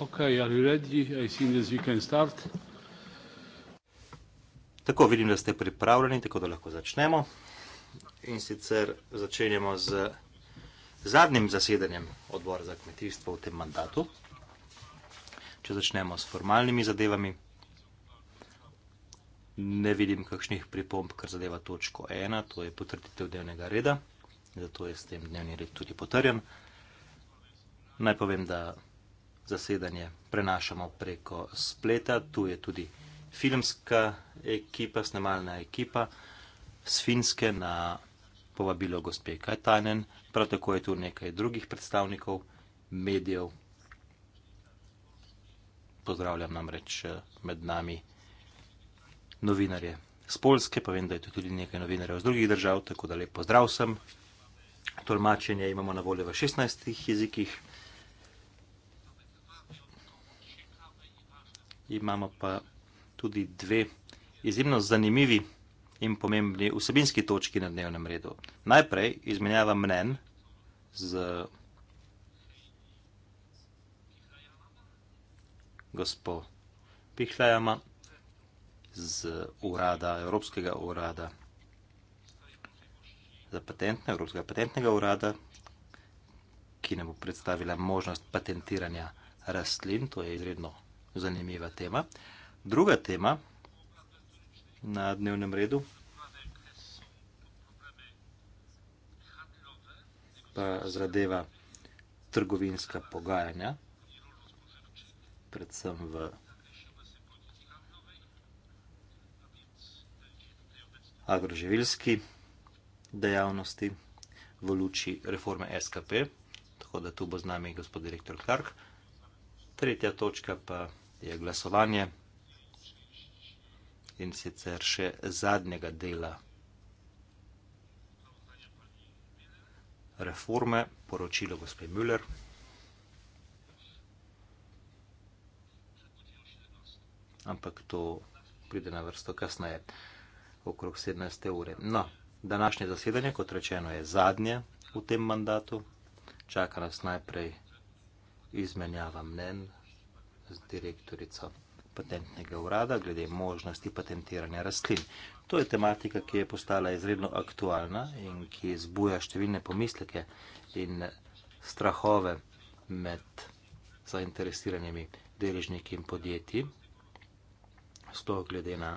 Okay, are you ready? I think that we can start. Tako vidim, da ste pripravljeni, tako da lahko začnemo. In sicer začenjamo z zadnjim zasedanjem odbora za kmetijstvo v tem mandatu. Če začnemo s formalnimi zadevami, ne vidim kakšnih pripomb, kar zadeva točko ena, to je potrditev dnevnega reda, zato je s tem dnevni red tudi potrjen. Naj povem, da zasedanje prenašamo preko spleta, tu je tudi filmska ekipa, snemalna ekipa z Finske na povabilo gospe Kajtanen, prav tako je tu nekaj drugih predstavnikov medijev. Pozdravljam namreč eh, med nami novinarje z Polske, pa vem, da je tu tudi nekaj novinarjev iz drugih držav, tako da lepo zdrav sem. Tolmačenje imamo na voljo v 16 jezikih. imamo pa tudi dve izjemno zanimivi in pomembni vsebinski točki na dnevnem redu. Najprej izmenjava mnen z gospo Pihlajama z urada, Evropskega urada za patentne, Evropskega patentnega urada, ki nam bo predstavila možnost patentiranja rastlin, to je izredno zanimiva tema. Druga tema na dnevnem redu pa zadeva trgovinska pogajanja, predvsem v agroživilski dejavnosti v luči reforme SKP, tako da tu bo z nami gospod direktor Clark. Tretja točka pa je je glasovanje in sicer še zadnjega dela reforme, poročilo gospe Müller. Ampak to pride na vrsto kasneje, okrog 17. ure. No, današnje zasedanje, kot rečeno, je zadnje v tem mandatu. Čaka nas najprej izmenjava mnen direktorica patentnega urada glede možnosti patentiranja rastlin. To je tematika, ki je postala izredno aktualna in ki zbuja številne pomisleke in strahove med zainteresiranimi deležniki in podjetji, sploh glede na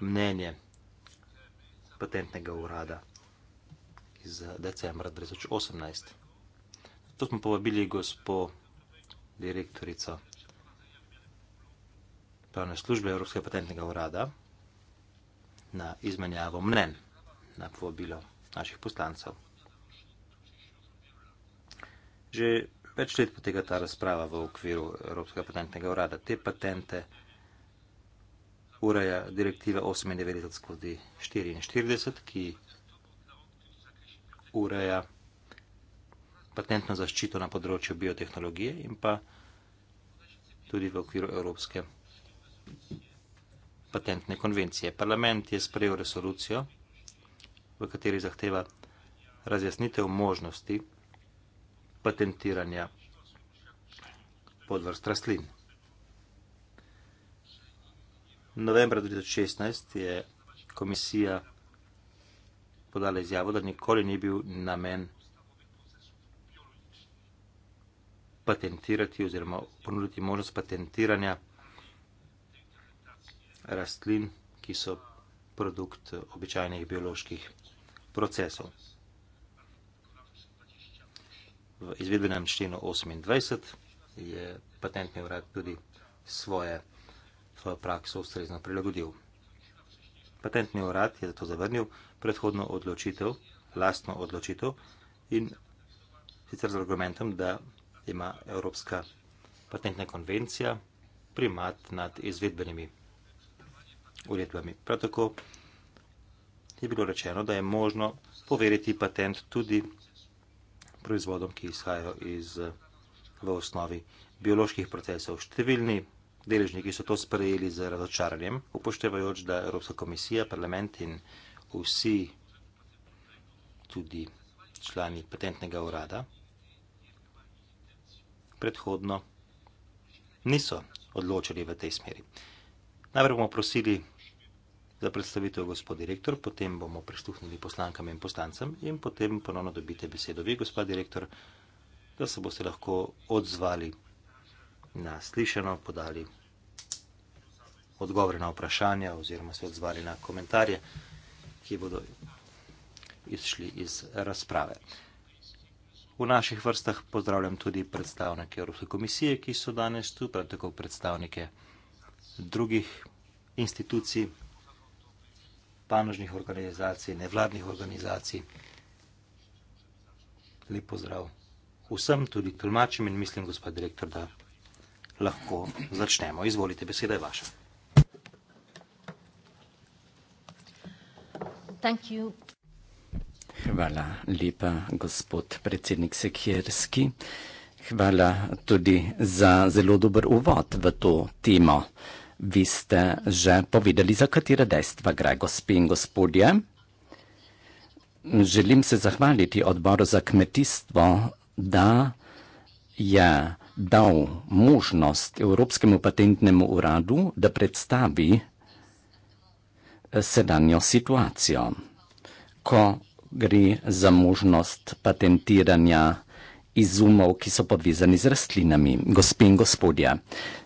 mnenje patentnega urada iz decembra 2018. Zato smo povabili gospo direktorico pravne službe Evropskega patentnega urada na izmenjavo mnen na povabilo naših poslancev. Že več let poteka ta razprava v okviru Evropskega patentnega urada. Te patente ureja direktiva 98-44, ki ureja patentno zaščito na področju biotehnologije in pa tudi v okviru Evropske patentnega urada patentne konvencije. Parlament je sprejel resolucijo, v kateri zahteva razjasnitev možnosti patentiranja podvrst rastlin. Novembra 2016 je komisija podala izjavo, da nikoli ni bil namen patentirati oziroma ponuditi možnost patentiranja rastlin, ki so produkt običajnih bioloških procesov. V izvedbenem členu 28 je patentni urad tudi svoje v prakso ustrezno prilagodil. Patentni urad je zato zavrnil predhodno odločitev, lastno odločitev in sicer z argumentom, da ima Evropska patentna konvencija primat nad izvedbenimi uredbami. Prav tako je bilo rečeno, da je možno poveriti patent tudi proizvodom, ki izhajajo iz v osnovi bioloških procesov. Številni deležniki so to sprejeli z razočaranjem, upoštevajoč, da Evropska komisija, parlament in vsi tudi člani patentnega urada predhodno niso odločili v tej smeri. Najprej bomo prosili za predstavitev, gospod direktor, potem bomo prisluhnili poslankam in poslancem in potem ponovno dobite besedo vi, gospod direktor, da se boste lahko odzvali na slišeno, podali odgovore na vprašanja oziroma se odzvali na komentarje, ki bodo izšli iz razprave. V naših vrstah pozdravljam tudi predstavnike Evropske komisije, ki so danes tu, prav tako predstavnike drugih institucij, panožnih organizacij, nevladnih organizacij. Lep pozdrav vsem, tudi tolmačem in mislim, gospod direktor, da lahko začnemo. Izvolite, beseda je vaša. Thank you. Hvala lepa, gospod predsednik Sekjerski. Hvala tudi za zelo dober uvod v to temo vi ste že povedali, za katera dejstva gre, gospe in gospodje. Želim se zahvaliti odboru za kmetijstvo, da je dal možnost Evropskemu patentnemu uradu, da predstavi sedanjo situacijo. Ko gre za možnost patentiranja, izumov, ki so povezani z rastlinami. Gospe in gospodje,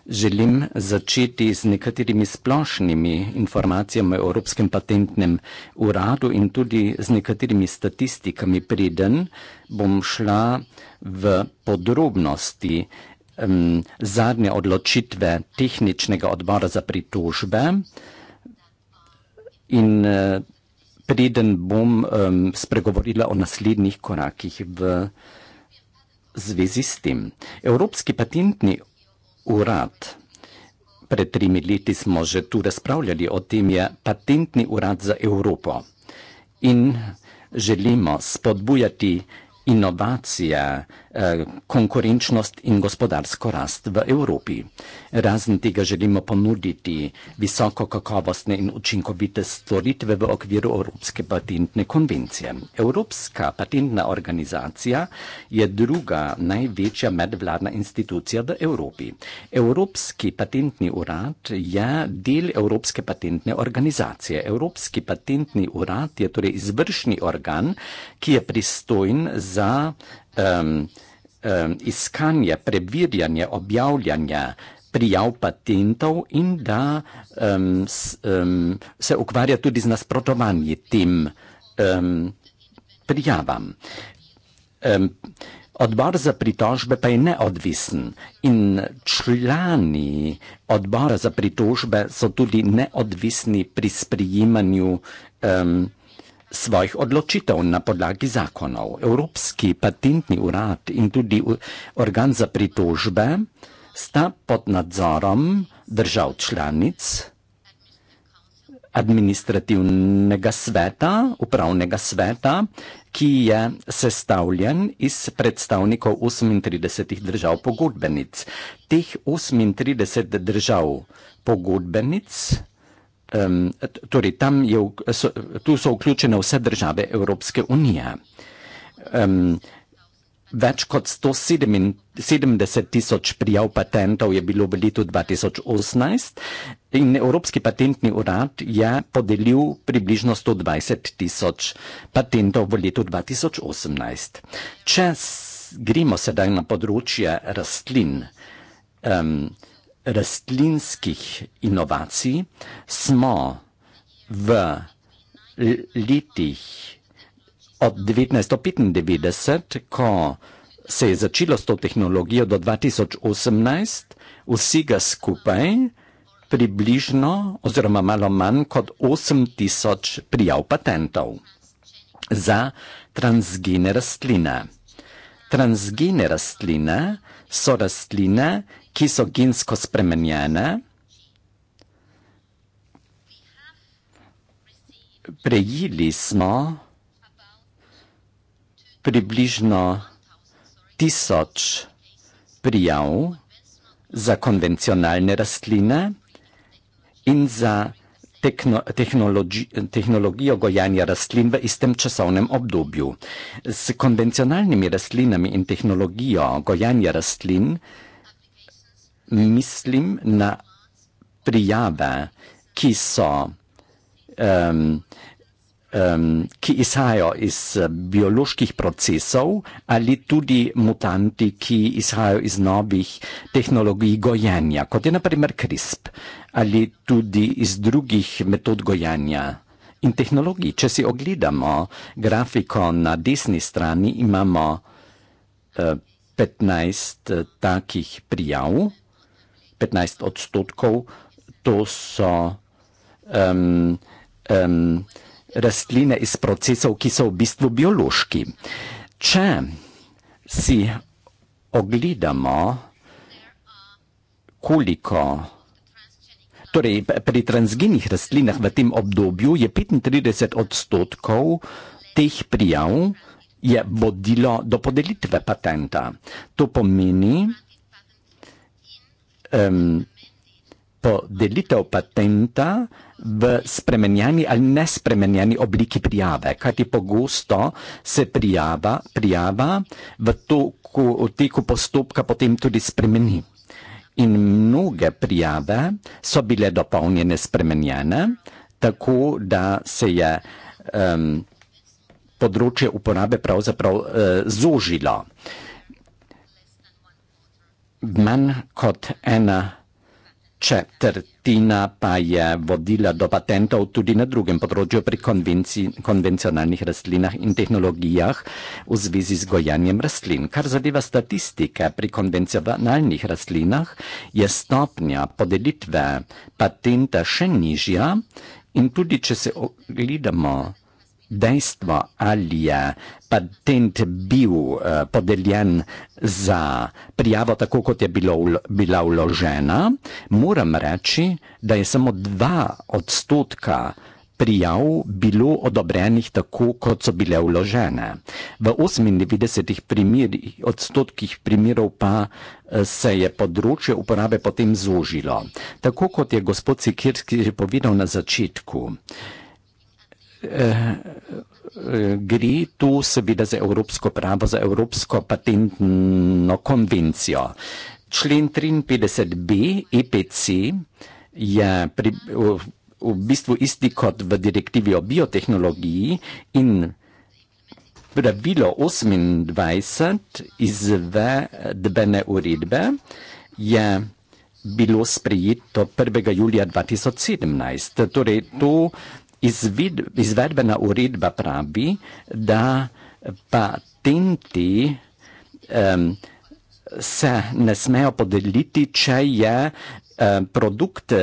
želim začeti z nekaterimi splošnimi informacijami o Evropskem patentnem uradu in tudi z nekaterimi statistikami, preden bom šla v podrobnosti um, zadnje odločitve tehničnega odbora za pritožbe in uh, preden bom um, spregovorila o naslednjih korakih v zvezi s tem. Evropski patentni urad, pred trimi leti smo že tu razpravljali o tem, je patentni urad za Evropo in želimo spodbujati inovacije, Eh, konkurenčnost in gospodarsko rast v Evropi. Razen tega želimo ponuditi visoko kakovostne in učinkovite storitve v okviru Evropske patentne konvencije. Evropska patentna organizacija je druga največja medvladna institucija v Evropi. Evropski patentni urad je del Evropske patentne organizacije. Evropski patentni urad je torej izvršni organ, ki je pristojen za um, um, iskanje, preverjanje, objavljanje prijav patentov in da um, s, um, se ukvarja tudi z nasprotovanjem tem um, prijavam. Um, odbor za pritožbe pa je neodvisen in člani odbora za pritožbe so tudi neodvisni pri sprijemanju um, svojih odločitev na podlagi zakonov. Evropski patentni urad in tudi organ za pritožbe sta pod nadzorom držav članic, administrativnega sveta, upravnega sveta, ki je sestavljen iz predstavnikov 38 držav pogodbenic. Teh 38 držav pogodbenic um, torej tam je, so, tu so vključene vse države Evropske unije. Um, več kot 170 tisoč prijav patentov je bilo v letu 2018 in Evropski patentni urad je podelil približno 120 tisoč patentov v letu 2018. Če gremo sedaj na področje rastlin, um, rastlinskih inovacij smo v letih od 1995, ko se je začelo s to tehnologijo do 2018, vsega skupaj približno oziroma malo manj kot 8000 prijav patentov za transgene rastline. Transgene rastline so rastline, ki so gensko spremenjene, prejeli smo približno tisoč prijav za konvencionalne rastline in za tehnologijo gojanja rastlin v istem časovnem obdobju. S konvencionalnimi rastlinami in tehnologijo gojanja rastlin mislim na prijave, ki so um, um, ki izhajajo iz eh, bioloških procesov ali tudi mutanti, ki izhajajo iz novih tehnologij gojenja, kot je naprimer CRISP ali tudi iz drugih metod gojenja. In tehnologiji, če si ogledamo grafiko na desni strani, imamo 15 eh, eh, takih prijav. 15 odstotkov, to so um, um, rastline iz procesov, ki so v bistvu biološki. Če si ogledamo, koliko Torej, pri transgenih rastlinah v tem obdobju je 35 odstotkov teh prijav je vodilo do podelitve patenta. To pomeni, um, podelitev patenta v spremenjeni ali nespremenjeni obliki prijave, kajti pogosto se prijava, prijava v, to, ko, v teku postopka potem tudi spremeni. In mnoge prijave so bile dopolnjene, spremenjene, tako da se je um, področje uporabe pravzaprav uh, zožilo. Uh, manj kot ena četrtina pa je vodila do patentov tudi na drugem področju pri konvencionalnih rastlinah in tehnologijah v zvezi z gojanjem rastlin. Kar zadeva statistike pri konvencionalnih rastlinah, je stopnja podelitve patenta še nižja in tudi, če se ogledamo, dejstvo, ali je patent bil eh, podeljen za prijavo tako, kot je bilo, bila uložena, moram reči, da je samo dva odstotka prijav bilo odobrenih tako, kot so bile uložene. V 98 primir, odstotkih primerov pa eh, se je področje uporabe potem zožilo. Tako kot je gospod Sikirski povedal na začetku, uh, Eh, gre tu seveda za evropsko pravo, za evropsko patentno konvencijo. Člen 53b EPC je pri, v, v bistvu isti kot v direktivi o biotehnologiji in pravilo 28 izvedbene uredbe je bilo sprejeto 1. julija 2017. Torej, to Izvid, izvedbena uredba pravi, da patenti um, se ne smejo podeliti, če je um, produkt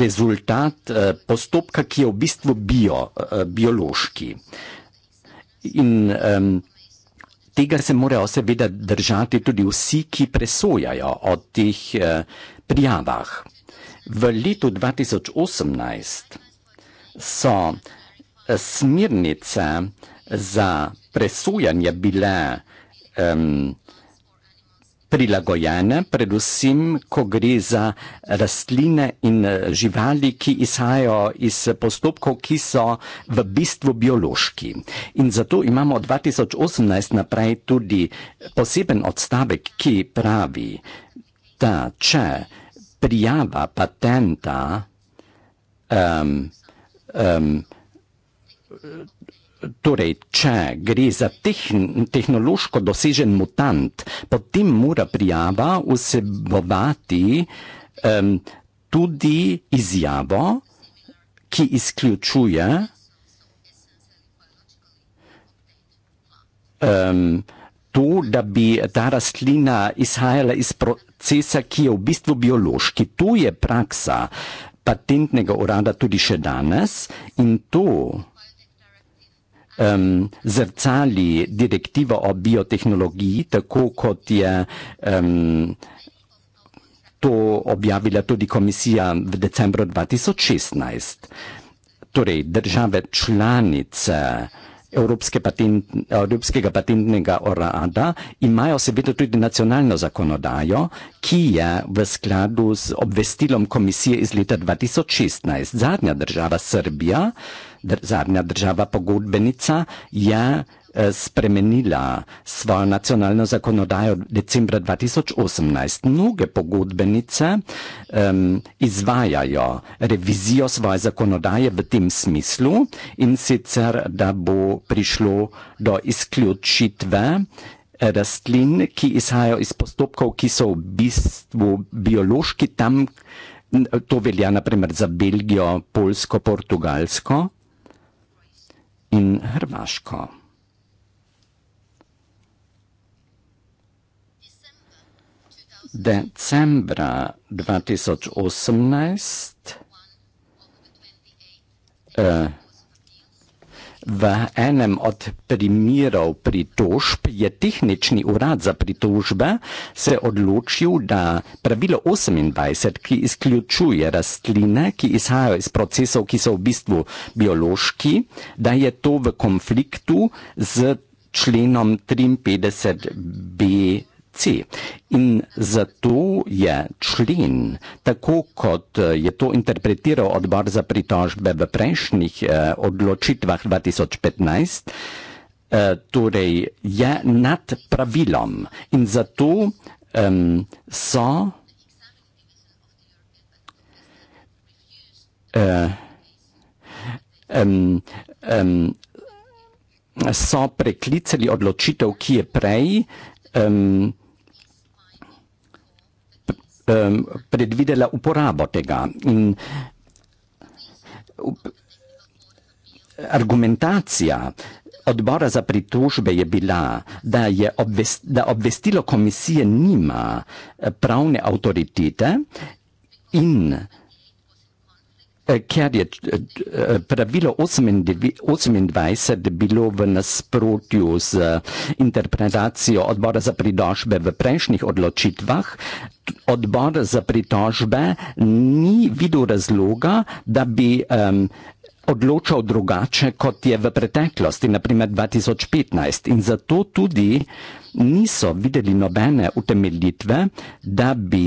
rezultat um, postopka, ki je v bistvu bio, um, biološki. In um, tega se morajo seveda držati tudi vsi, ki presojajo o teh um, prijavah. V letu 2018 so eh, smernice za presujanje bile um, prilagojene, predvsem, ko gre za rastline in eh, živali, ki izhajajo iz postopkov, ki so v bistvu biološki. In zato imamo od 2018 naprej tudi poseben odstavek, ki pravi, da če prijava patenta um, um, Torej, če gre za tehn, tehnološko dosežen mutant, potem mora prijava vsebovati um, tudi izjavo, ki izključuje um, to, da bi ta rastlina izhajala iz procesa, ki je v bistvu biološki. To je praksa patentnega urada tudi še danes in to um, zrcali direktivo o biotehnologiji, tako kot je um, to objavila tudi komisija v decembru 2016. Torej, države članice Evropske patent, Evropskega patentnega orada imajo seveda tudi nacionalno zakonodajo, ki je v skladu z obvestilom komisije iz leta 2016 zadnja država Srbija zadnja država pogodbenica, je eh, spremenila svojo nacionalno zakonodajo decembra 2018. Mnoge pogodbenice um, izvajajo revizijo svoje zakonodaje v tem smislu in sicer, da bo prišlo do izključitve eh, rastlin, ki izhajajo iz postopkov, ki so v bistvu biološki tam, to velja naprimer za Belgijo, Polsko, Portugalsko in Hrvaško. Decembra 2018 eh, V enem od primerov pritožb je tehnični urad za pritožbe se odločil, da pravilo 28, ki izključuje rastline, ki izhajajo iz procesov, ki so v bistvu biološki, da je to v konfliktu z členom 53b C. In zato je člen, tako kot eh, je to interpretiral odbor za pritožbe v prejšnjih eh, odločitvah 2015, eh, torej je nad pravilom. In zato eh, so. Eh, eh, eh, so preklicali odločitev, ki je prej um, um, predvidela uporabo tega. In, up, argumentacija odbora za pritožbe je bila, da, je obvest, da obvestilo komisije nima eh, pravne avtoritete in Eh, kjer eh, eh, pravilo 28 je bilo v nasprotju z interpretacijo odbora za pritožbe v prejšnjih odločitvah, odbor za pritožbe ni videl razloga, da bi um, odločal drugače, kot je v preteklosti, naprimer 2015. In zato tudi niso videli nobene utemeljitve, da bi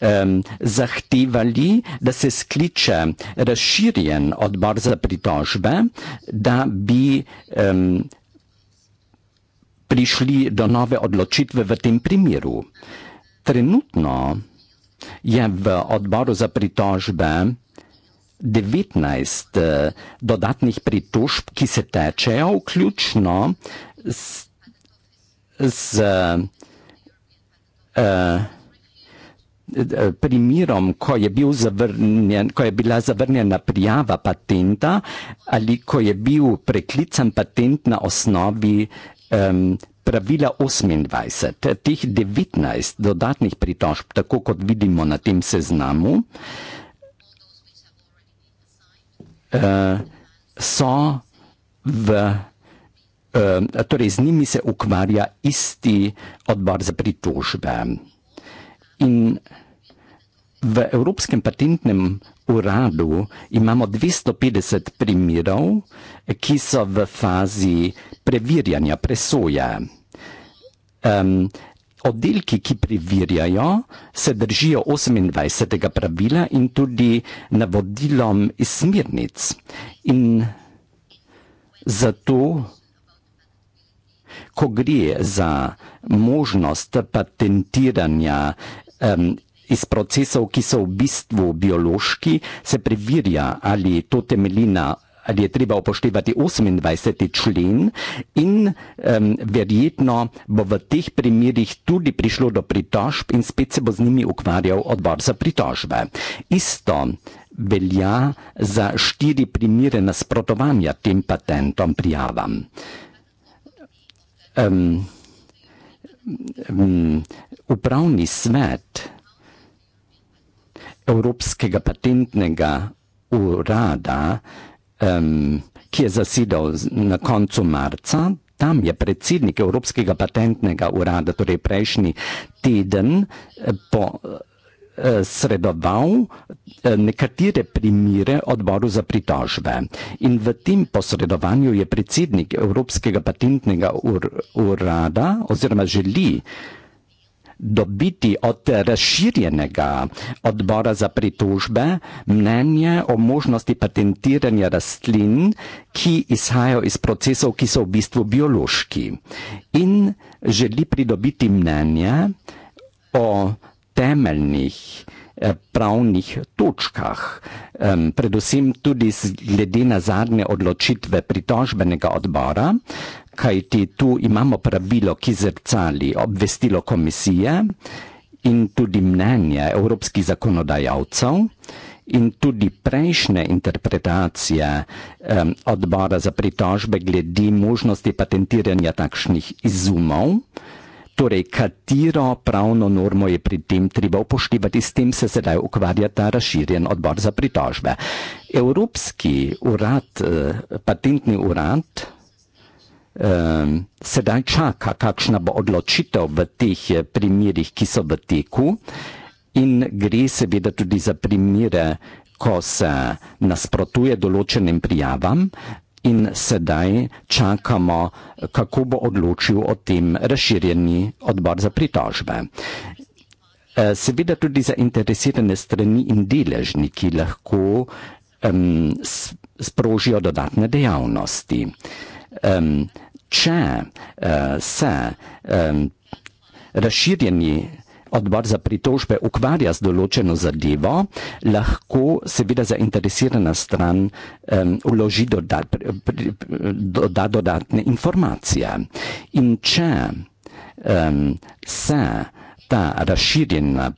um, zahtevali, da se skliče razširjen odbor za pritožbe, da bi um, prišli do nove odločitve v tem primeru. Trenutno je v odboru za pritožbe 19 eh, dodatnih pritožb, ki se tečejo, vključno z, z uh, eh, primerom, ko je, bil ko je bila zavrnjena prijava patenta ali ko je bil preklican patent na osnovi um, pravila 28, teh 19 dodatnih pritožb, tako kot vidimo na tem seznamu, uh, so v Torej, z njimi se ukvarja isti odbor za pritožbe. In V Evropskem patentnem uradu imamo 250 primerov, ki so v fazi preverjanja, presoje. Um, Oddelki, ki preverjajo, se držijo 28. pravila in tudi navodilom iz smernic. In zato, ko gre za možnost patentiranja um, iz procesov, ki so v bistvu biološki, se preverja, ali to temelji na ali je treba upoštevati 28. člen in um, verjetno bo v teh primerjih tudi prišlo do pritožb in spet se bo z njimi ukvarjal odbor za pritožbe. Isto velja za štiri primere nasprotovanja tem patentom prijavam. Um, um, upravni svet Evropskega patentnega urada, um, ki je zasedal na koncu marca. Tam je predsednik Evropskega patentnega urada, torej prejšnji teden, eh, po, eh, sredoval eh, nekatere primire odboru za pritožbe. In v tem posredovanju je predsednik Evropskega patentnega ur, urada oziroma želi eh, dobiti od razširjenega odbora za pritužbe mnenje o možnosti patentiranja rastlin, ki izhajajo iz procesov, ki so v bistvu biološki. In želi pridobiti mnenje o temeljnih eh, pravnih točkah, predvsem tudi glede na zadnje odločitve pritožbenega odbora, kajti tu imamo pravilo, ki zrcali obvestilo komisije in tudi mnenje evropskih zakonodajalcev in tudi prejšnje interpretacije um, odbora za pritožbe glede možnosti patentiranja takšnih izumov. Torej, katero pravno normo je pri tem treba upoštevati, s tem se sedaj ukvarja ta razširjen odbor za pritožbe. Evropski urad, eh, patentni urad, Ehm, sedaj čaka, kakšna bo odločitev v teh eh, primerih, ki so v teku, in gre seveda tudi za primere, ko se nasprotuje določenim prijavam. In sedaj čakamo, kako bo odločil o tem razširjeni odbor za pritožbe. Eh, seveda tudi zainteresirane strani in deležniki lahko um, sprožijo dodatne dejavnosti. Um, če uh, se um, razširjeni odbor za pritožbe ukvarja z določeno zadevo, lahko seveda zainteresirana stran um, uloži doda, pri, pri, doda dodatne informacije. In če um, se ta razširjena,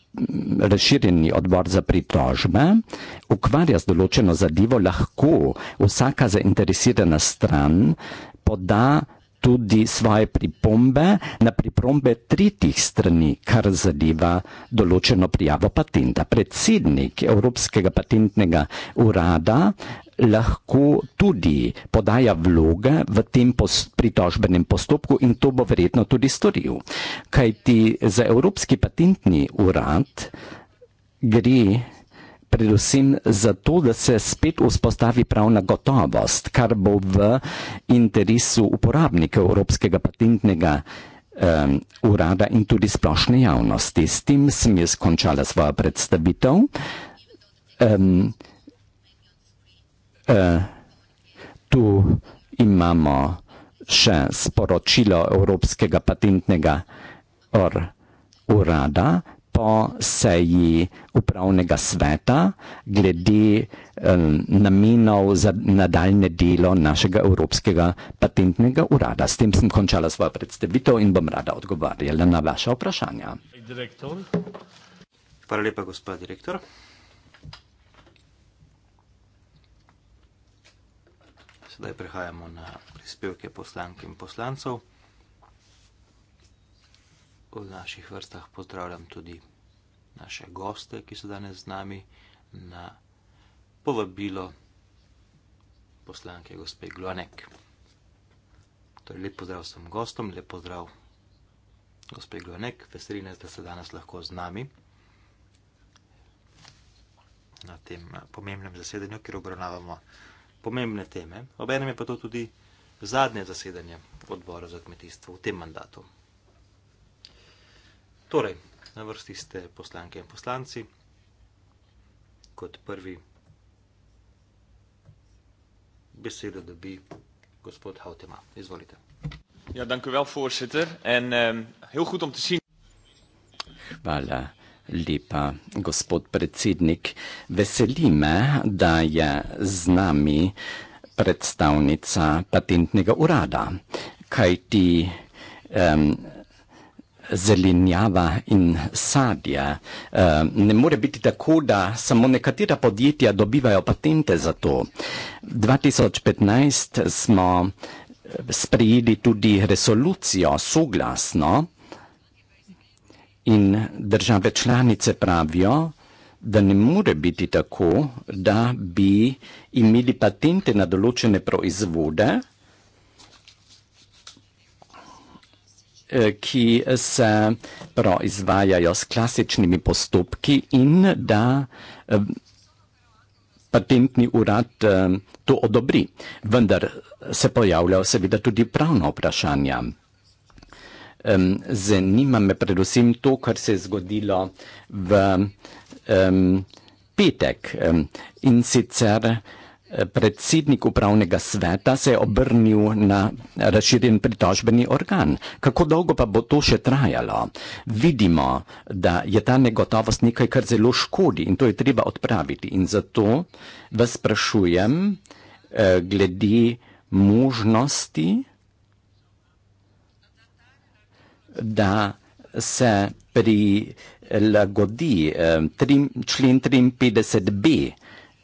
razširjeni odbor za pritožbe ukvarja z določeno zadevo, lahko vsaka zainteresirana stran poda tudi svoje pripombe na pripombe tretjih strani, kar zadeva določeno prijavo patenta. Predsednik Evropskega patentnega urada lahko tudi podaja vloge v tem pritožbenem postopku in to bo verjetno tudi storil. Kajti za Evropski patentni urad gre predvsem zato, da se spet vzpostavi pravna gotovost, kar bo v interesu uporabnikov Evropskega patentnega um, urada in tudi splošne javnosti. S tem sem jaz končala svojo predstavitev. Um, uh, tu imamo še sporočilo Evropskega patentnega or, urada, po seji upravnega sveta glede um, namenov za nadaljne delo našega Evropskega patentnega urada. S tem sem končala svojo predstavitev in bom rada odgovarjala na vaše vprašanja. Hvala lepa, gospod direktor. Sedaj prehajamo na prispevke poslank in poslancev v naših vrstah pozdravljam tudi naše goste, ki so danes z nami na povabilo poslanke gospe Glonek. Torej, lep pozdrav vsem gostom, lep pozdrav gospe Glonek, veseli nas, da ste danes lahko z nami na tem eh, pomembnem zasedanju, kjer obravnavamo pomembne teme. Obenem je pa to tudi zadnje zasedanje odbora za kmetijstvo v tem mandatu. Torej, na vrsti ste poslanke in poslanci. Kot prvi besedo dobi gospod Hautema. Izvolite. Ja, dank u wel, voorzitter. En um, heel goed om te zien. Hvala lepa, gospod predsednik. Veseli me, da je z nami predstavnica patentnega urada, kajti um, zelenjava in sadja. E, ne more biti tako, da samo nekatera podjetja dobivajo patente za to. 2015 smo eh, sprejeli tudi resolucijo soglasno in države članice pravijo, da ne more biti tako, da bi imeli patente na določene proizvode, Eh, ki se prav izvajajo s klasičnimi postopki in da eh, patentni urad eh, to odobri. Vendar se pojavljajo seveda tudi pravno vprašanja. Zanima me predvsem to, kar se je zgodilo v petek in sicer vsega, Eh, predsednik upravnega sveta se je obrnil na razširjen pritožbeni organ. Kako dolgo pa bo to še trajalo? Vidimo, da je ta negotovost nekaj, kar zelo škodi in to je treba odpraviti. In zato vas sprašujem eh, glede možnosti, da se prilagodi eh, člen 53b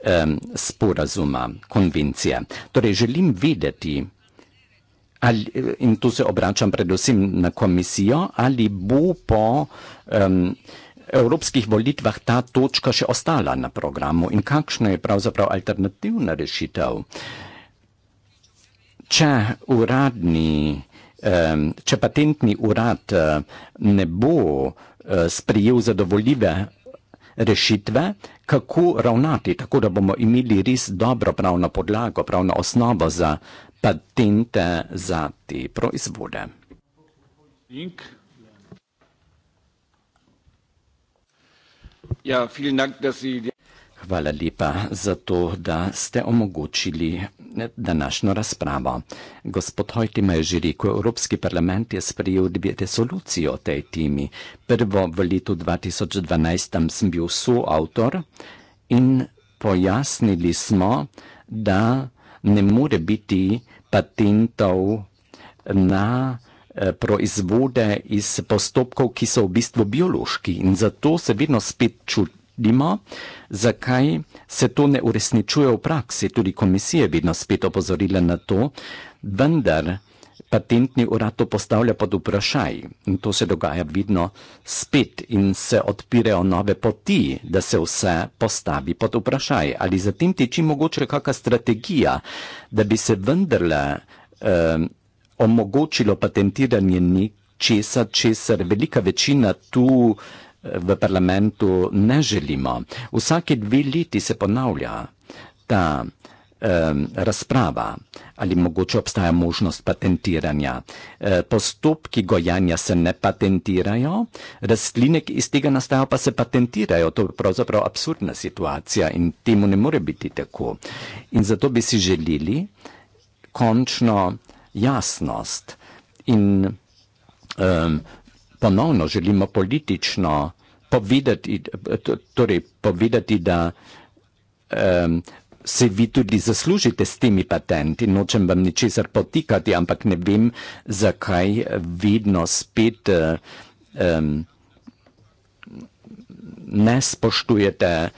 eh, sporazuma, konvencije. Torej, želim vedeti, ali, in tu se obračam predvsem na komisijo, ali bo po eh, evropskih volitvah ta točka še ostala na programu in kakšna je pravzaprav alternativna rešitev. Če uradni, eh, če patentni urad eh, ne bo eh, sprejel zadovoljive rešitve, kako ravnati, tako da bomo imeli res dobro pravno podlago, pravno osnovo za patente za te proizvode. Link. Ja, vielen Dank, dass Sie hvala lepa za to, da ste omogočili današnjo razpravo. Gospod Hojtima je že rekel, Evropski parlament je sprejel dve resolucije o tej temi. Prvo v letu 2012 tam sem bil soavtor in pojasnili smo, da ne more biti patentov na eh, proizvode iz postopkov, ki so v bistvu biološki in zato se vedno spet čut, trdimo, zakaj se to ne uresničuje v praksi. Tudi komisija je vedno spet opozorila na to, vendar patentni urad to postavlja pod vprašaj in to se dogaja vedno spet in se odpirajo nove poti, da se vse postavi pod vprašaj. Ali zatem teči mogoče kakšna strategija, da bi se vendarle eh, omogočilo patentiranje nekaj? Česa, česar velika večina tu uh, v parlamentu ne želimo. Vsake dve leti se ponavlja ta razprava ali mogoče obstaja možnost patentiranja. E, postopki gojanja se ne patentirajo, rastline, ki iz tega nastajajo, pa se patentirajo. To je pravzaprav absurdna situacija in temu ne more biti tako. In zato bi si želeli končno jasnost in um, ponovno želimo politično povedati, torej povedati da um, se vi tudi zaslužite s temi patenti. Nočem vam ničesar potikati, ampak ne vem, zakaj vedno spet um, ne spoštujete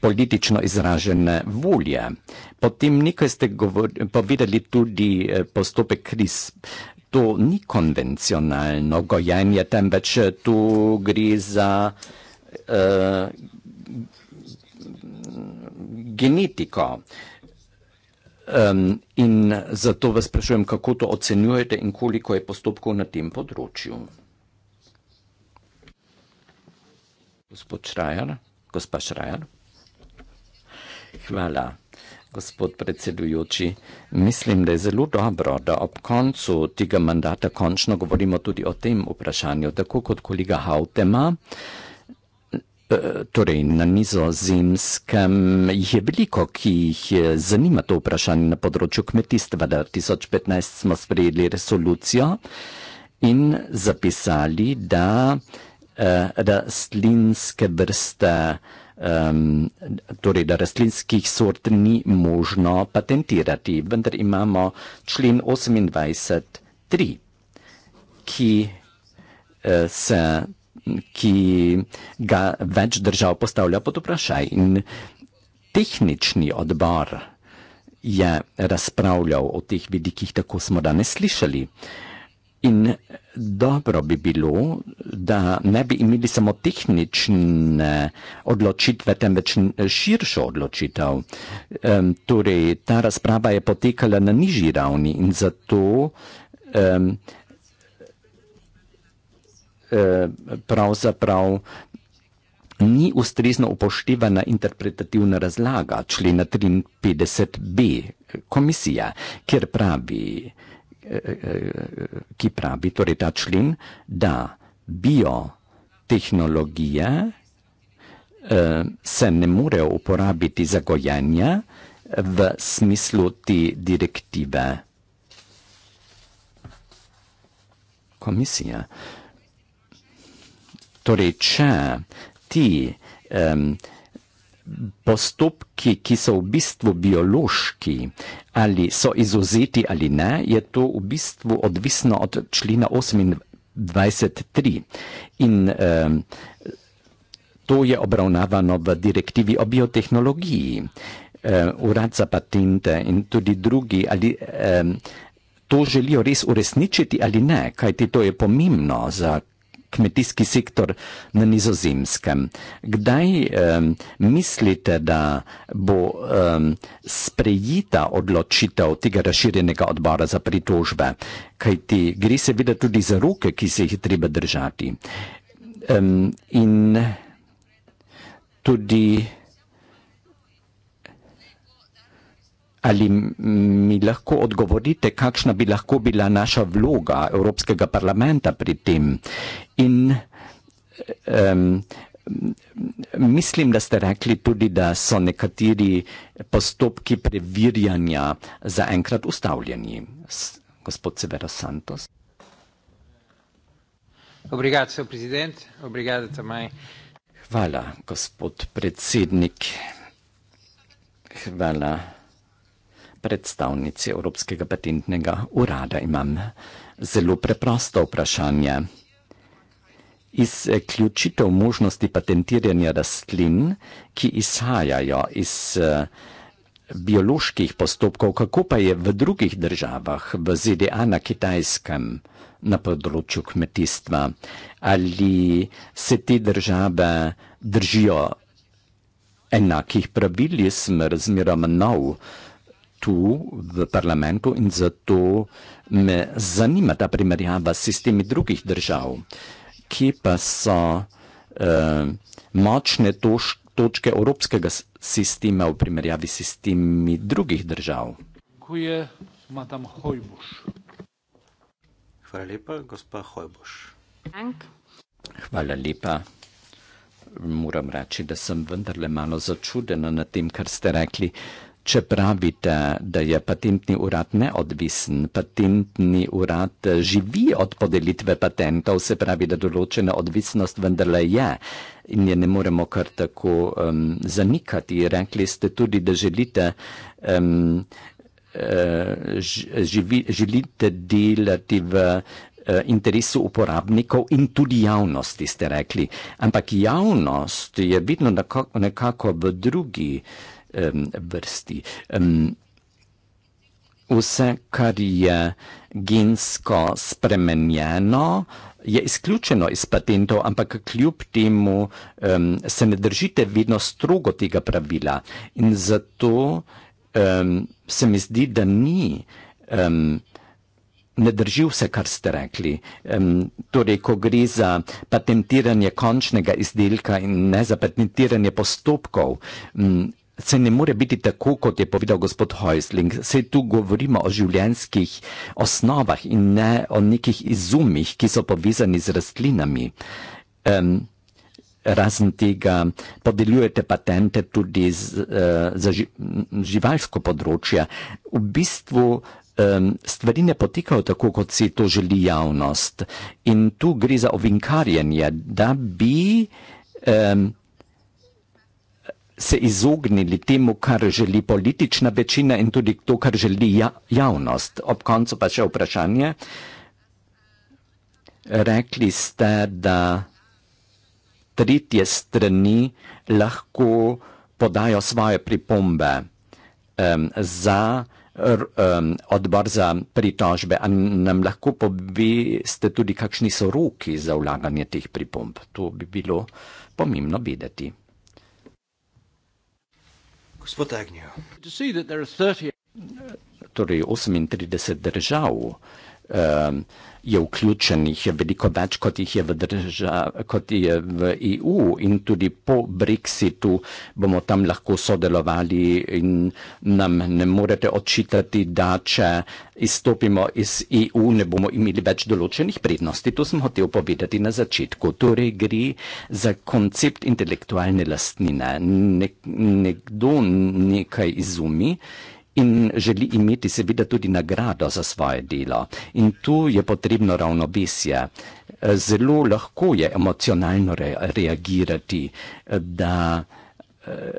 politično izražene volje. Potem nekaj ste govor, povedali tudi eh, postopek CRISPR to ni konvencionalno gojenje, temveč eh, tu gre za uh, genetiko. Um, in zato vas sprašujem, kako to ocenjujete in koliko je postopkov na tem področju. Gospod Šrajer, gospa Šrajer. Hvala. Gospod predsedujoči, mislim, da je zelo dobro, da ob koncu tega mandata končno govorimo tudi o tem vprašanju, tako kot kolega Hautema. Eh, torej, na nizozemskem je veliko, ki jih zanima to vprašanje na področju kmetijstva. 2015 smo sprejeli resolucijo in zapisali, da eh, rastlinske vrste um, torej da rastlinskih sort ni možno patentirati, vendar imamo člen 28.3, ki eh, se ki ga več držav postavlja pod vprašaj. In tehnični odbor je razpravljal o teh vidikih, tako smo danes slišali. Uh, In dobro bi bilo, da ne bi imeli samo tehnične odločitve, temveč širšo odločitev. Um, torej, ta razprava je potekala na nižji ravni in zato um, pravzaprav ni ustrezno upoštevana interpretativna razlaga člena 53b komisija, kjer pravi, ki pravi, torej ta člen, da biotehnologije eh, se ne morejo uporabiti za gojenje v smislu te direktive komisije. Torej, če ti um, postopki, ki so v bistvu biološki, ali so izuzeti ali ne, je to v bistvu odvisno od člena 28.3. In um, to je obravnavano v direktivi o biotehnologiji. Um, urad za patente in tudi drugi, ali um, to želijo res uresničiti ali ne, kajti to je pomembno za kmetijski sektor na nizozemskem. Kdaj um, mislite, da bo um, sprejita odločitev tega razširjenega odbora za pritožbe? Kaj ti gre seveda tudi za roke, ki se jih treba držati. Um, in tudi. Ali mi lahko odgovorite, kakšna bi lahko bila naša vloga Evropskega parlamenta pri tem? In um, mislim, da ste rekli tudi, da so nekateri postopki preverjanja zaenkrat ustavljeni, gospod Severo Santos. Hvala, gospod predsednik. Hvala predstavnici Evropskega patentnega urada imam zelo preprosto vprašanje. Iz eh, ključitev možnosti patentiranja rastlin, ki izhajajo iz eh, bioloških postopkov, kako pa je v drugih državah, v ZDA na kitajskem, na področju kmetijstva, ali se te države držijo enakih pravil, jaz sem razmeroma nov, tu v parlamentu in zato me zanima ta primerjava s sistemi drugih držav, ki pa so eh, močne toš, točke evropskega sistema v primerjavi s sistemi drugih držav. Hvala lepa, gospa Hojboš. Hvala lepa. Moram reči, da sem vendarle malo začudena na tem, kar ste rekli. Če pravite, da je patentni urad neodvisen, patentni urad živi od podelitve patentov, se pravi, da določena odvisnost vendarle je in je ne moremo kar tako um, zanikati. Rekli ste tudi, da želite, um, uh, živi, želite delati v uh, interesu uporabnikov in tudi javnosti, ste rekli. Ampak javnost je vidno nekako v drugi um, vrsti. Um, vse, kar je gensko spremenjeno, je izključeno iz patentov, ampak kljub temu um, se ne držite vedno strogo tega pravila. In zato um, se mi zdi, da ni. Um, Ne drži vse, kar ste rekli. Um, torej, ko gre za patentiranje končnega izdelka in ne za patentiranje postopkov, um, Se ne more biti tako, kot je povedal gospod Heusling. Se tu govorimo o življenskih osnovah in ne o nekih izumih, ki so povezani z rastlinami. Um, razen tega, podeljujete patente tudi eh, za uh, živalsko področje. V bistvu um, stvari ne potekajo tako, kot si to želi javnost. In tu gre za ovinkarjenje, da bi. Um, se izognili temu, kar želi politična večina in tudi to, kar želi ja-, javnost. Ob koncu pa še vprašanje. Rekli ste, da tretje strani lahko podajo svoje pripombe um, za um, odbor za pritožbe. Ali nam lahko poveste tudi, kakšni so roki za vlaganje teh pripomb? To bi bilo pomembno vedeti. Gospod Agnew. Torej 38 držav Ehm, je vključenih veliko več, kot jih je v, drža, kot je v EU in tudi po Brexitu bomo tam lahko sodelovali in nam ne morete očitati, da če izstopimo iz EU, ne bomo imeli več določenih prednosti. To sem hotel povedati na začetku. Torej gre za koncept intelektualne lastnine. Nekdo nekaj izumi in želi imeti seveda tudi nagrado za svoje delo. In tu je potrebno ravnovesje. Zelo lahko je emocionalno re reagirati, da. Eh,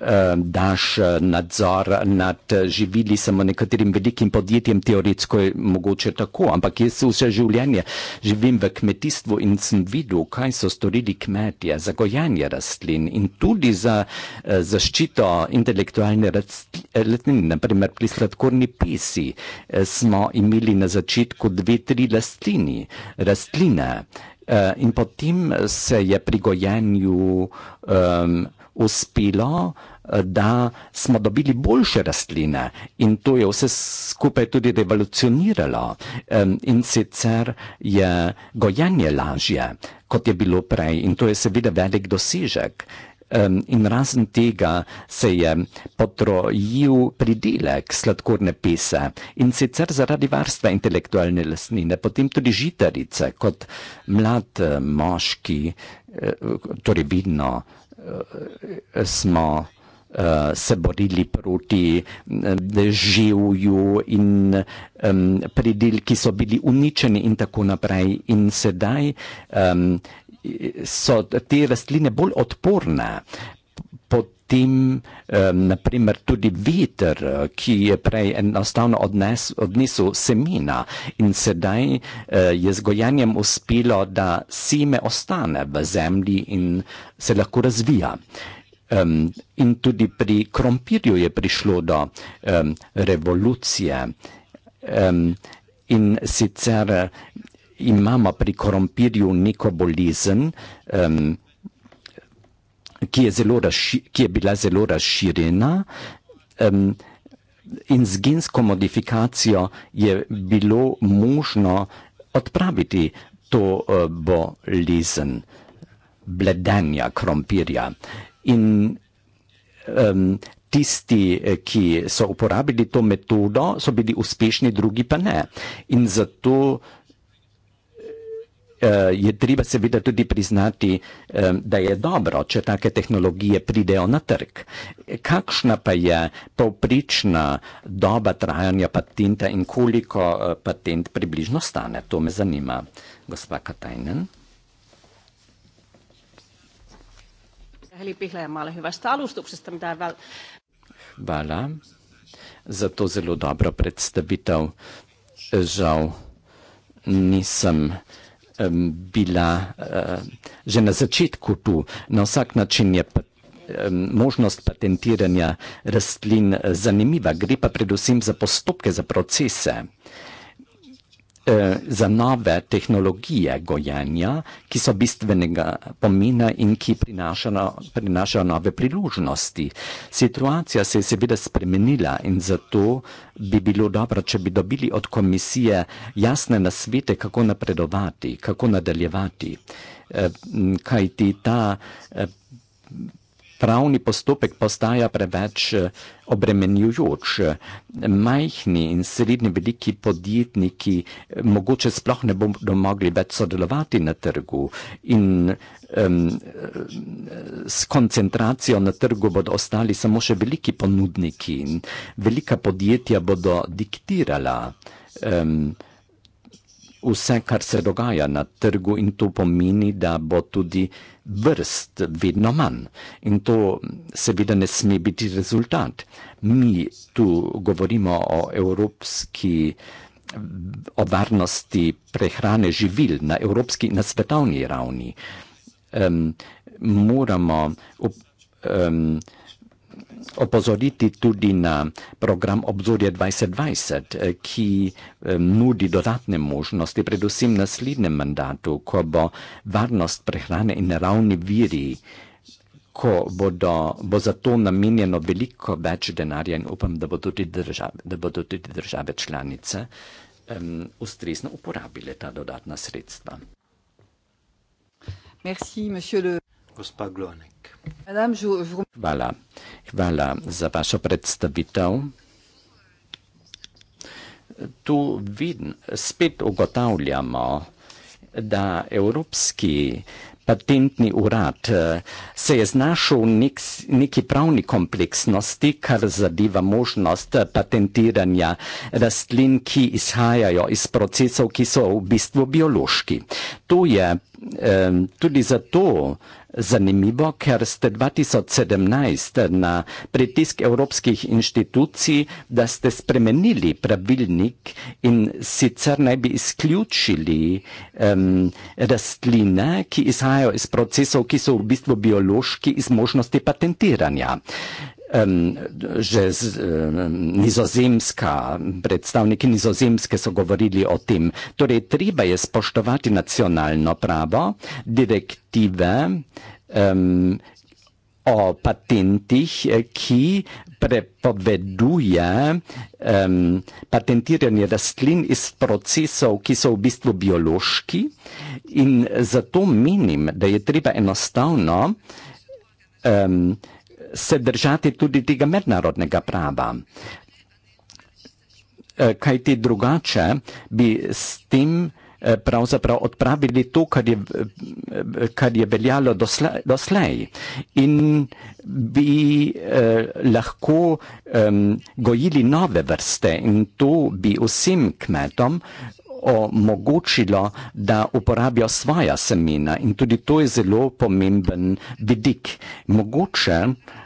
eh, daš eh, nadzor nad živili samo nekaterim velikim podjetjem, teoretsko je mogoče tako, ampak jaz vse življenje živim v kmetijstvu in sem videl, kaj so storili kmetje za gojanje rastlin in tudi za zaščito intelektualne rastline, naprimer pri sladkorni pesi smo imeli na začetku dve, tri rastlini, rastline, In potem se je pri gojenju ehm, uspelo, eh, da smo dobili boljše rastline in to je vse skupaj tudi revolucioniralo. In sicer je gojanje lažje, kot je bilo prej in to je seveda velik dosežek. In razen tega se je potrojil pridelek sladkorne pese in sicer zaradi varstva intelektualne lasnine, potem tudi žitarice kot mlad eh, moški, eh, torej vidno, smo eh, se borili proti eh, živju in um, predel, ki so bili uničeni in tako naprej. In sedaj um, so te rastline bolj odporne tem, um, naprimer, tudi veter, ki je prej enostavno odnes, odnesel semena in sedaj uh, je z gojanjem uspelo, da seme ostane v zemlji in se lahko razvija. Um, in tudi pri krompirju je prišlo do um, revolucije. Um, in sicer imamo pri krompirju neko bolezen. Um, ki je, zelo ki je bila zelo razširjena. Um, In z gensko modifikacijo je bilo možno odpraviti to eh, bolezen bledenja krompirja. In um, tisti, eh, ki so uporabili to metodo, so bili uspešni, drugi pa ne. In zato Eh, je treba seveda tudi priznati, eh, da je dobro, če take tehnologije pridejo na trg. Kakšna pa je povprečna doba trajanja patenta in koliko eh, patent približno stane? To me zanima, gospa Katajnen. Ja, Hvala za to zelo dobro predstavitev. Žal nisem um, bila uh, že na začetku tu. Na vsak način je pa, um, možnost patentiranja rastlin eh, zanimiva, gre pa predvsem za postopke, za procese. Uh, Eh, za nove tehnologije gojenja, ki so bistvenega pomena in ki prinašajo, no, prinašajo nove priložnosti. Situacija se je seveda spremenila in zato bi bilo dobro, če bi dobili od komisije jasne nasvete, kako napredovati, kako nadaljevati. Eh, Kaj ti ta eh, Pravni postopek postaja preveč eh, obremenjujoč. Majhni in srednji veliki podjetniki eh, mogoče sploh ne bodo mogli več sodelovati na trgu in um, s koncentracijo na trgu bodo ostali samo še veliki ponudniki in velika podjetja bodo diktirala. Um, vse, kar se dogaja na trgu in to pomeni, da bo tudi vrst vedno manj. In to seveda ne sme biti rezultat. Mi tu govorimo o evropski o varnosti prehrane živil na evropski, na svetovni ravni. Um, moramo. Um, opozoriti tudi na program obzorje 2020, eh, ki eh, nudi dodatne možnosti, predvsem na slednjem mandatu, ko bo varnost prehrane in naravni viri, ko bodo, bo za to namenjeno veliko več denarja in upam, da bodo tudi države, da bodo tudi države članice um, ustrezno uporabile ta dodatna sredstva. Merci, monsieur le... Gospa Glonek. Hvala. Hvala za vašo predstavitev. Tu vidim, spet ugotavljamo, da Evropski patentni urad eh, se je znašel nek, neki pravni kompleksnosti, kar zadeva možnost patentiranja rastlin, ki izhajajo iz procesov, ki so v bistvu biološki. To je eh, tudi zato, Zanimivo, ker ste 2017 na pritisk evropskih inštitucij, da ste spremenili pravilnik in sicer naj bi izključili um, rastline, ki izhajajo iz procesov, ki so v bistvu biološki, iz možnosti patentiranja že z, eh, nizozemska, predstavniki nizozemske so govorili o tem. Torej, treba je spoštovati nacionalno pravo, direktive eh, o patentih, eh, ki prepoveduje eh, patentiranje rastlin iz procesov, ki so v bistvu biološki in zato menim, da je treba enostavno eh, se držati tudi tega mednarodnega prava. Eh, Kaj ti drugače bi s tem eh, pravzaprav odpravili to, kar je, eh, kar je veljalo doslej, doslej in bi eh, lahko eh, gojili nove vrste in to bi vsem kmetom omogočilo, da uporabijo svoja semena in tudi to je zelo pomemben vidik. Mogoče eh,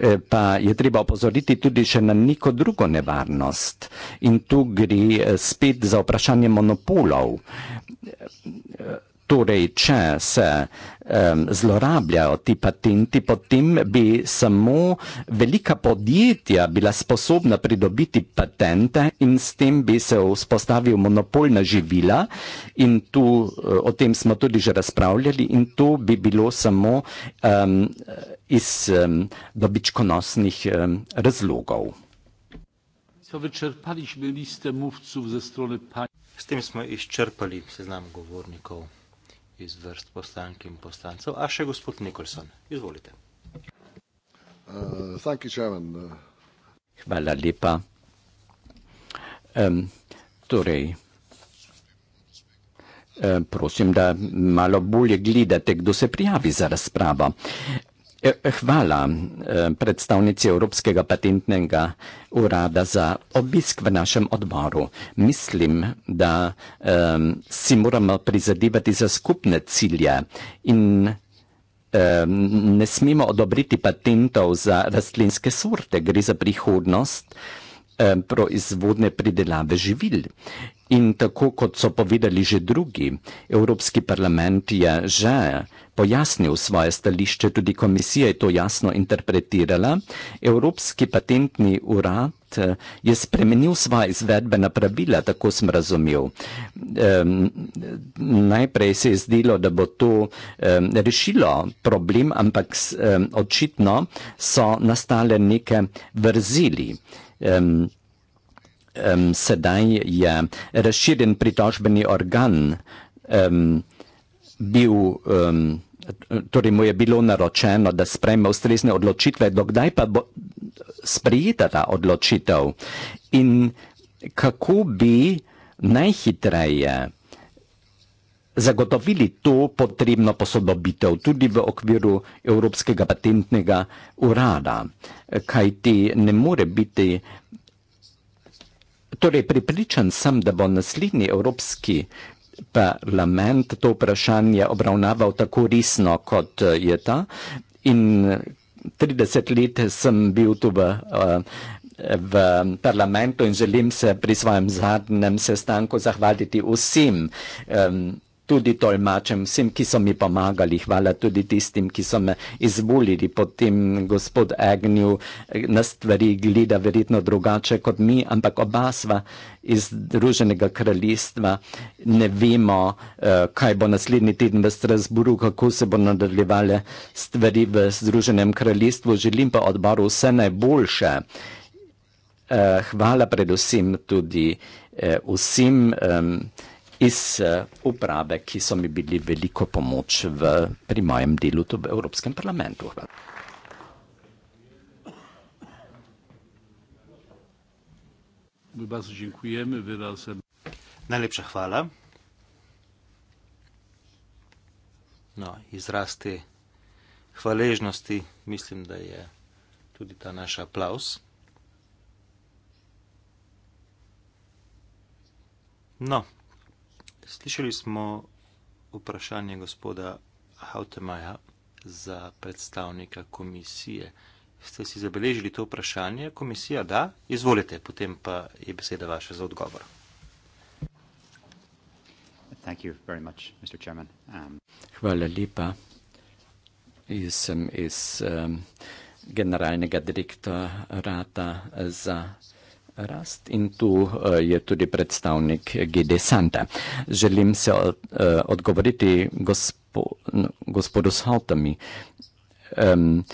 Eh, pa je treba opozoriti tudi še na neko drugo nevarnost. In tu gre eh, spet za vprašanje monopolov. Eh, Torej, če se um, zlorabljajo ti patenti, potem bi samo velika podjetja bila sposobna pridobiti patente in s tem bi se vzpostavil monopol na živila in tu, o tem smo tudi že razpravljali in to bi bilo samo um, iz um, dobičkonosnih um, razlogov. S tem smo izčrpali seznam govornikov iz vrst poslank in poslancev, a še gospod Nikolson. Izvolite. Uh, thank you, Chairman. Hvala lepa. Um, torej, um, prosim, da malo bolje gledate, kdo se prijavi za razpravo. Eh, hvala eh, predstavnici Evropskega patentnega urada za obisk v našem odboru. Mislim, da um, si moramo prizadevati za skupne cilje in um, ne smemo odobriti patentov za rastlinske sorte, gre za prihodnost um, proizvodne pridelave živil. In tako kot so povedali že drugi, Evropski parlament je že pojasnil svoje stališče, tudi komisija je to jasno interpretirala. Evropski patentni urad eh, je spremenil svoje izvedbena pravila, tako sem razumel. Um, najprej se je zdelo, da bo to um, rešilo problem, ampak um, očitno so nastale neke vrzili. Um, um, sedaj je razširjen pritožbeni organ um, bil. Um, Torej mu je bilo naročeno, da sprejme ustrezne odločitve, dokdaj pa bo sprejeta ta odločitev in kako bi najhitreje zagotovili to potrebno posodobitev tudi v okviru Evropskega patentnega urada, kajti ne more biti Torej, pripričan sem, da bo naslednji Evropski parlament to vprašanje obravnaval tako resno, kot eh, je ta. In 30 eh, let sem bil tu v, eh, v parlamentu in želim se pri svojem zadnjem sestanku zahvaliti vsem. Um, tudi tolmačem, vsem, ki so mi pomagali, hvala tudi tistim, ki so me izvolili. Potem gospod Agnew na stvari gleda verjetno drugače kot mi, ampak oba sva iz Druženega kraljestva ne vemo, eh, kaj bo naslednji teden v Strasburu, kako se bo nadaljevale stvari v Združenem kraljestvu. Želim pa odboru vse najboljše. Eh, hvala predvsem tudi eh, vsem iz eh, uprave, ki so mi bili veliko pomoč v, pri mojem delu tu v Evropskem parlamentu. Najlepša hvala. No, izrasti hvaležnosti, mislim, da je tudi ta naš aplaus. No, Slišali smo vprašanje gospoda Hautemaja za predstavnika komisije. Ste si zabeležili to vprašanje? Komisija, da, izvolite, potem pa je beseda vaša za odgovor. Um, Hvala lepa. Jaz sem iz um, generalnega direktorata za rast in tu uh, je tudi predstavnik Gide Sante. Želim se uh, odgovoriti gospo, gospodu Saltami. Um,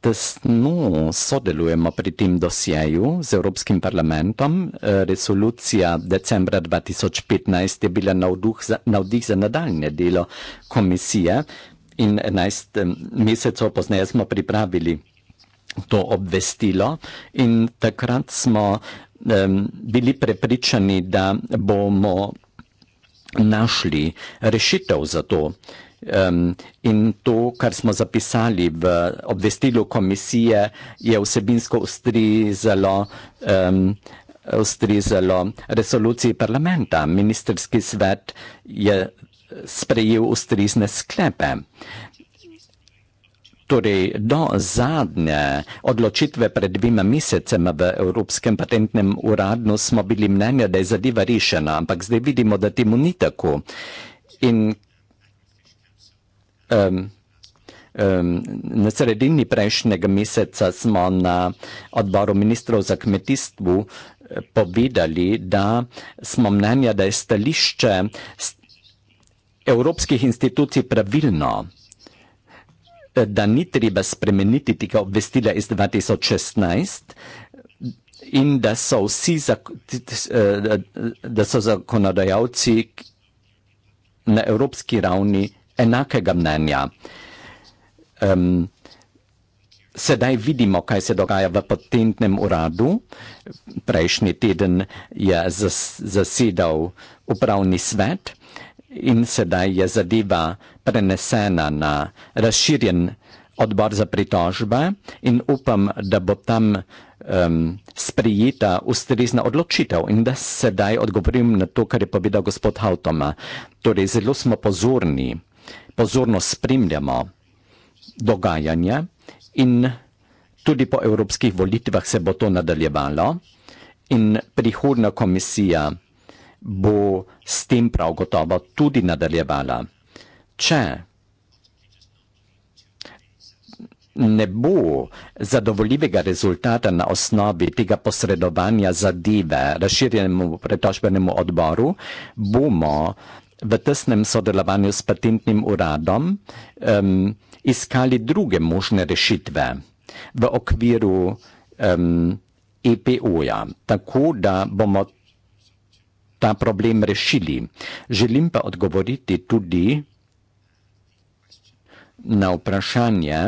tesno sodelujemo pri tem dosjeju z Evropskim parlamentom. Eh, resolucija decembra 2015 je bila navduh za, navdih za nadaljne delo komisije in 11 mesecev pozneje smo pripravili to obvestilo in takrat smo um, bili prepričani, da bomo našli rešitev za to. Um, in to, kar smo zapisali v obvestilu komisije, je vsebinsko ustrizalo, um, ustrizalo resoluciji parlamenta. Ministrski svet je sprejel ustrizne sklepe torej do zadnje odločitve pred dvima mesecema v Evropskem patentnem uradu smo bili mnenja, da je zadeva rešena, ampak zdaj vidimo, da temu ni tako. In um, um, na sredini prejšnjega meseca smo na odboru ministrov za kmetijstvo eh, povedali, da smo mnenja, da je stališče st evropskih institucij pravilno. Eh, da ni treba spremeniti tega obvestila iz 2016 in da so vsi eh, da so zakonodajalci na evropski ravni enakega mnenja. Um, sedaj vidimo, kaj se dogaja v patentnem uradu. Prejšnji teden je zasedal upravni svet in sedaj je zadeva prenesena na razširjen odbor za pritožbe in upam, da bo tam um, sprijeta ustrezna odločitev in da sedaj odgovorim na to, kar je povedal gospod Hautoma. Torej, zelo smo pozorni, pozorno spremljamo dogajanje in tudi po evropskih volitvah se bo to nadaljevalo in prihodna komisija bo s tem prav gotovo tudi nadaljevala. Če ne bo zadovoljivega rezultata na osnovi tega posredovanja zadeve razširjenemu pretožbenemu odboru, bomo v tesnem sodelovanju s patentnim uradom um, iskali druge možne rešitve v okviru um, EPO-ja, tako da bomo ta problem rešili. Želim pa odgovoriti tudi na vprašanje,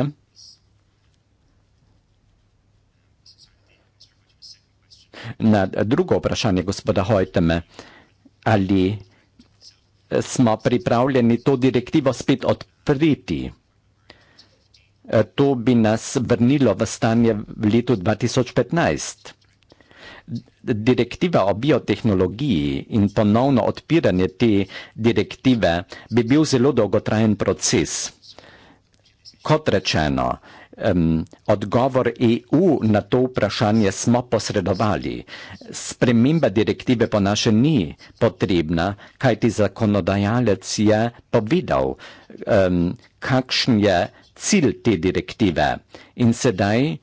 na drugo vprašanje gospoda Hojteme, ali smo pripravljeni to direktivo spet odpriti. To bi nas vrnilo v stanje v letu 2015 direktive o biotehnologiji in ponovno odpiranje te direktive bi bil zelo dolgotrajen proces. Kot rečeno, um, odgovor EU na to vprašanje smo posredovali. Sprememba direktive po naše ni potrebna, kajti zakonodajalec je povedal, um, kakšen je cilj te direktive. In sedaj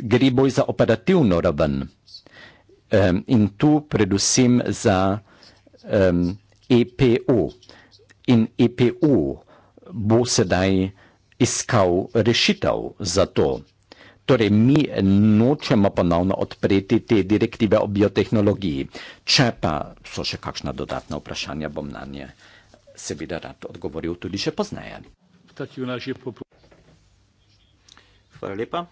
gre boj za operativno raven um, in tu predvsem za um, EPO. In EPO bo sedaj iskal rešitev za to. Torej, mi nočemo ponovno odpreti te direktive o biotehnologiji. Če pa so še kakšna dodatna vprašanja, bom na nje seveda rad odgovoril tudi še pozneje. Hvala lepa.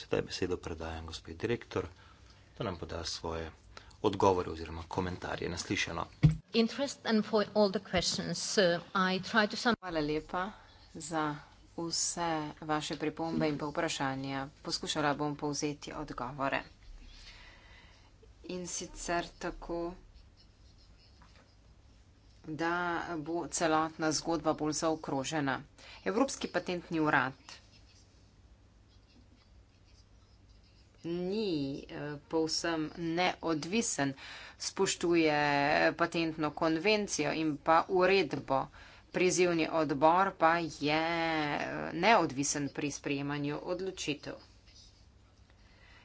Sedaj besedo predajam gospod direktor, da nam poda svoje odgovore oziroma komentarje naslišeno. Hvala lepa za vse vaše pripombe in pa vprašanja. Poskušala bom povzeti odgovore. In sicer tako, da bo celotna zgodba bolj zaokrožena. Evropski patentni urad ni eh, povsem neodvisen, spoštuje patentno konvencijo in pa uredbo. Prizivni odbor pa je eh, neodvisen pri sprejemanju odločitev.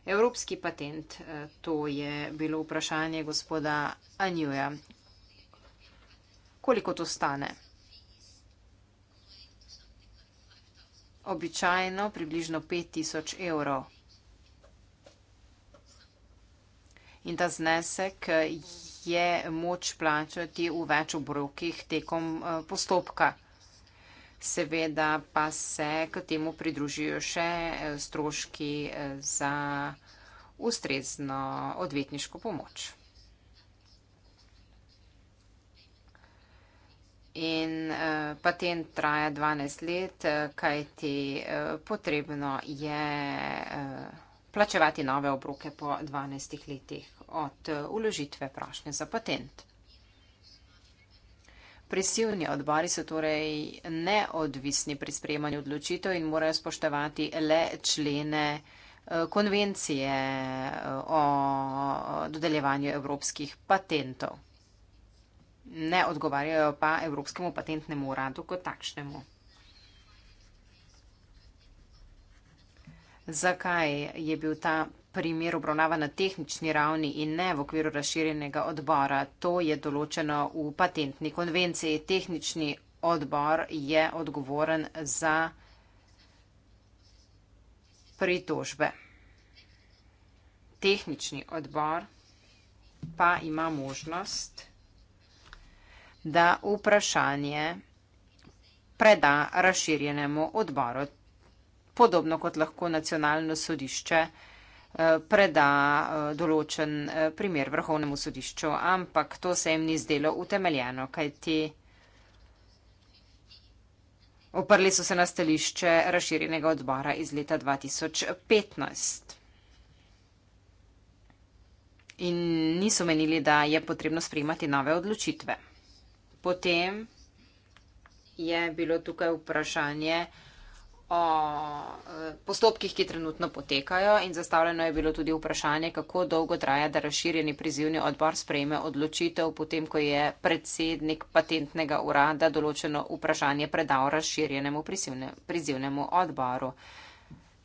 Evropski patent, eh, to je bilo vprašanje gospoda Anjuja. Koliko to stane? Običajno približno 5000 evrov. in ta znesek eh, je moč plačati v več obrokih tekom eh, postopka. Seveda pa se k temu pridružijo še eh, stroški za ustrezno odvetniško pomoč. In eh, patent traja 12 let, kajti eh, potrebno je. Eh, plačevati nove obroke po 12 letih od eh, uložitve prošnje za patent. Prisilni odbori so torej neodvisni pri sprejemanju odločitev in morajo spoštovati le člene eh, konvencije eh, o dodeljevanju evropskih patentov. Ne odgovarjajo pa Evropskemu patentnemu uradu kot takšnemu. zakaj je bil ta primer obravnava na tehnični ravni in ne v okviru razširjenega odbora. To je določeno v patentni konvenciji. Tehnični odbor je odgovoren za pritožbe. Tehnični odbor pa ima možnost, da vprašanje preda razširjenemu odboru podobno kot lahko nacionalno sodišče eh, preda eh, določen eh, primer vrhovnemu sodišču, ampak to se jim ni zdelo utemeljeno, kajti oprli so se na stališče razširjenega odbora iz leta 2015. In niso menili, da je potrebno sprejemati nove odločitve. Potem je bilo tukaj vprašanje, o eh, postopkih, ki trenutno potekajo in zastavljeno je bilo tudi vprašanje, kako dolgo traja, da razširjeni prizivni odbor sprejme odločitev, potem ko je predsednik patentnega urada določeno vprašanje predal razširjenemu prizivne, prizivnemu odboru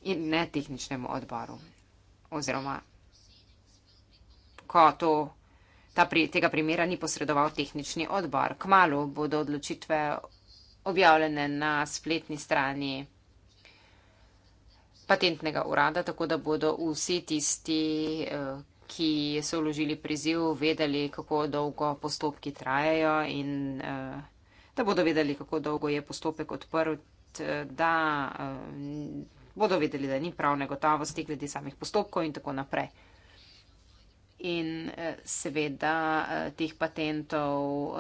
in ne tehničnemu odboru. Oziroma, ko to, ta, tega primera ni posredoval tehnični odbor. Kmalo bodo odločitve objavljene na spletni strani patentnega urada, tako da bodo vsi tisti, eh, ki so vložili priziv, vedeli, kako dolgo postopki trajajo in eh, da bodo vedeli, kako dolgo je postopek odprt, eh, da bodo vedeli, da ni pravne gotovosti glede samih postopkov in tako naprej. In seveda teh patentov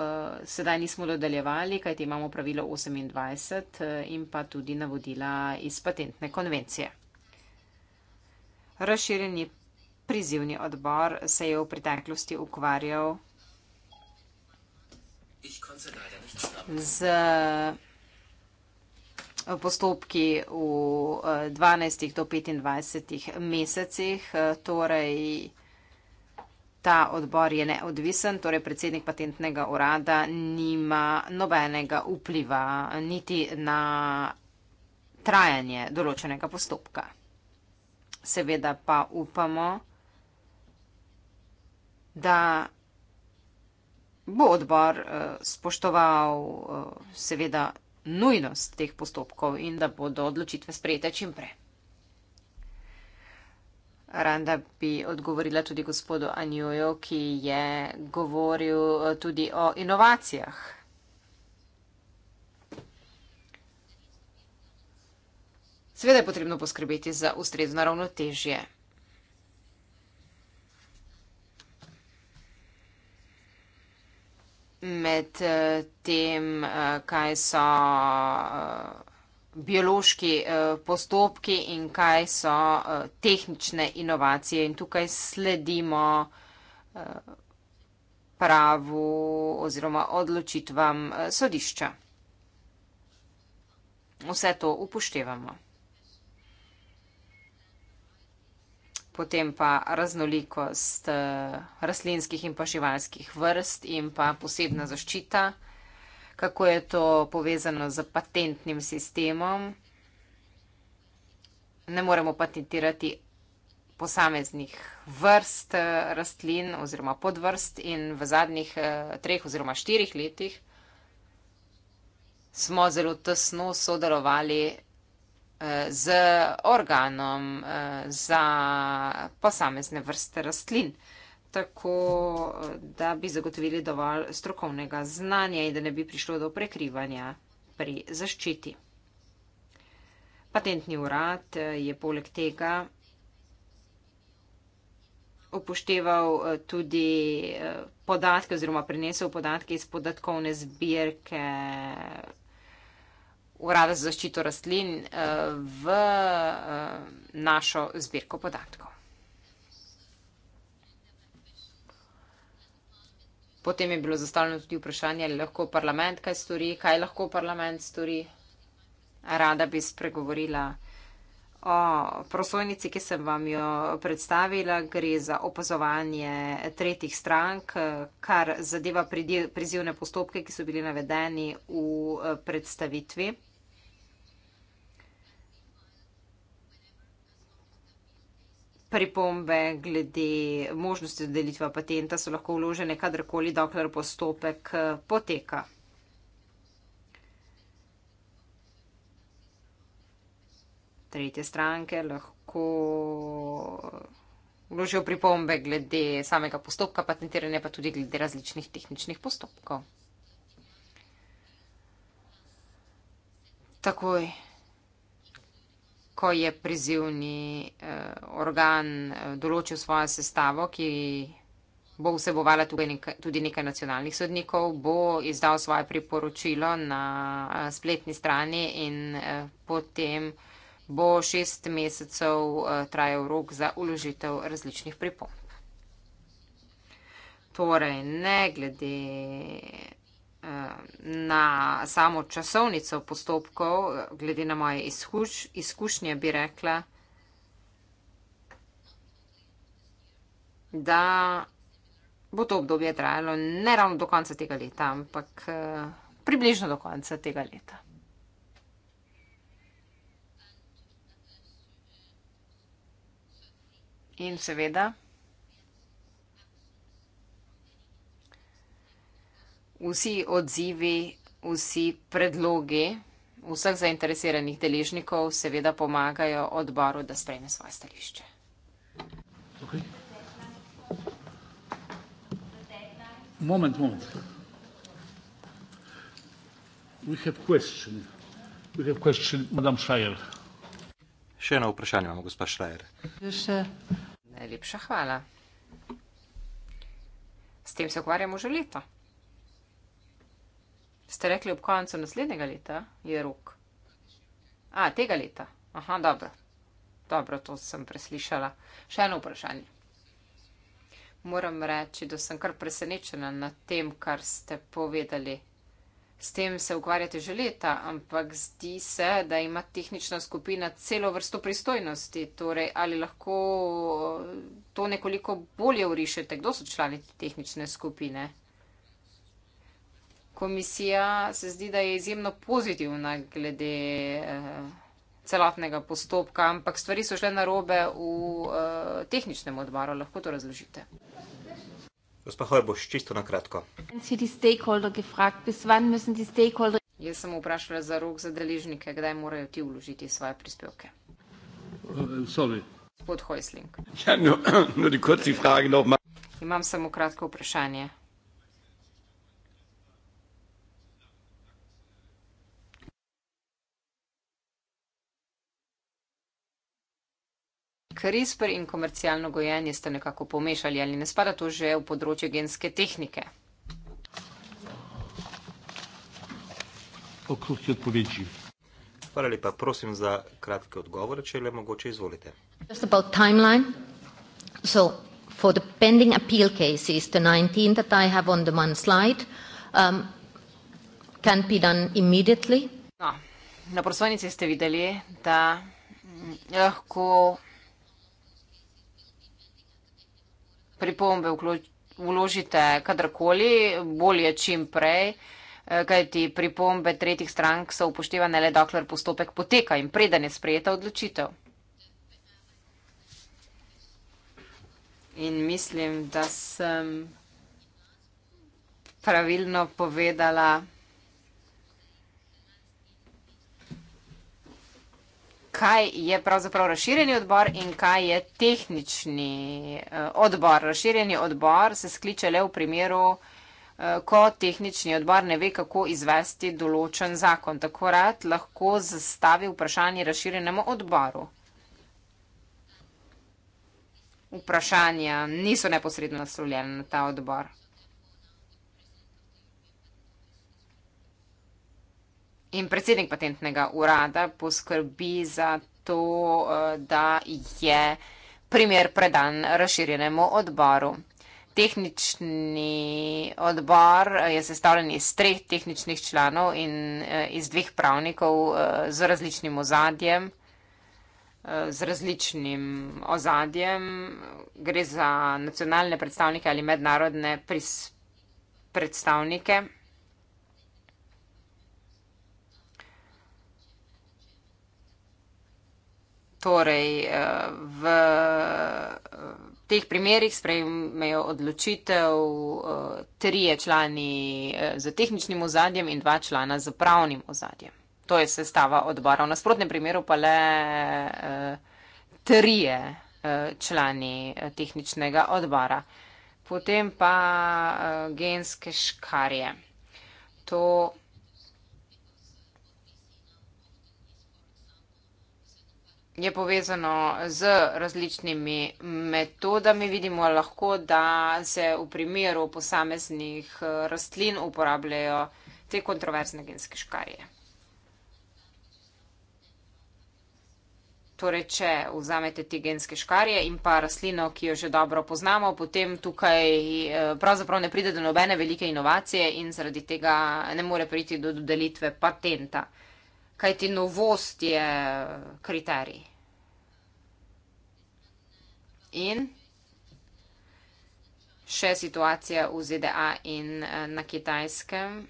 sedaj nismo dodeljevali, kajti imamo pravilo 28 in pa tudi navodila iz patentne konvencije. Razširjeni prizivni odbor se je v preteklosti ukvarjal z postopki v 12 eh, do 25 mesecih, torej ta odbor je neodvisen, torej predsednik patentnega urada nima nobenega vpliva niti na trajanje določenega postopka seveda pa upamo, da bo odbor eh, spoštoval eh, seveda nujnost teh postopkov in da bodo odločitve sprejete čim prej. Randa bi odgovorila tudi gospodu Anjuju, ki je govoril eh, tudi o inovacijah Seveda je potrebno poskrbeti za ustrezno ravnotežje. Med eh, tem, eh, kaj so eh, biološki postopki in kaj so tehnične inovacije. In tukaj sledimo pravu oziroma odločitvam sodišča. Vse to upoštevamo. potem pa raznolikost eh, rastlinskih in pa živalskih vrst in pa posebna zaščita, kako je to povezano z patentnim sistemom. Ne moremo patentirati posameznih vrst eh, rastlin oziroma podvrst in v zadnjih eh, treh oziroma štirih letih smo zelo tesno sodelovali z organom eh, za posamezne vrste rastlin, tako eh, da bi zagotovili dovolj strokovnega znanja in da ne bi prišlo do prekrivanja pri zaščiti. Patentni urad eh, je poleg tega upošteval tudi podatke oziroma prinesel podatke iz podatkovne zbirke urada za zaščito rastlin eh, v eh, našo zbirko podatkov. Potem je bilo zastavljeno tudi vprašanje, ali lahko parlament kaj stori, kaj lahko parlament stori. Rada bi spregovorila o prosojnici, ki sem vam jo predstavila. Gre za opazovanje tretjih strank, kar zadeva prizivne postopke, ki so bili navedeni v eh, predstavitvi. pripombe glede možnosti delitve patenta so lahko vložene kadarkoli, dokler postopek eh, poteka. Tretje stranke lahko eh, vložijo pripombe glede samega postopka patentiranja, pa tudi glede različnih tehničnih postopkov. Takoj ko je prizivni eh, organ eh, določil svojo sestavo, ki bo vsebovala tudi nekaj nacionalnih sodnikov, bo izdal svoje priporočilo na eh, spletni strani in potem bo šest mesecev trajal rok za uložitev različnih pripomb. Torej, ne glede na samo časovnico postopkov, glede na moje izkuš, izkušnje, bi rekla, da bo to obdobje trajalo ne ravno do konca tega leta, ampak eh, približno do konca tega leta. In seveda, vsi odzivi, vsi predlogi vseh zainteresiranih deležnikov seveda pomagajo odboru, da sprejme svoje stališče. Okay. Moment, moment. We have question. We have question, madam Schreier. Še eno vprašanje imamo, gospa Schreier. Najlepša hvala. S tem se ukvarjamo že leta. Ste rekli ob koncu naslednjega leta, je rok. A, tega leta. Aha, dobro. Dobro, to sem preslišala. Še eno vprašanje. Moram reči, da sem kar presenečena nad tem, kar ste povedali. S tem se ukvarjate že leta, ampak zdi se, da ima tehnična skupina celo vrsto pristojnosti. Torej, ali lahko to nekoliko bolje urišete, kdo so člani tehnične skupine? komisija se zdi, da je izjemno pozitivna glede uh, celotnega postopka, ampak stvari so šle narobe v uh, tehničnem odmaru. Lahko to razložite. Gospa Hojboš, čisto na kratko. Jaz sem vprašala za rok za deležnike, kdaj morajo ti vložiti svoje prispevke. Eh, Gospod Hojsling. Ja, Imam samo kratko vprašanje. CRISPR in komercialno gojenje ste nekako pomešali ali ne spada to že v področje genske tehnike? Hvala lepa. Prosim za kratke odgovore, če le mogoče izvolite. For the pending appeal cases, the 19 that I have on the one slide um, can be done immediately. No, na prosojnici ste videli, da lahko. Mm, pripombe vložite kadarkoli, bolje čim prej, eh, kajti pripombe tretjih strank so upoštevane le dokler postopek poteka in preden je sprejeta odločitev. In mislim, da sem pravilno povedala. kaj je pravzaprav razširjeni odbor in kaj je tehnični eh, odbor. Razširjeni odbor se skliče le v primeru, eh, ko tehnični odbor ne ve, kako izvesti določen zakon. Tako rad lahko zastavi vprašanje razširjenemu odboru. Vprašanja niso neposredno naslovljena na ta odbor. In predsednik patentnega urada poskrbi za to, eh, da je primer predan razširjenemu odboru. Tehnični odbor eh, je sestavljen iz treh tehničnih članov in eh, iz dveh pravnikov z različnim ozadjem. Z različnim ozadjem gre za nacionalne predstavnike ali mednarodne predstavnike. Torej, eh, v eh, teh primerjih sprejmejo odločitev eh, trije člani z tehničnim ozadjem in dva člana z pravnim ozadjem. To je sestava odbora. V nasprotnem primeru pa le trije člani tehničnega odbora. Potem pa genske škarje. To je povezano z različnimi metodami. Vidimo lahko, da se v primeru posameznih eh, rastlin uporabljajo te kontroverzne genske škarje. Torej, če vzamete te genske škarje in pa rastlino, ki jo že dobro poznamo, potem tukaj eh, pravzaprav ne pride do nobene velike inovacije in zaradi tega ne more priti do dodelitve patenta. Kaj ti novost je eh, kriterij? in še situacija v ZDA in eh, na kitajskem.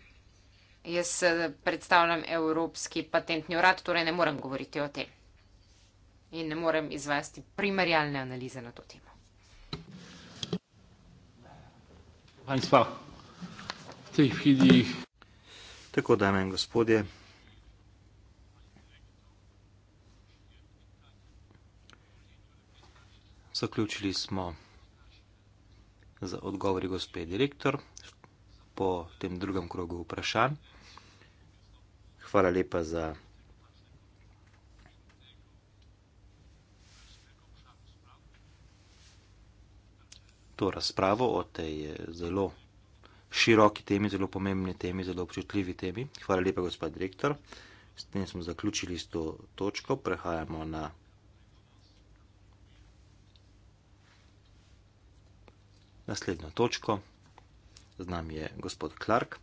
Jaz eh, predstavljam Evropski patentni urad, torej ne morem govoriti o tem in ne morem izvesti primerjalne analize na to temo. Tako, dame in gospodje. Zaključili smo z odgovori gospe direktor po tem drugem krogu vprašanj. Hvala lepa za to razpravo o tej eh, zelo široki temi, zelo pomembni temi, zelo občutljivi temi. Hvala lepa, gospod direktor. S tem smo zaključili s to točko. Prehajamo na naslednjo točko. Z nami je gospod Clark.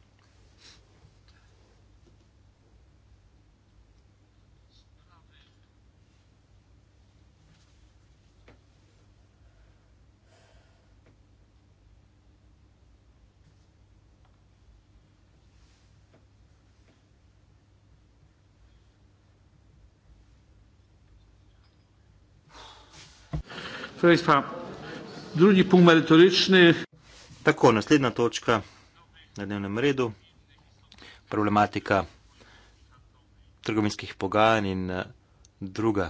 Praise Pop drugi punkt meritorični. Tako, naslednja točka na dnevnem redu, problematika trgovinskih pogajanj in eh, druga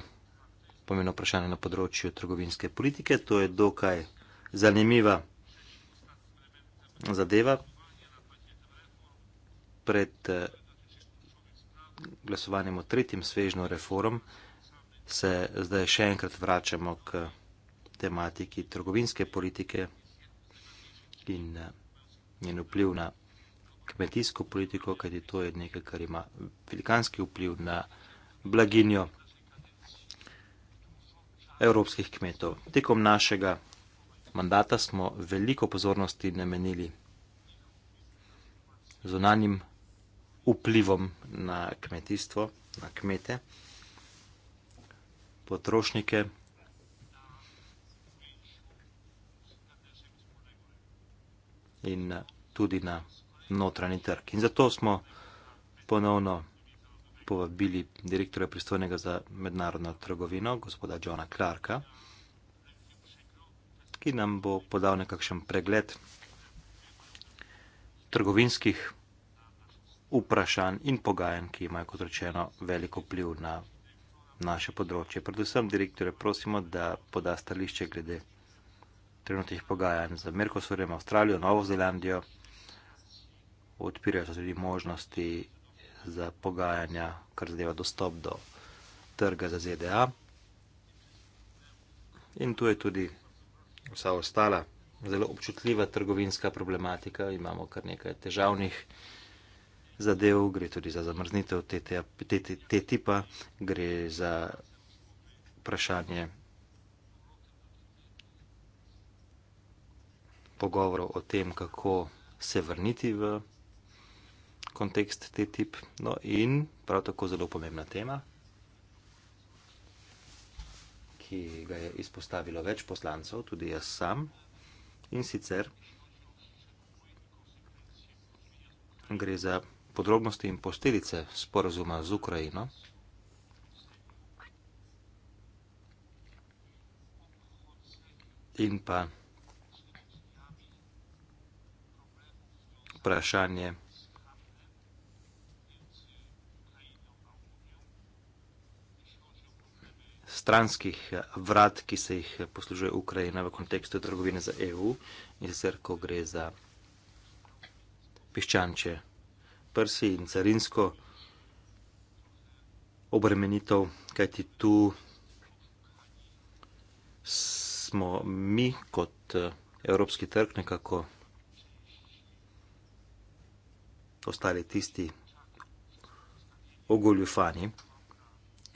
pomembna vprašanja na področju trgovinske politike. To je dokaj zanimiva zadeva. Pred eh, glasovanjem o tretjem svežnju reform se zdaj še enkrat vračamo k tematiki trgovinske politike in eh, njen vpliv na kmetijsko politiko, kajti to je nekaj, kar ima velikanski vpliv na blaginjo evropskih kmetov. Tekom našega mandata smo veliko pozornosti namenili zunanjim vplivom na kmetijstvo, na kmete, potrošnike, in eh, tudi na notranji trg. In zato smo ponovno povabili direktorja pristojnega za mednarodno trgovino, gospoda Johna Clarka, ki nam bo podal nekakšen pregled trgovinskih vprašanj in pogajanj, ki imajo, kot rečeno, veliko pliv na naše področje. Predvsem direktore prosimo, da poda stališče glede trenutnih pogajanj z Merkosurjem, Avstralijo, Novo Zelandijo. Odpirajo se tudi možnosti za pogajanja, kar zadeva dostop do trga za ZDA. In tu je tudi vsa ostala zelo občutljiva trgovinska problematika. Imamo kar nekaj težavnih zadev, gre tudi za zamrznitev te, te, te, te, te tipa, gre za vprašanje pogovorov o tem, kako se vrniti v kontekst te tip. No in prav tako zelo pomembna tema, ki ga je izpostavilo več poslancev, tudi jaz sam in sicer gre za podrobnosti in posteljice sporozuma z Ukrajino. In pa vprašanje. Stranskih vrat, ki se jih poslužuje Ukrajina v kontekstu trgovine za EU in sicer, ko gre za piščanče prsi in carinsko obremenitev, kajti tu smo mi kot eh, evropski trg nekako postali tisti ogoljufani,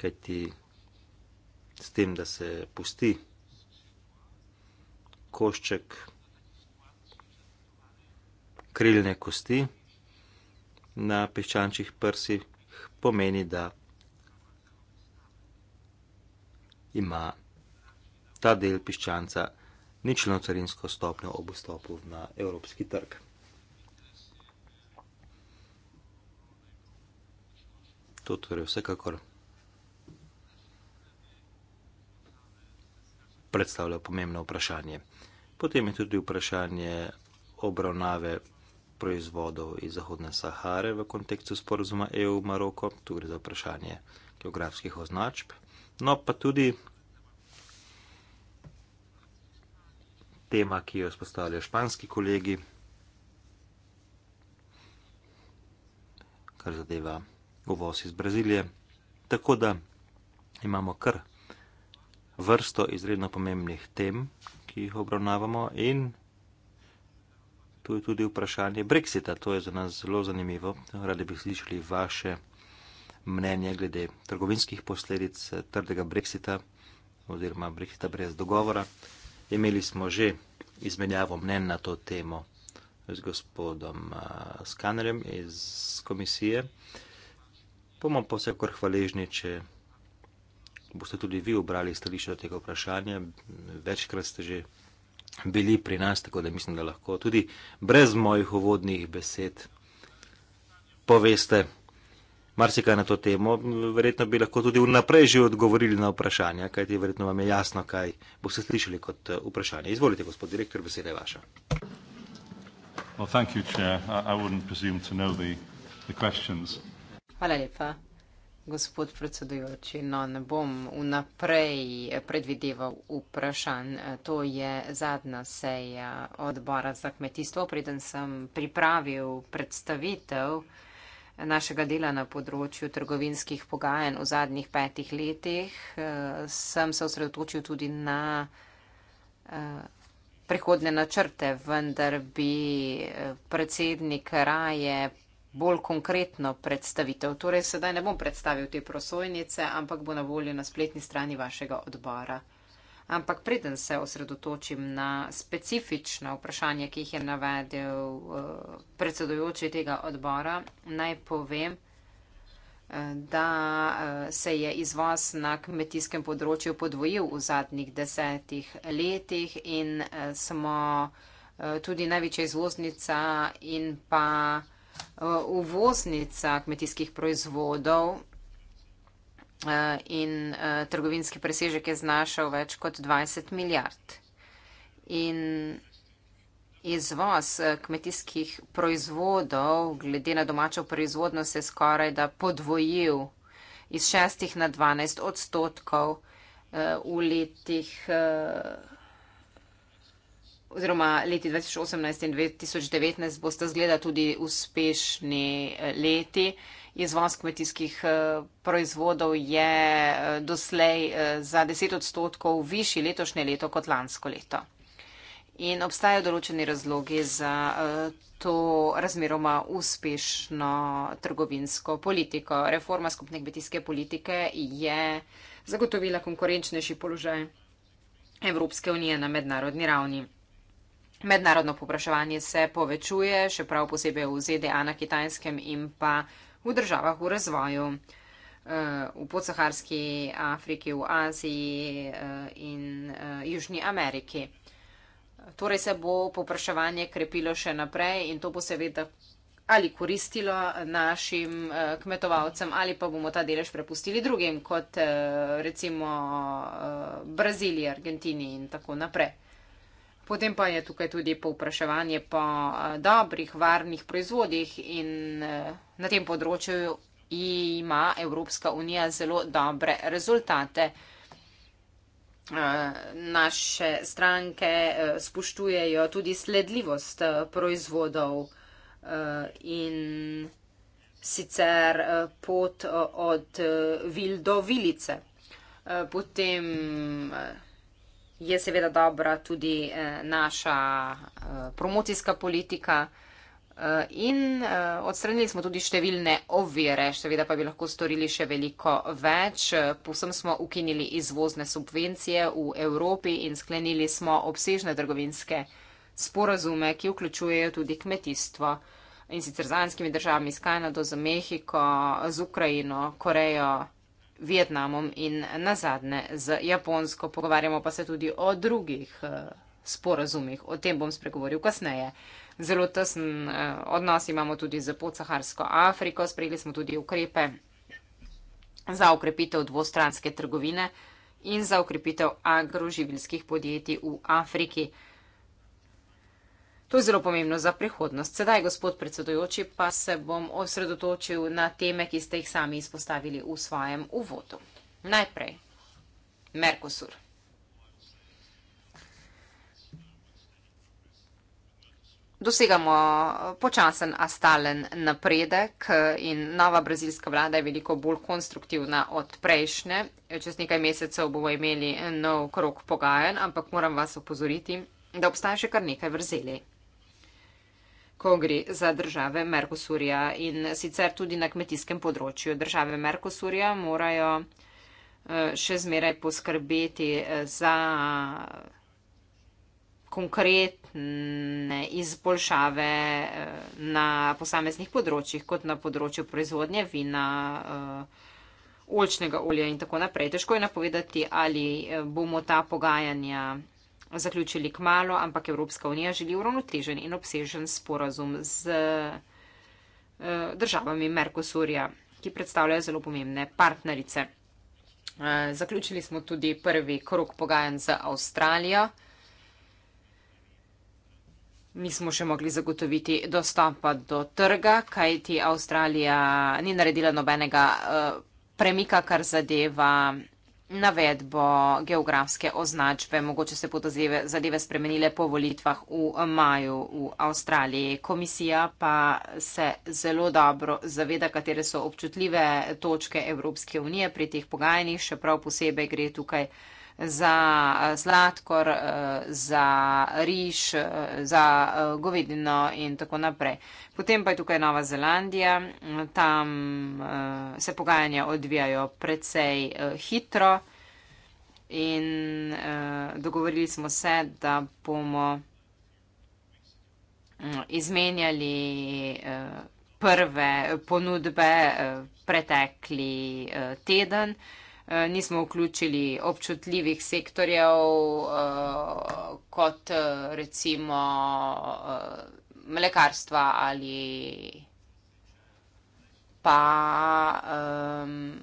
kajti s tem, da se pusti košček krilne kosti na peščančjih prsih, pomeni, da ima ta del piščanca ničelno carinsko stopnjo ob vstopu na evropski trg. To torej vsekakor predstavlja pomembno vprašanje. Potem je tudi vprašanje obravnave proizvodov iz Zahodne Sahare v kontekstu sporozuma EU-Maroko, tu gre za vprašanje geografskih označb, no pa tudi tema, ki jo spostavljajo španski kolegi, kar zadeva uvoz iz Brazilije. Tako da imamo kar vrsto izredno pomembnih tem, ki jih obravnavamo in tu je tudi vprašanje Brexita. To je za nas zelo zanimivo. Radi bi slišali vaše mnenje glede trgovinskih posledic eh, trdega Brexita oziroma Brexita brez dogovora. Imeli smo že izmenjavo mnen na to temo z gospodom eh, Skanerjem iz komisije. Bomo pa vsekakor hvaležni, če boste tudi vi obrali stališče do tega vprašanja. Večkrat ste že bili pri nas, tako da mislim, da lahko tudi brez mojih uvodnih besed poveste marsikaj na to temo. Verjetno bi lahko tudi vnaprej že odgovorili na vprašanja, kajti verjetno vam je jasno, kaj boste slišali kot eh, vprašanje. Izvolite, gospod direktor, beseda je vaša. Well, thank you, Chair. I, I wouldn't presume to know the, the questions. Hvala lepa, gospod predsedujoči. No, ne bom vnaprej predvideval vprašanj. To je zadnja seja odbora za kmetijstvo. Preden sem pripravil predstavitev našega dela na področju trgovinskih pogajanj v zadnjih petih letih, sem se osredotočil tudi na eh, prihodne načrte, vendar bi eh, predsednik raje bolj konkretno predstavitev. Torej, sedaj ne bom predstavil te prosojnice, ampak bo na voljo na spletni strani vašega odbora. Ampak preden se osredotočim na specifična vprašanja, ki jih je navedel uh, predsedujoči tega odbora, naj povem, eh, da eh, se je izvoz na kmetijskem področju podvojil v zadnjih desetih letih in smo tudi največja izvoznica in pa uh, Eh, uvoznica kmetijskih proizvodov eh, in eh, trgovinski presežek je znašal več kot 20 milijard. In izvoz kmetijskih proizvodov glede na domačo proizvodno se je skoraj da podvojil iz 6 na 12 odstotkov v letih oziroma leti 2018 in 2019 boste zgleda tudi uspešni eh, leti. Izvoz kmetijskih eh, proizvodov je eh, doslej za 10 odstotkov višji letošnje leto kot lansko leto. In obstajajo določeni razlogi za to razmeroma uspešno trgovinsko politiko. Reforma skupne kmetijske politike je zagotovila konkurenčnejši položaj Evropske unije na mednarodni ravni. Mednarodno povpraševanje se povečuje, še prav posebej v ZDA na kitajskem in pa v državah v razvoju, eh, v podsaharski Afriki, v Aziji eh, in eh, Južni Ameriki. Torej se bo povpraševanje krepilo še naprej in to bo seveda ali koristilo našim kmetovalcem ali pa bomo ta delež prepustili drugim, kot recimo Braziliji, Argentini in tako naprej. Potem pa je tukaj tudi povpraševanje po eh, dobrih, varnih proizvodih in eh, na tem področju ima Evropska unija zelo dobre rezultate. Eh, naše stranke spoštujejo tudi sledljivost proizvodov in sicer pot od vil do vilice. Potem je seveda dobra tudi eh, naša eh, promocijska politika. Eh, in odstranili smo tudi številne ovire, seveda pa bi lahko storili še veliko več. Povsem smo ukinili izvozne subvencije v Evropi in sklenili smo obsežne trgovinske sporazume, ki vključujejo tudi kmetijstvo in sicer z anskimi državami, s Kanado, z Mehiko, z Ukrajino, Korejo, Vietnamom in nazadnje z Japonsko. Pogovarjamo pa se tudi o drugih eh, sporazumih, o tem bom spregovoril kasneje. Zelo tesen eh, odnos imamo tudi z podsaharsko Afriko, sprejeli smo tudi ukrepe za ukrepitev dvostranske trgovine in za ukrepitev agroživilskih podjetij v Afriki. To je zelo pomembno za prihodnost. Sedaj, gospod predsedujoči, pa se bom osredotočil na teme, ki ste jih sami izpostavili v svojem uvodu. Najprej, Merkosur. Dosegamo počasen, a stalen napredek in nova brazilska vlada je veliko bolj konstruktivna od prejšnje. Čez nekaj mesecev bomo imeli nov krok pogajen, ampak moram vas opozoriti, da obstaja še kar nekaj vrzeli ko gre za države Merkosurja in sicer tudi na kmetijskem področju. Države Merkosurja morajo eh, še zmeraj poskrbeti eh, za konkretne izboljšave eh, na posameznih področjih, kot na področju proizvodnje vina, oljčnega olja in tako naprej. Težko je napovedati, ali bomo ta pogajanja zaključili k malo, ampak Evropska unija želi uravnotežen in obsežen sporazum z eh, državami Merkosurja, ki predstavljajo zelo pomembne partnerice. Eh, zaključili smo tudi prvi krok pogajanj za Avstralijo. Mi smo še mogli zagotoviti dostopa do trga, kajti Avstralija ni naredila nobenega eh, premika, kar zadeva navedbo geografske označbe. Mogoče se bodo zadeve spremenile po volitvah v maju v Avstraliji. Komisija pa se zelo dobro zaveda, katere so občutljive točke Evropske unije pri teh pogajanjih, še prav posebej gre tukaj za eh, sladkor, eh, za riž, eh, za govedino in tako naprej. Potem pa je tukaj Nova Zelandija, tam se pogajanja odvijajo precej hitro in dogovorili smo se, da bomo mm, izmenjali prve ponudbe pretekli teden. Eh, nismo vključili občutljivih sektorjev, eh, kot eh, recimo mlekarstva ali pa. Um,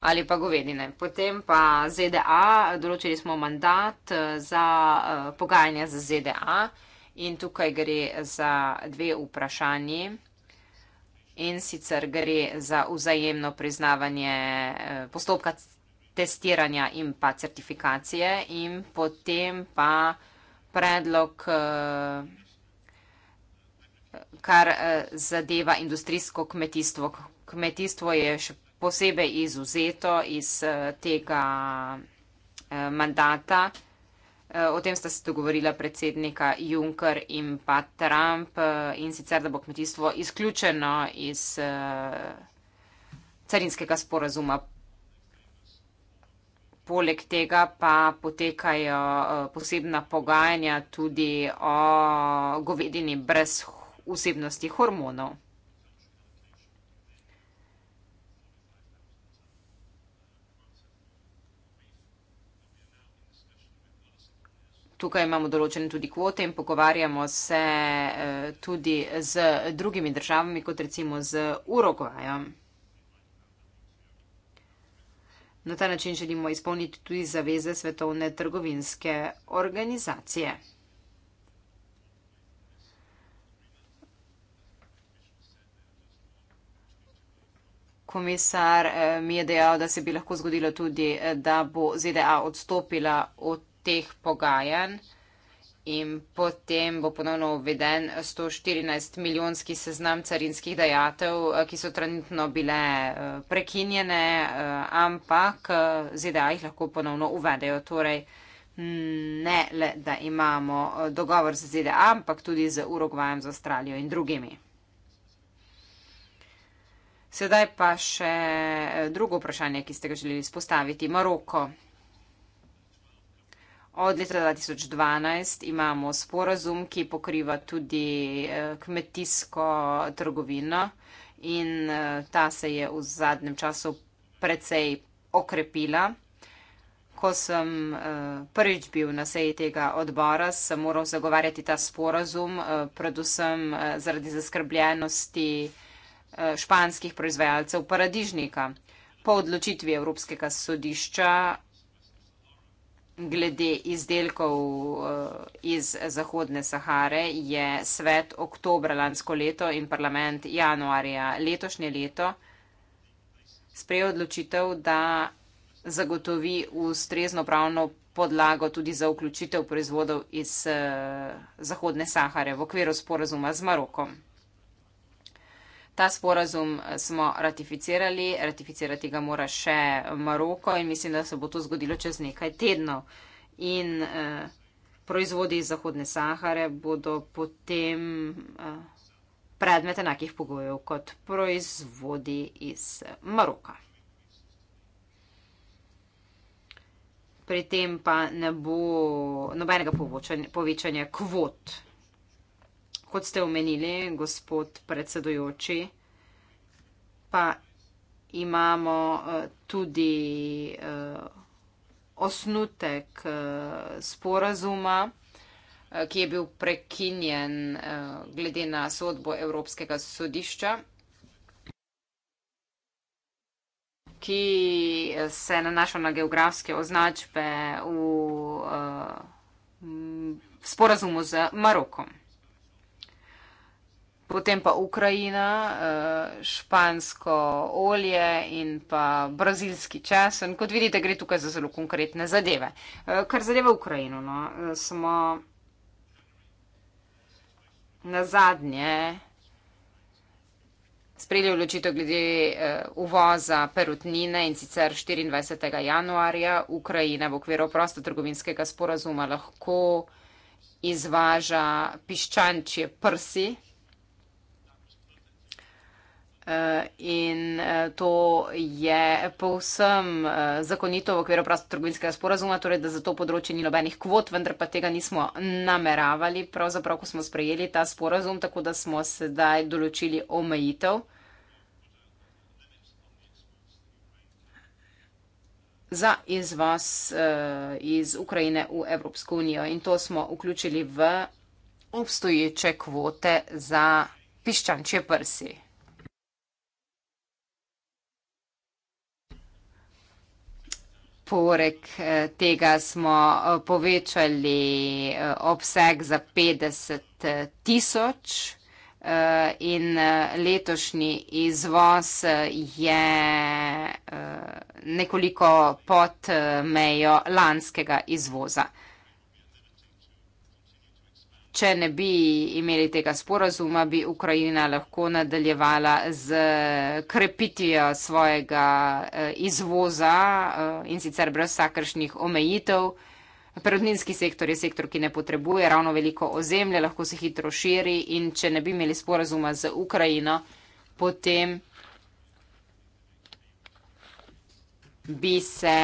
Ali pa govedine. Potem pa ZDA, določili smo mandat za uh, pogajanja z ZDA in tukaj gre za dve vprašanji in sicer gre za vzajemno priznavanje eh, postopka testiranja in pa certifikacije in potem pa predlog, eh, kar eh, zadeva industrijsko kmetijstvo. Kmetijstvo je še posebej izuzeto iz tega mandata. Eh, o tem sta se dogovorila predsednika Juncker in pa Trump eh, in sicer, da bo kmetijstvo izključeno iz eh, carinskega sporazuma. Poleg tega pa potekajo posebna pogajanja tudi o govedini brez vsebnosti hormonov. tukaj imamo določene tudi kvote in pogovarjamo se eh, tudi z drugimi državami, kot recimo z Urogvajem. Na ta način želimo izpolniti tudi zaveze Svetovne trgovinske organizacije. Komisar eh, mi je dejal, da se bi lahko zgodilo tudi, eh, da bo ZDA odstopila od teh pogajanj in potem bo ponovno uveden 114 milijonski seznam carinskih dajatev, eh, ki so trenutno bile eh, prekinjene, eh, ampak ZDA jih lahko ponovno uvedejo. Torej, ne le, da imamo dogovor z ZDA, ampak tudi z Urugvajem, z Avstralijo in drugimi. Sedaj pa še drugo vprašanje, ki ste ga želeli spostaviti. Maroko. Od leta 2012 imamo sporazum, ki pokriva tudi eh, kmetijsko trgovino in eh, ta se je v zadnjem času precej okrepila. Ko sem eh, prvič bil na seji tega odbora, sem moral zagovarjati ta sporazum, predvsem zaradi zaskrbljenosti španskih proizvajalcev paradižnika. Po odločitvi Evropskega sodišča glede izdelkov eh, iz Zahodne Sahare je svet oktobra lansko leto in parlament januarja letošnje leto sprejel odločitev, da zagotovi ustrezno pravno podlago tudi za vključitev proizvodov iz eh, Zahodne Sahare v okviru sporazuma z Marokom. Ta sporazum eh, smo ratificirali, ratificirati ga mora še Maroko in mislim, da se bo to zgodilo čez nekaj tednov. In eh, proizvodi iz Zahodne Sahare bodo potem eh, predmet enakih pogojev kot proizvodi iz eh, Maroka. Pri tem pa ne bo nobenega povečanja kvot kot ste omenili, gospod predsedujoči, pa imamo eh, tudi eh, osnutek eh, sporazuma, ki je bil prekinjen glede na sodbo Evropskega sodišča, ki se nanaša na geografske označbe v sporazumu z Marokom potem pa Ukrajina, eh, špansko olje in pa brazilski čas. In kot vidite, gre tukaj za zelo konkretne zadeve. Eh, kar zadeva Ukrajino, no, eh, smo na zadnje sprejeli odločitev glede uvoza perutnine in sicer 24. januarja Ukrajina v okviru prostotrgovinskega sporazuma lahko izvaža piščančje prsi. Eh, in eh, to je povsem eh, zakonito v okviru prostotrgovinskega sporazuma, torej da za to področje ni nobenih kvot, vendar pa tega nismo nameravali, pravzaprav, ko smo sprejeli ta sporazum, tako da smo sedaj določili omejitev. za izvoz iz Ukrajine v Evropsko unijo. In to smo vključili v obstoječe kvote za piščančje prsi. Poleg eh, tega smo eh, povečali eh, obseg za 50 tisoč in letošnji izvoz je nekoliko pod mejo lanskega izvoza če ne bi imeli tega sporazuma, bi Ukrajina lahko nadaljevala z krepitijo svojega eh, izvoza eh, in sicer brez vsakršnih omejitev. Perodninski sektor je sektor, ki ne potrebuje ravno veliko ozemlja, lahko se hitro širi in če ne bi imeli sporazuma z Ukrajino, potem bi se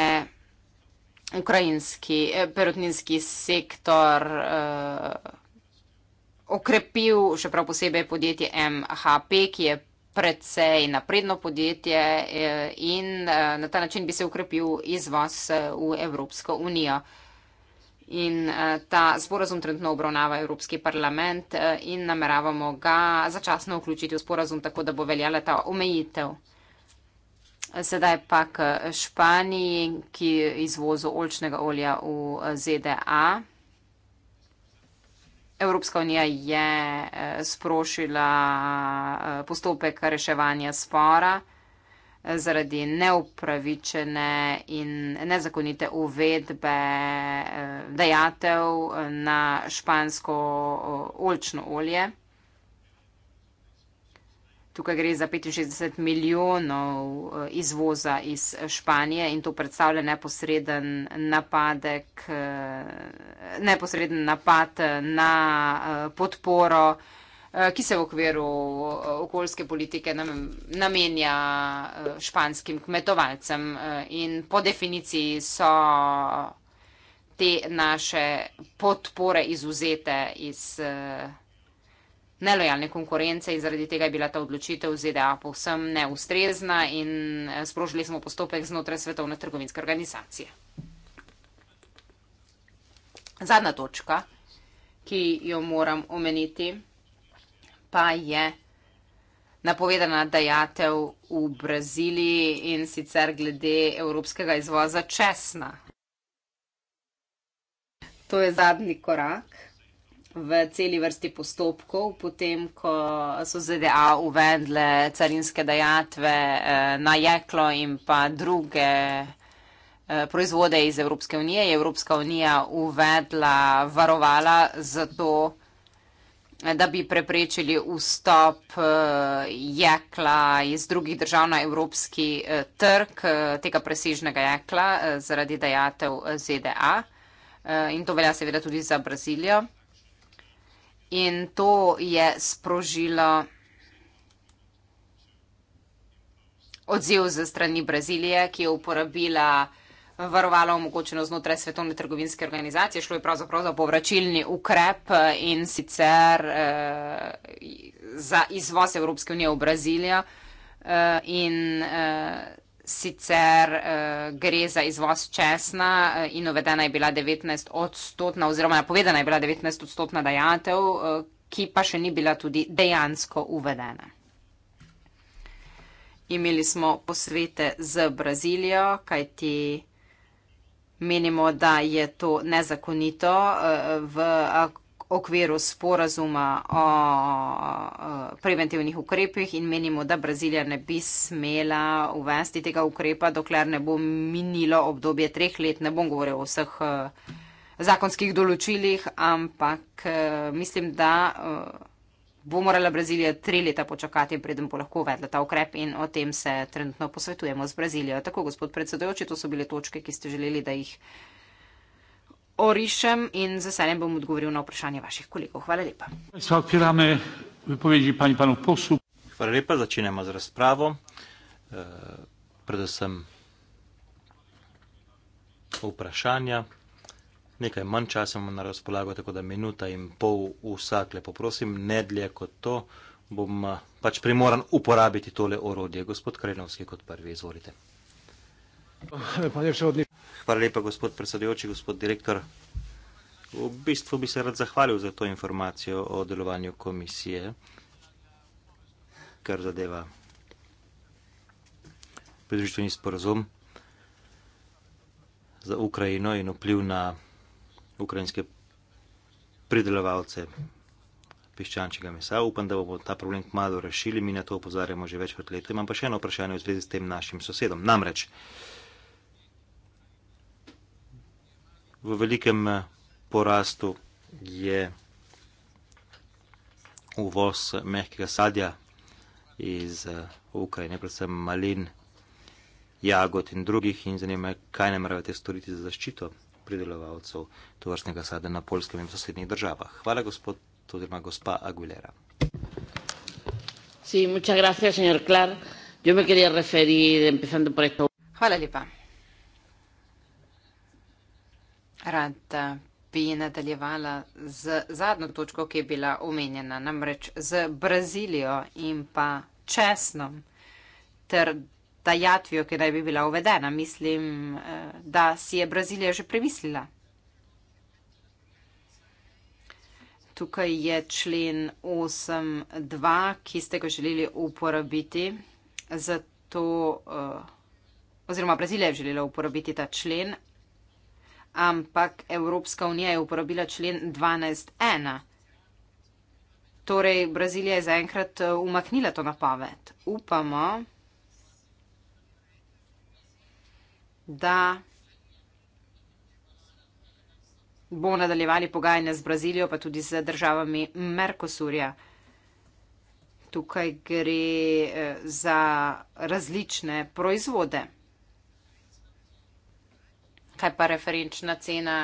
ukrajinski eh, perodninski sektor. Uh, okrepil še prav posebej podjetje MHP, ki je predvsej napredno podjetje eh, in eh, na ta način bi se okrepil izvoz eh, v Evropsko unijo. In ta sporazum trenutno obravnava Evropski parlament in nameravamo ga začasno vključiti v sporazum, tako da bo veljala ta omejitev. Sedaj pa k Španiji, ki izvozo olčnega olja v ZDA. Evropska unija je eh, sprošila eh, postopek reševanja spora eh, zaradi neupravičene in nezakonite uvedbe dejatev na špansko olčno olje. Tukaj gre za 65 milijonov eh, izvoza iz Španije in to predstavlja neposreden, napadek, eh, neposreden napad eh, na podporo, ki se v okviru okoljske politike namenja španskim kmetovalcem. In po definiciji so te naše podpore izuzete iz nelojalne konkurence in zaradi tega je bila ta odločitev ZDA povsem neustrezna in eh, sprožili smo postopek znotraj Svetovne trgovinske organizacije. Zadnja točka, ki jo moram omeniti, pa je napovedana dajatev v Braziliji in sicer glede evropskega izvoza česna. To je zadnji korak v celi vrsti postopkov, potem ko so ZDA uvedle carinske dajatve eh, na jeklo in pa druge eh, proizvode iz Evropske unije, je Evropska unija uvedla varovala za to, eh, da bi preprečili vstop jekla iz drugih držav na evropski trg, tega presežnega jekla zaradi dajatev ZDA. In to velja seveda tudi za Brazilijo. In to je sprožilo odziv ze strani Brazilije, ki je uporabila varovalo omogočeno znotraj Svetovne trgovinske organizacije. Šlo je pravzaprav za povračilni ukrep in sicer eh, za izvoz Evropske unije v Brazilijo. Eh, in, eh, sicer uh, gre za izvoz česna uh, in uvedena je bila 19 odstotna oziroma napovedana je bila 19 odstotna dajatev, uh, ki pa še ni bila tudi dejansko uvedena. Imeli smo posvete z Brazilijo, kajti menimo, da je to nezakonito uh, v. Uh, okviru sporazuma o preventivnih ukrepih in menimo, da Brazilija ne bi smela uvesti tega ukrepa, dokler ne bo minilo obdobje treh let. Ne bom govoril o vseh e, zakonskih določilih, ampak e, mislim, da e, bo morala Brazilija tri leta počakati, preden bo lahko uvedla ta ukrep in o tem se trenutno posvetujemo z Brazilijo. Tako, gospod predsedujoči, to so bile točke, ki ste želeli, da jih orišem in z veseljem bom odgovoril na vprašanje vaših kolegov. Hvala lepa. Hvala lepa, začenjamo z razpravo. E, predvsem vprašanja. Nekaj manj časa imamo na razpolago, tako da minuta in pol vsak lepo prosim, ne dlje kot to, bom eh, pač primoran uporabiti tole orodje. Gospod Krenovski kot prvi, izvolite. Hvala lepa, gospod predsedujoči, gospod direktor. V bistvu bi se rad zahvalil za to informacijo o delovanju komisije, kar zadeva pridružitveni sporazum za Ukrajino in vpliv na ukrajinske pridelovalce piščančjega mesa. Upam, da bomo ta problem kmalo rešili, mi na to opozarjamo že več kot leto. Imam pa še eno vprašanje v zvezi s tem našim sosedom. Namreč, uh, v velikem eh, porastu je uvoz mehkega sadja iz eh, Ukrajine, predvsem malin, jagod in drugih in zanima, kaj nameravate storiti za zaščito pridelovalcev tovrstnega sadja na polskem in v sosednjih državah. Hvala, gospod, tudi ima gospa Aguilera. Hvala lepa. rada eh, bi nadaljevala z zadnjo točko, ki je bila omenjena, namreč z Brazilijo in pa Česnom ter dajatvijo, ki naj bi bila uvedena. Mislim, eh, da si je Brazilija že premislila. Tukaj je člen 8.2, ki ste ga želeli uporabiti, zato, eh, oziroma Brazilija je želela uporabiti ta člen, ampak Evropska unija je uporabila člen 12.1. Torej, Brazilija je zaenkrat eh, umaknila to napoved. Upamo, da bo nadaljevali pogajanja z Brazilijo, pa tudi z državami Merkosurja. Tukaj gre eh, za različne proizvode. Kaj pa referenčna cena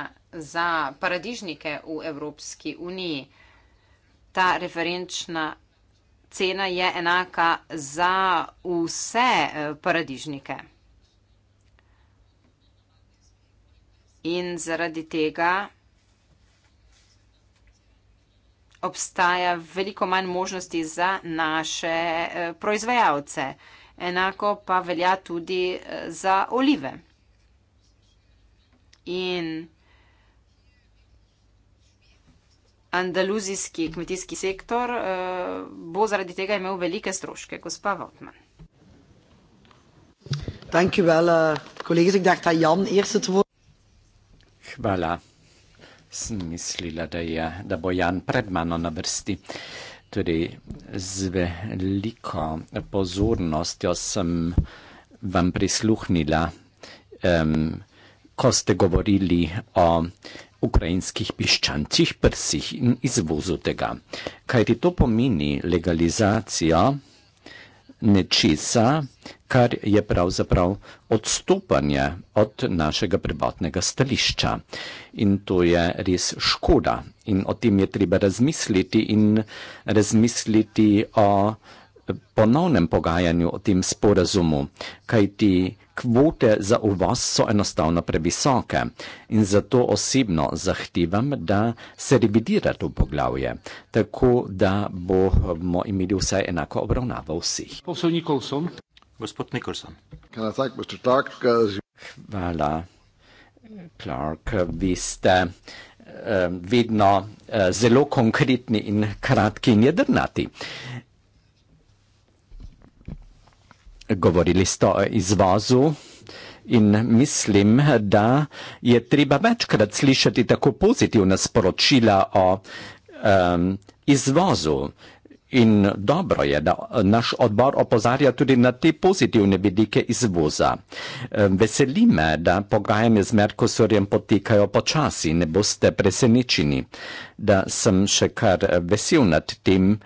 za paradižnike v Evropski uniji? Ta referenčna cena je enaka za vse eh, paradižnike. In zaradi tega obstaja veliko manj možnosti za naše eh, proizvajalce. Enako pa velja tudi eh, za olive in andaluzijski kmetijski sektor uh, bo zaradi tega imel velike stroške, gospa Vautman. Eh, Hvala. Sem mislila, da, je, da bo Jan pred mano na vrsti. Tudi torej, z veliko pozornostjo sem vam prisluhnila. Um, ko ste govorili o ukrajinskih piščančjih prsih in izvozu tega. Kaj ti to pomeni legalizacijo nečesa, kar je pravzaprav odstopanje od našega prebotnega stališča. In to je res škoda. In o tem je treba razmisliti in razmisliti o ponovnem pogajanju o tem sporazumu, kajti kvote za uvoz so enostavno previsoke in zato osebno zahtevam, da se revidira to poglavje, tako da bomo imeli vsaj enako obravnavo vseh. Gospod Nikolson. Hvala, Clark. Vi ste eh, vedno eh, zelo konkretni in kratki in jedrnati govorili ste o izvozu. In mislim, da je treba večkrat slišati tako pozitivna sporočila o um, izvozu. In dobro je, da naš odbor opozarja tudi na te pozitivne vidike izvoza. Veseli me, da pogajanje z Merkosorjem potekajo počasi, ne boste presenečeni, da sem še kar vesel nad tem,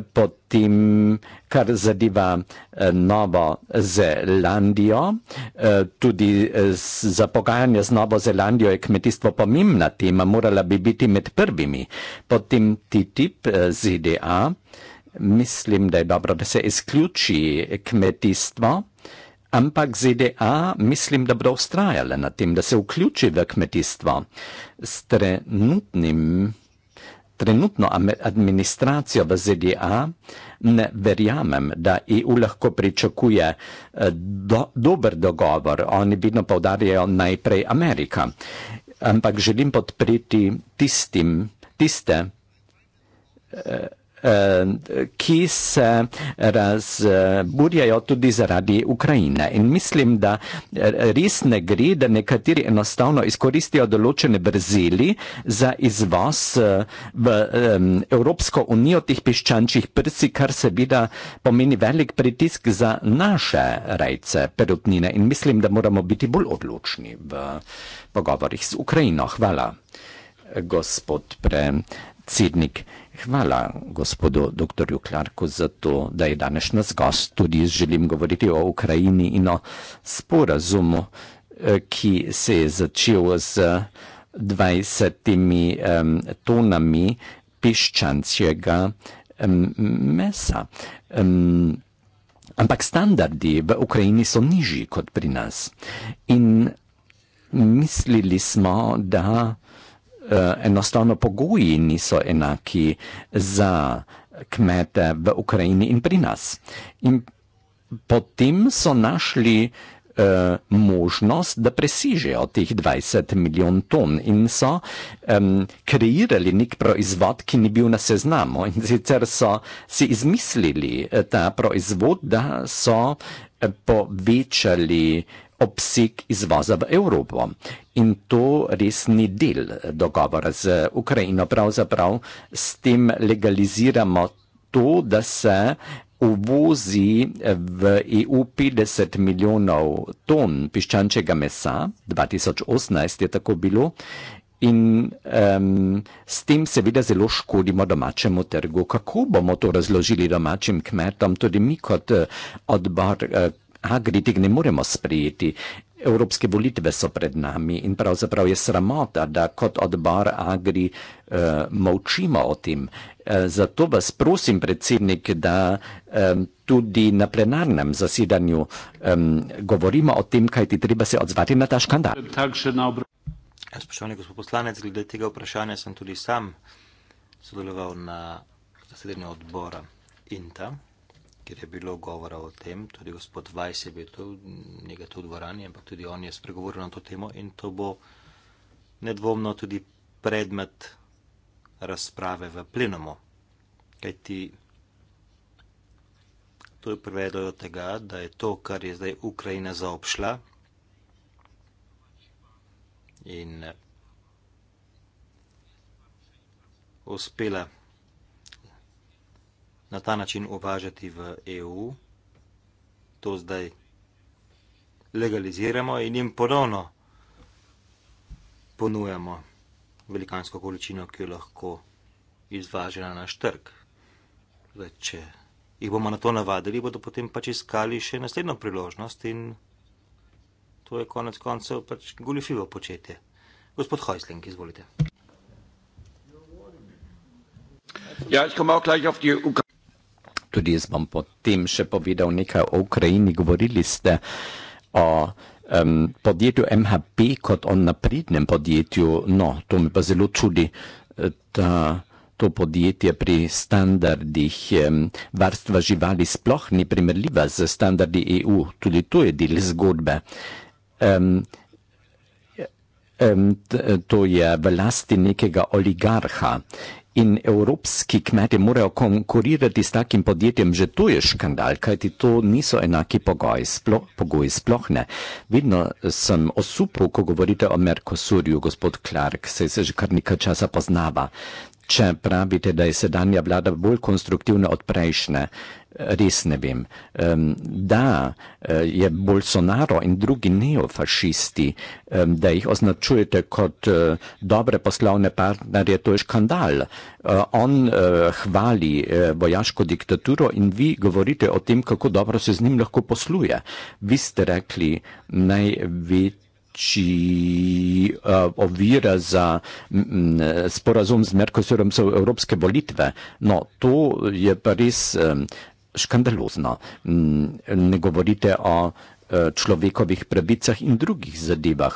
pod tim, kar zadeva eh, Novo Zelandijo. Eh, tudi eh, za pogajanje z Novo Zelandijo je kmetijstvo pomembna tema, morala bi biti med prvimi. Pod tim TTIP ZDA mislim, da je dobro, da se izključi kmetijstvo. Ampak ZDA mislim, da bodo ustrajale na tem, da se vključi v kmetijstvo s trenutnim trenutno administracijo v ZDA, ne verjamem, da EU lahko pričakuje eh, do, dober dogovor. Oni vedno povdarjajo najprej Amerika. Ampak želim podpreti tistim, tiste. Eh, ki se razburjajo tudi zaradi Ukrajine. In mislim, da eh, res ne gre, da nekateri enostavno izkoristijo določene brzeli za izvoz eh, v Evropsko unijo tih piščančjih prsi, kar seveda pomeni velik pritisk za naše rajce perutnine. In mislim, da moramo biti bolj odločni v pogovorih z Ukrajino. Hvala, gospod predsednik. Hvala gospodu dr. Klarku za to, da je danes nas gost. Tudi želim govoriti o Ukrajini in o sporazumu, eh, ki se je začel z 20 um, tonami piščančjega um, mesa. Um, ampak standardi v Ukrajini so nižji kot pri nas. In mislili smo, da. Eh, enostavno pogoji niso enaki za kmete v Ukrajini in pri nas. In potem so našli uh, možnost, da presižejo teh 20 milijon ton in so um, kreirali nek proizvod, ki ni bil na seznamu in sicer so si izmislili eh, ta proizvod, da so povečali uh, obseg izvoza v Evropo. In to res ni del dogovora z Ukrajino. Pravzaprav s tem legaliziramo to, da se uvozi v EU 50 milijonov ton piščančega mesa, 2018 je tako bilo, in um, s tem seveda zelo škodimo domačemu trgu. Kako bomo to razložili domačim kmetom, tudi mi kot eh, odbor eh, Agritik ne moremo sprejeti. Evropske volitve so pred nami in pravzaprav je sramota, da kot odbor Agri uh, molčimo o tem. Uh, zato vas prosim, predsednik, da um, tudi na plenarnem zasedanju um, govorimo o tem, kaj ti treba se odzvati na ta škandal. Ja, spoštovani gospod poslanec, glede tega vprašanja sem tudi sam sodeloval na zasedanju odbora Inta ker je bilo govora o tem, tudi gospod Vajs je bil tu, njega tu v dvorani, ampak tudi on je spregovoril na to temo in to bo nedvomno tudi predmet razprave v plenumu. Kaj ti to je privedlo do tega, da je to, kar je zdaj Ukrajina zaobšla in eh, uspela na ta način uvažati v EU, to zdaj legaliziramo in jim ponovno ponujamo velikansko količino, ki jo lahko izvaža na naš trg. Zdaj, če jih bomo na to navadili, bodo potem pač iskali še naslednjo priložnost in to je konec koncev pač goljofivo početje. Gospod Hojsling, izvolite. Ja, ich komme auch gleich auf die Ukraine. Tudi jaz bom potem še povedal nekaj o Ukrajini. Govorili ste o um, podjetju MHP kot o naprednem podjetju. No, to me pa zelo čudi, eh, da to podjetje pri standardih um, varstva živali sploh ni primerljiva z standardi EU. Tudi to je del zgodbe. Um, um, to je v lasti nekega oligarha in evropski kmetje morajo konkurirati s takim podjetjem, že to je škandal, kajti to niso enaki pogoji, sploh, pogoji sploh ne. Vidno sem osupil, ko govorite o Mercosurju, gospod Clark, se je že kar nekaj časa poznava. Če pravite, da je sedanja vlada bolj konstruktivna od prejšnje, res ne vem. Da e, je Bolsonaro in drugi neofašisti, da jih označujete kot e, dobre poslovne partnerje, to je škandal. E, on hvali vojaško diktaturo in vi govorite o tem, kako dobro se z njim lahko posluje. Vi ste rekli največji najveći uh, eh, ovira za m, m, sporazum s Merkosurom so evropske volitve. No, to je pa res um, škandalozno. Ne govorite o uh, človekovih pravicah in drugih zadevah.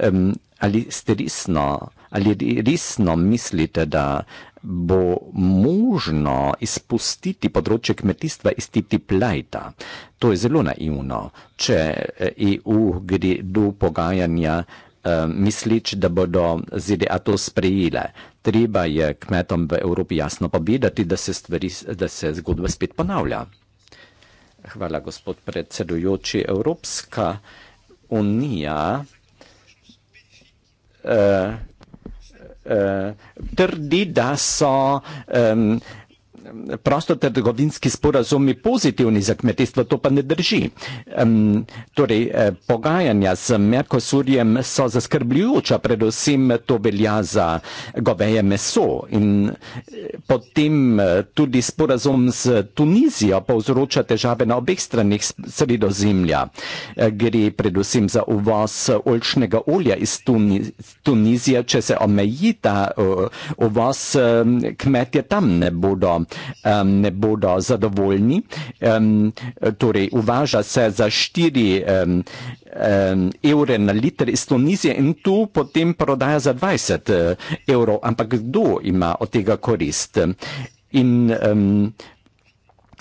Um, ali ste resno? Ali resno mislite, da bo možno izpustiti področje kmetijstva iz titi plajta? To je zelo naivno, če EU eh, e gre do pogajanja eh, misleč, da bodo ZDA to sprejele. Treba je kmetom v Evropi jasno povedati, da se, stvari, da se zgodba spet ponavlja. Hvala, gospod predsedujoči. Evropska unija. Uh, Eh, trdi, da so um, prostotrgovinski sporazumi pozitivni za kmetijstvo, to pa ne drži. Um, torej, eh, pogajanja z Merkosurjem so zaskrbljujoča, predvsem to velja za goveje meso in eh, potem eh, tudi sporazum z Tunizijo povzroča težave na obeh stranih sredozemlja. Gre predvsem za uvoz olčnega olja iz Tunizije, če se omejita uvoz kmetje tam ne bodo um, ne bodo zadovoljni. Um, torej, uvaža se za 4 um, um, evre na liter iz Tunizije in tu potem prodaja za 20 eh, evrov. Ampak kdo ima od tega korist? In um,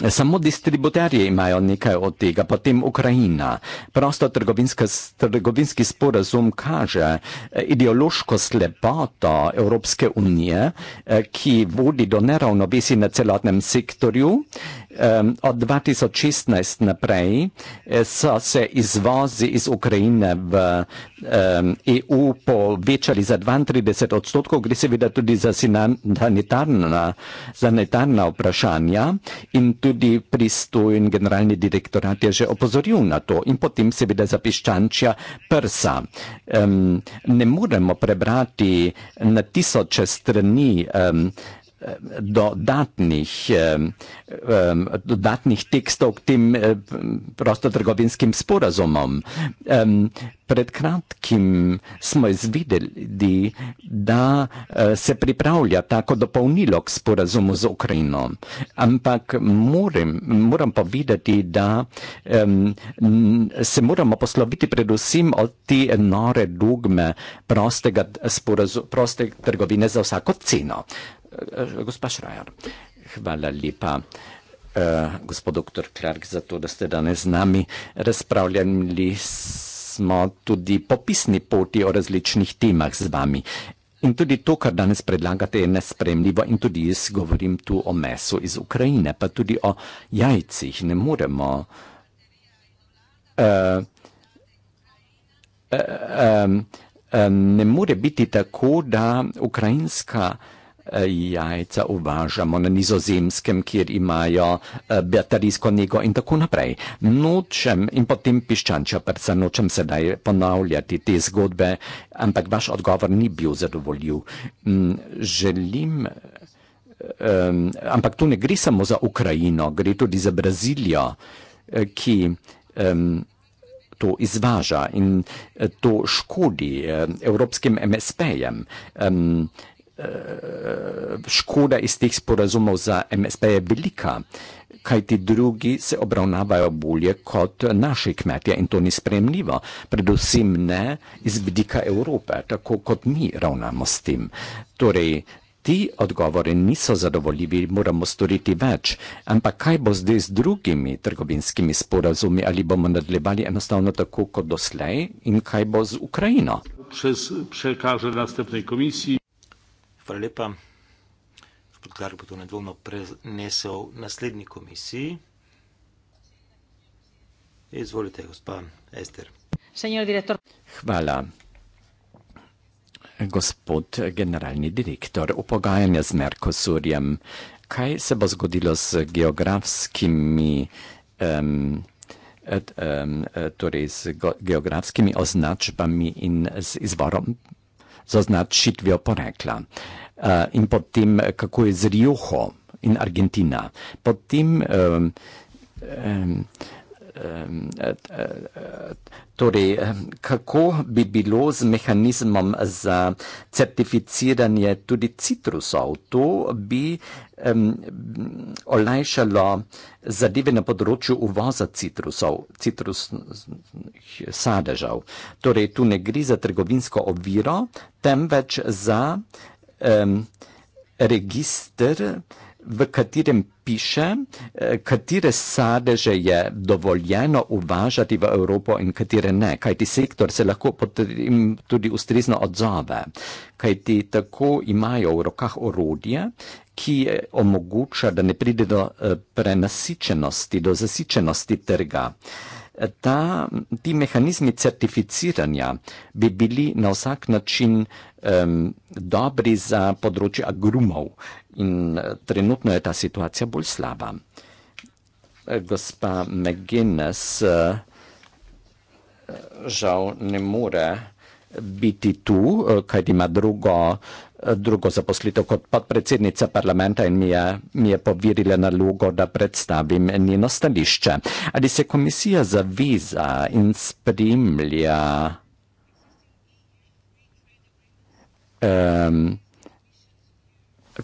Samo distributerji imajo nekaj od tega, potem Ukrajina. Prosto trgovinski sporazum kaže eh, ideološko slepoto Evropske unije, eh, ki vodi do neravnovesi na celotnem sektorju od 2016 naprej eh, so se izvozi iz Ukrajine v EU e povečali za 32 odstotkov, gre seveda tudi za sanitarna, sanitarna vprašanja in tudi pristojen generalni direktorat je že opozoril na to in potem seveda za piščančja prsa. Ne moremo prebrati na tisoče strani dodatnih, um, dodatnih tekstov k tem eh, prostotrgovinskim sporazumom. Um, pred kratkim smo izvedeli, da eh, se pripravlja tako dopolnilo k sporazumu z Ukrajino, ampak moram, moram povedati, da um, se moramo posloviti predvsem od te nore dogme proste trgovine za vsako ceno. Eh, gospa Šrajar, hvala lepa. Uh, gospod dr. Klark, za to, da ste danes z nami razpravljali, smo tudi po pisni poti o različnih temah z vami. In tudi to, kar danes predlagate, je nespremljivo in tudi jaz govorim tu o mesu iz Ukrajine, pa tudi o jajcih. Ne moremo uh, uh, uh, uh, ne more biti tako, da ukrajinska jajca uvažamo na nizozemskem, kjer imajo eh, baterijsko nego in tako naprej. Nočem in potem piščanča prsa, nočem sedaj ponavljati te zgodbe, ampak vaš odgovor ni bil zadovoljiv. Mm, želim. Ampak tu ne gre samo za Ukrajino, gre tudi za Brazilijo, eh, ki to izvaža in eh, to škodi evropskim MSP-jem škoda iz teh sporazumov za MSP je velika, kaj ti drugi se obravnavajo bolje kot naši kmetje in to ni spremljivo, predvsem ne iz vidika Evrope, tako kot mi ravnamo s tem. Torej, ti odgovori niso zadovoljivi, moramo storiti več, ampak kaj bo zdaj z drugimi trgovinskimi sporazumi, ali bomo nadaljevali enostavno tako kot doslej in kaj bo z Ukrajino? Prekaže naslednji komisiji. Hvala lepa. Gospod Gar bo to nedvomno prenesel naslednji komisiji. Izvolite, gospa Ester. Hvala. Gospod generalni direktor, v pogajanja z Merkosurjem, kaj se bo zgodilo z geografskimi, um, et, um, torej z geografskimi označbami in z izvorom zaznati šitvijo porekla. Uh, in potem, eh, kako je z Rjuho in Argentina. Potem, um, um, Ehm, eh, eh, torej, eh, kako bi bilo z mehanizmom za certificiranje tudi citrusov? To bi um, olajšalo zadeve na področju uvoza citrusov, citrusnih sadežev. Torej, tu ne gre za trgovinsko oviro, temveč za um, register v katerem piše, eh, katere sadeže je dovoljeno uvažati v Evropo in katere ne. Kaj ti sektor se lahko potem tudi ustrezno odzove. Kaj ti tako imajo v rokah orodje, ki eh, omogoča, da ne pride do eh, prenasičenosti, do zasičenosti trga. Ta, ti mehanizmi certificiranja bi bili na vsak način um, dobri za področje agrumov, in eh, trenutno je ta situacija bolj slaba. Eh, gospa McGuinness eh, žal ne more biti tu, kajti ima drugo, drugo zaposlitev kot podpredsednica parlamenta in mi je, mi je povirila nalogo, da predstavim njeno stališče. Ali se komisija zaviza in spremlja? Um,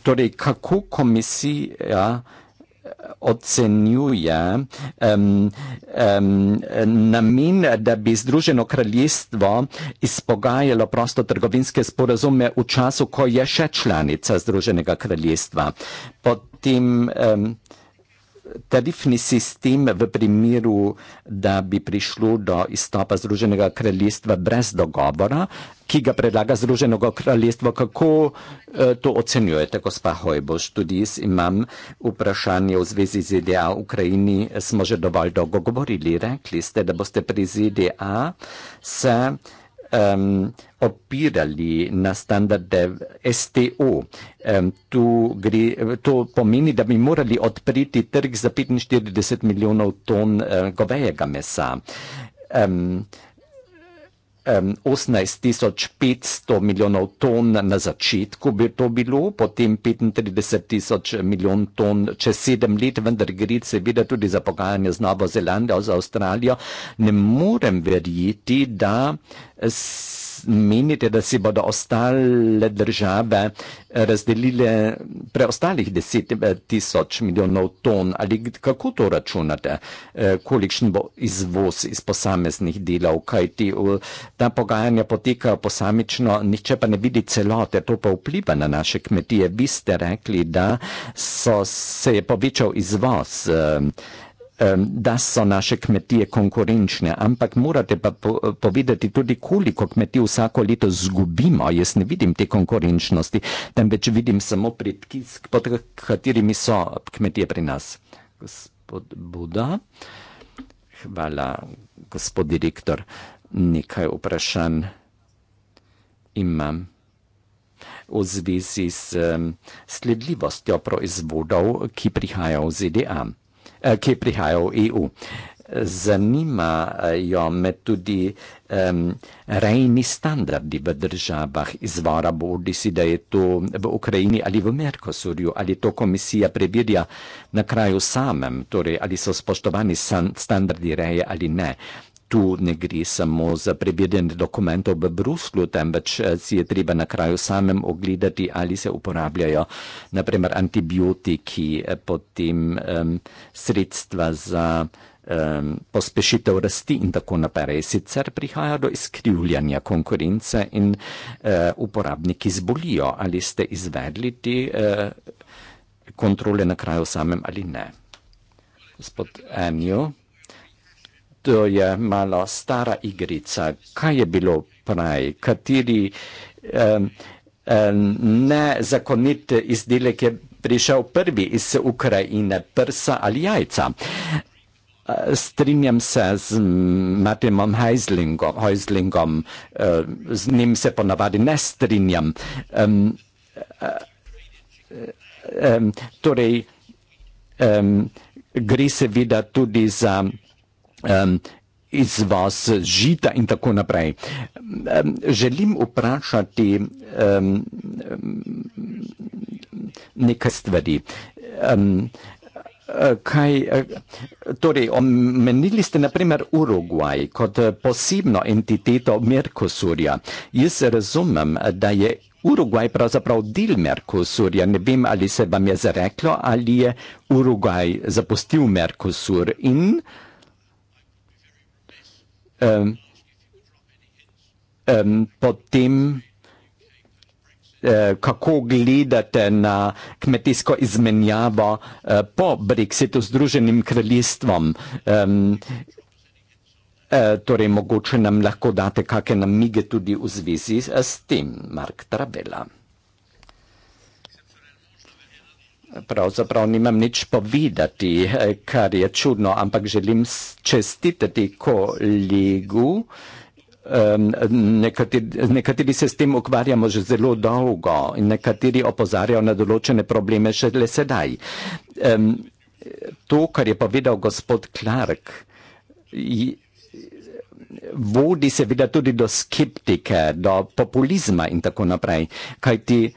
torej kako komisija eh, ocenjuje um, um, namen, da bi Združeno kraljestvo izpogajalo prosto trgovinske sporazume v času, ko je še članica Združenega kraljestva. Potem um, tarifni sistem v primeru, da bi prišlo do izstopa Združenega kraljestva brez dogovora, ki ga predlaga Združenega kraljestva, kako eh, to ocenjujete, gospa Hojboš? Tudi jaz imam vprašanje v zvezi z ZDA v Ukrajini. Smo že dovolj dolgo govorili, rekli ste, da boste pri ZDA se um, ehm, opirali na standarde STO. Um, ehm, gre, to pomeni, da bi morali odpriti trg za 45 milijonov ton uh, govejega mesa. Um, 500 milijonov ton na začetku bi to bilo, potem 35 tisoč milijon ton čez sedem let, vendar gre seveda tudi za pogajanje z Novo Zelandijo, z Avstralijo. Ne morem verjeti, da menite, da si bodo ostale države razdelile preostalih 10 eh, tisoč milijonov ton ali kako to računate, eh, kolikšen bo izvoz iz posameznih delov, kaj ti ta pogajanja potekajo posamično, nihče pa ne vidi celote, to pa vpliva na naše kmetije. Vi ste rekli, da so, se je povečal izvoz. Uh, da so naše kmetije konkurenčne, ampak morate pa po, povedati tudi, koliko kmetij vsako leto zgubimo. Jaz ne vidim te konkurenčnosti, temveč vidim samo pritisk, pod katerimi so kmetije pri nas. Gospod Buda, hvala, gospod direktor, nekaj vprašanj imam. V zvezi s sledljivostjo proizvodov, ki prihajajo v ZDA. Eh, ki prihajajo v EU. Zanimajo eh, me tudi um, rejni standardi v državah izvora, bodi si, da je to v Ukrajini ali v Merkosurju, ali to komisija prebirja na kraju samem, torej ali so spoštovani san, standardi reje ali ne tu ne gre samo za prebiranje dokumentov v Bruslu, temveč eh, si je treba na kraju samem ogledati, ali se uporabljajo naprimer antibiotiki, eh, potem um, sredstva za um, pospešitev rasti in tako naprej. Sicer prihaja do izkrivljanja konkurence in uh, uporabniki zbolijo, ali ste izvedli te uh, kontrole na kraju samem ali ne. Gospod Enjo to je malo stara igrica, kaj je bilo prej, kateri um, um, nezakonit izdelek je prišel prvi iz Ukrajine, prsa ali jajca. E, strinjam se z Martinom Heislingom, e, z njim se ponavadi ne strinjam. Um, um, torej, um, gre seveda tudi za um, iz vas žita in tako naprej. Um, želim vprašati um, nekaj stvari. Um, kaj, torej, omenili ste naprimer Urugvaj kot posebno entiteto Merkosurja. Jaz razumem, da je Urugvaj pravzaprav del Merkosurja. Ne vem, ali se vam je zareklo, ali je Urugvaj zapustil Merkosur in uh, um, um, potem, uh, kako gledate na kmetijsko izmenjavo uh, po Brexitu z Združenim kraljestvom? Um, uh, torej, mogoče nam lahko date kakšne namige tudi v zvezi s tem, Mark Trabela. pravzaprav nimam nič povedati, eh, kar je čudno, ampak želim čestitati kolegu. Nekateri, nekateri se s tem ukvarjamo že zelo dolgo in nekateri opozarjajo na določene probleme še le sedaj. To, kar je povedal gospod Clark, vodi seveda tudi do skeptike, do populizma in tako naprej. Kajti,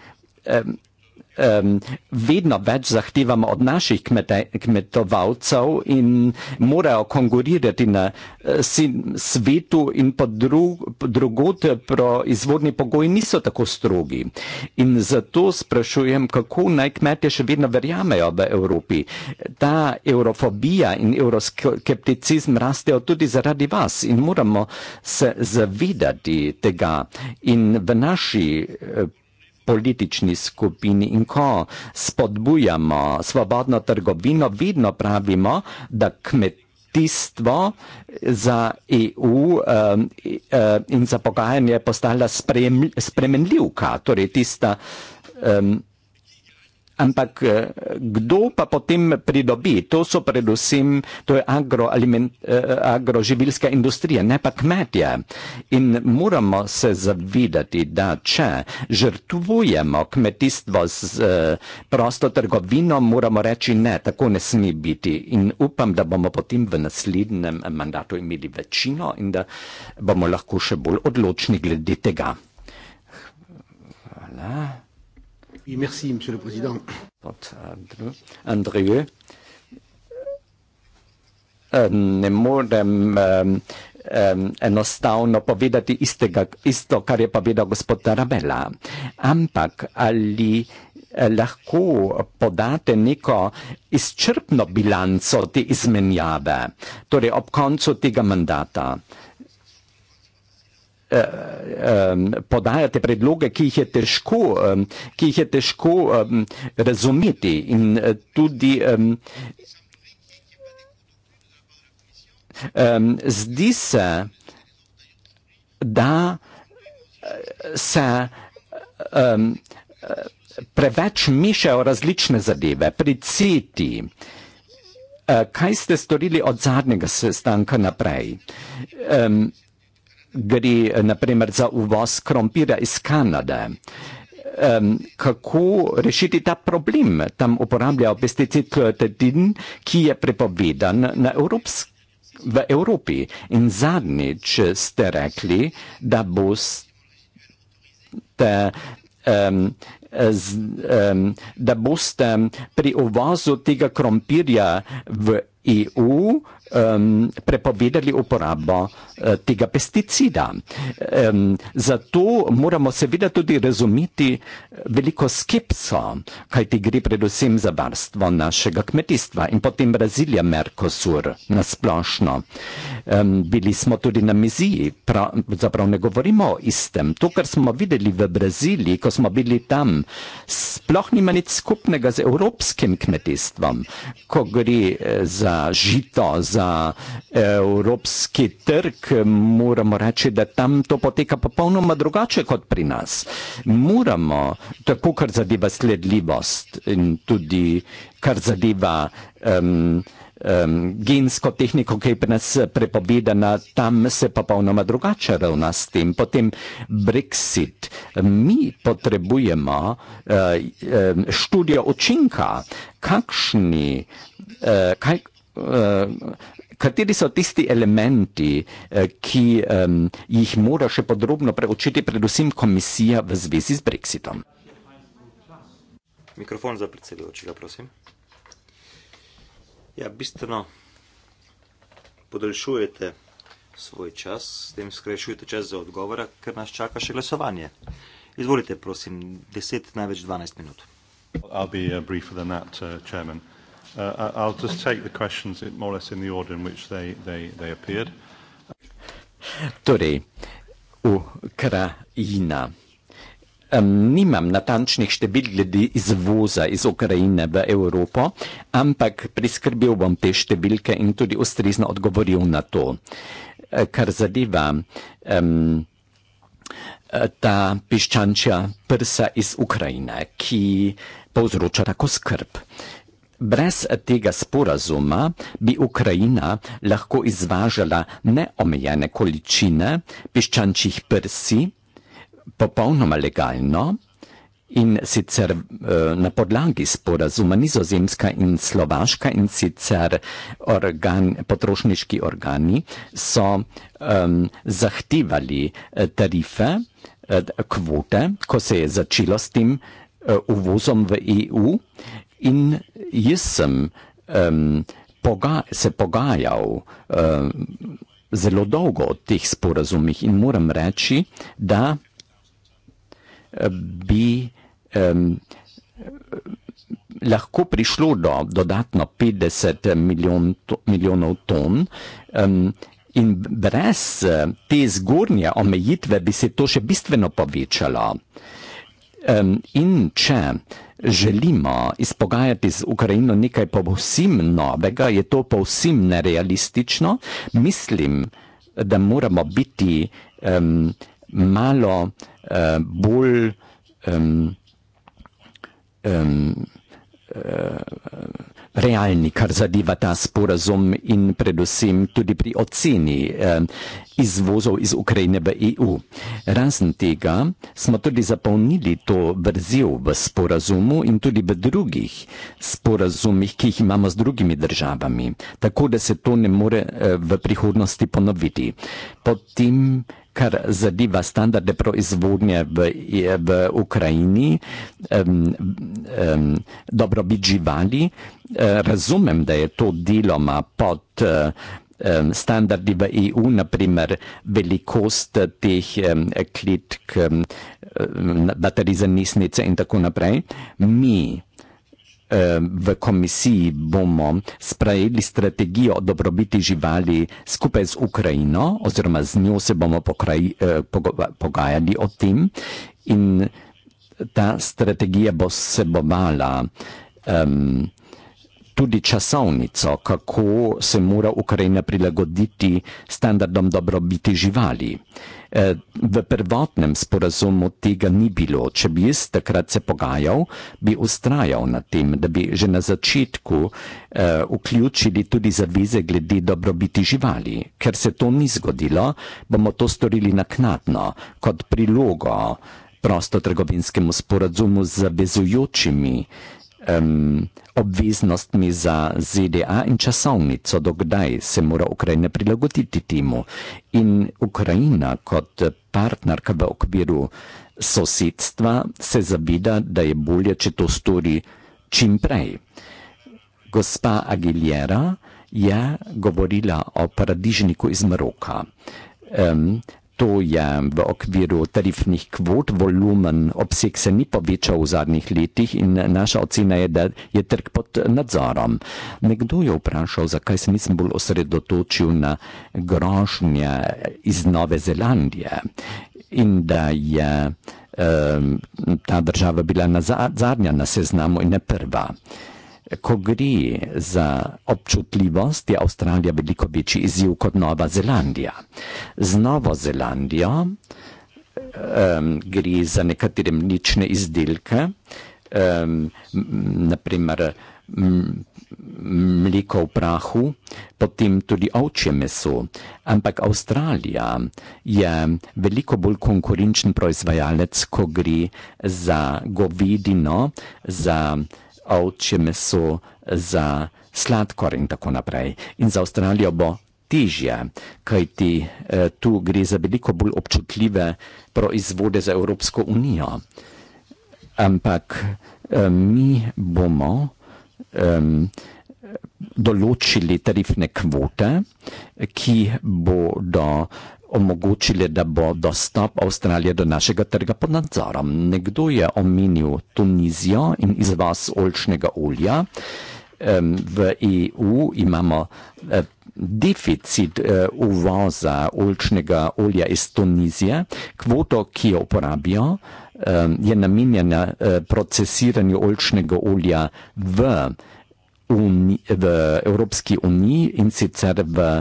um, vedno več zahtevamo od naših kmete, kmetovalcev in morajo konkurirati na eh, svetu in pod drug, drugot eh, proizvodni pogoji niso tako strogi. In zato sprašujem, kako naj kmetje še vedno verjamejo v Evropi. Ta eurofobija in euroskepticizm rastejo tudi zaradi vas in moramo se zavedati tega. In v naši eh, politični skupini in ko spodbujamo svobodno trgovino, vidno pravimo, da kmet Tistvo za EU um, e, in za pogajanje je postala spremenljivka, torej tista um, Ampak eh, kdo pa potem pridobi? To so predvsem eh, agroživilska agro industrija, ne pa kmetje. In moramo se zavedati, da če žrtvujemo kmetijstvo z uh, prosto trgovino, moramo reči ne, tako ne sme biti. In upam, da bomo potem v naslednjem mandatu imeli večino in da bomo lahko še bolj odločni glede tega. Hvala. Oui, merci, Monsieur le Président. Andrew, eh, ne morem enostavno povedati isto, kar je povedal gospod Tarabella. Ampak ali eh, lahko podate neko izčrpno bilanco te izmenjave, torej ob koncu tega mandata? Eh, eh, podajate predloge, ki jih je težko, eh, ki jih je težko razumeti in tudi zdi se, da se preveč mišajo različne zadeve, priceti, kaj ste storili od zadnjega sestanka naprej. Zdaj, gre eh, naprimer za uvoz krompirja iz Kanade. Um, kako rešiti ta problem? Tam uporabljajo pesticid klotetin, ki je prepovedan na evropski. V Evropi in zadnjič ste rekli, da boste, um, z, um, da boste pri uvozu tega krompirja v EU uh, um, prepovedali uporabo uh, tega pesticida. Um, zato moramo seveda tudi razumeti eh, veliko skepso, kaj ti gre predvsem za varstvo našega kmetijstva in potem Brazilija, Merkosur nasplošno. Um, ehm, bili smo tudi na miziji, pravzaprav ne govorimo o istem. To, kar smo videli v Braziliji, ko smo bili tam, sploh nima nič skupnega z evropskim kmetijstvom, ko gre eh, za žito, za za eh, evropski trg, moramo reči, da tam to poteka popolnoma drugače kot pri nas. Moramo, tako kar zadeva sledljivost in tudi kar zadeva um, um, gensko tehniko, ki je pri nas prepovedana, tam se popolnoma drugače ravna s tem. Potem Brexit. Mi potrebujemo uh, študijo učinka, kakšni, uh, kaj. Eh, kateri so tisti elementi, eh, ki um, jih mora še podrobno preučiti predvsem komisija v zvezi z Brexitom. Mikrofon za predsedujočega, prosim. Ja, bistveno podaljšujete svoj čas, s tem skrajšujete čas za odgovora, ker nas čaka še glasovanje. Izvolite, prosim, 10, največ 12 minut. I'll be uh, briefer than that, uh, Chairman uh, I'll just take the questions more or less in the order in which they, they, they appeared. Torej, Ukrajina. Um, nimam natančnih števil glede izvoza iz Ukrajine v Evropo, ampak priskrbel bom te številke in tudi ustrezno odgovoril na to, eh, kar zadeva um, ta piščančja prsa iz Ukrajine, ki povzroča tako skrb. Uh, Brez tega sporazuma bi Ukrajina lahko izvažala neomejene količine piščančjih prsi, popolnoma legalno. In sicer eh, na podlagi sporazuma Nizozemska in Slovaška in sicer organ, potrošniški organi so um, zahtevali eh, tarife, eh, kvote, ko se je začelo s tem uvozom v EU. Uh, in jaz sem um, poga se pogajal um, zelo dolgo o teh sporazumih in moram reči, da eh, bi um, lahko prišlo do dodatno 50 milijon to, milijonov ton. Um, In brez eh, te zgornje omejitve bi se to še bistveno povečalo. Um, in če uh, želimo izpogajati z Ukrajino nekaj povsem novega, je to povsem nerealistično. Mislim, da moramo biti um, malo uh, bolj um, um, realni, kar zadeva ta sporazum in predvsem tudi pri oceni eh, izvozov iz Ukrajine v EU. Razen tega smo tudi zapolnili to vrzel v sporazumu in tudi v drugih sporazumih, ki jih imamo z drugimi državami, tako da se to ne more eh, v prihodnosti ponoviti. Potem kar zadeva standarde proizvodnje v, v Ukrajini, um, um, dobrobit živali. Eh, razumem, da je to deloma pod um, standardi v EU, naprimer velikost teh um, klitk, um, baterij za nisnice in tako naprej. Mi v komisiji bomo sprejeli strategijo o dobrobiti živali skupaj z Ukrajino, oziroma z njo se bomo pokraj, eh, poga, pogajali o tem. In ta strategija bo sebovala um, tudi časovnico, kako se mora Ukrajina prilagoditi standardom dobrobiti živali. E, v prvotnem sporazumu tega ni bilo. Če bi jaz takrat se pogajal, bi ustrajal na tem, da bi že na začetku uh, vključili tudi zavize glede dobrobiti živali. Ker se to ni zgodilo, bomo to storili naknadno kot prilogo prostotrgovinskemu sporazumu z zavezujočimi uh, um, obveznostmi za ZDA in časovnico, dokdaj se mora Ukrajina prilagoditi temu. In Ukrajina kot partnerka v okviru sosedstva se zaveda, da je bolje, če to stori čim prej. Gospa Aguilera je govorila o paradižniku iz Maroka. Um, to je v okviru tarifnih kvot volumen obseg se ni povečal v zadnjih letih in naša ocena je, da je trg pod nadzorom. Nekdo je vprašal, zakaj se nisem bolj osredotočil na grožnje iz Nove Zelandije in da je eh, ta država bila na zadnja na seznamu in ne prva ko gre za občutljivost, je Avstralija veliko večji izziv kot Nova Zelandija. Z Novo Zelandijo um, gre za nekatere mlične izdelke, um, naprimer mleko v prahu, potem tudi ovčje meso. Ampak Avstralija je veliko bolj konkurenčen proizvajalec, ko gre za govedino, za ovčje meso, za sladkor in tako naprej. In za Avstralijo bo težje, kajti eh, tu gre za veliko bolj občutljive proizvode za Evropsko unijo. Ampak eh, mi bomo eh, določili tarifne kvote, ki bodo omogočile, da bo dostop Avstralije do našega trga pod nadzorom. Nekdo je omenil Tunizijo in izvoz olčnega olja. V EU imamo eh, deficit eh, uvoza olčnega olja iz Tunizije. Kvoto, ki jo uporabijo, je namenjena eh, procesiranju olčnega olja v, uni, v Evropski uniji in sicer v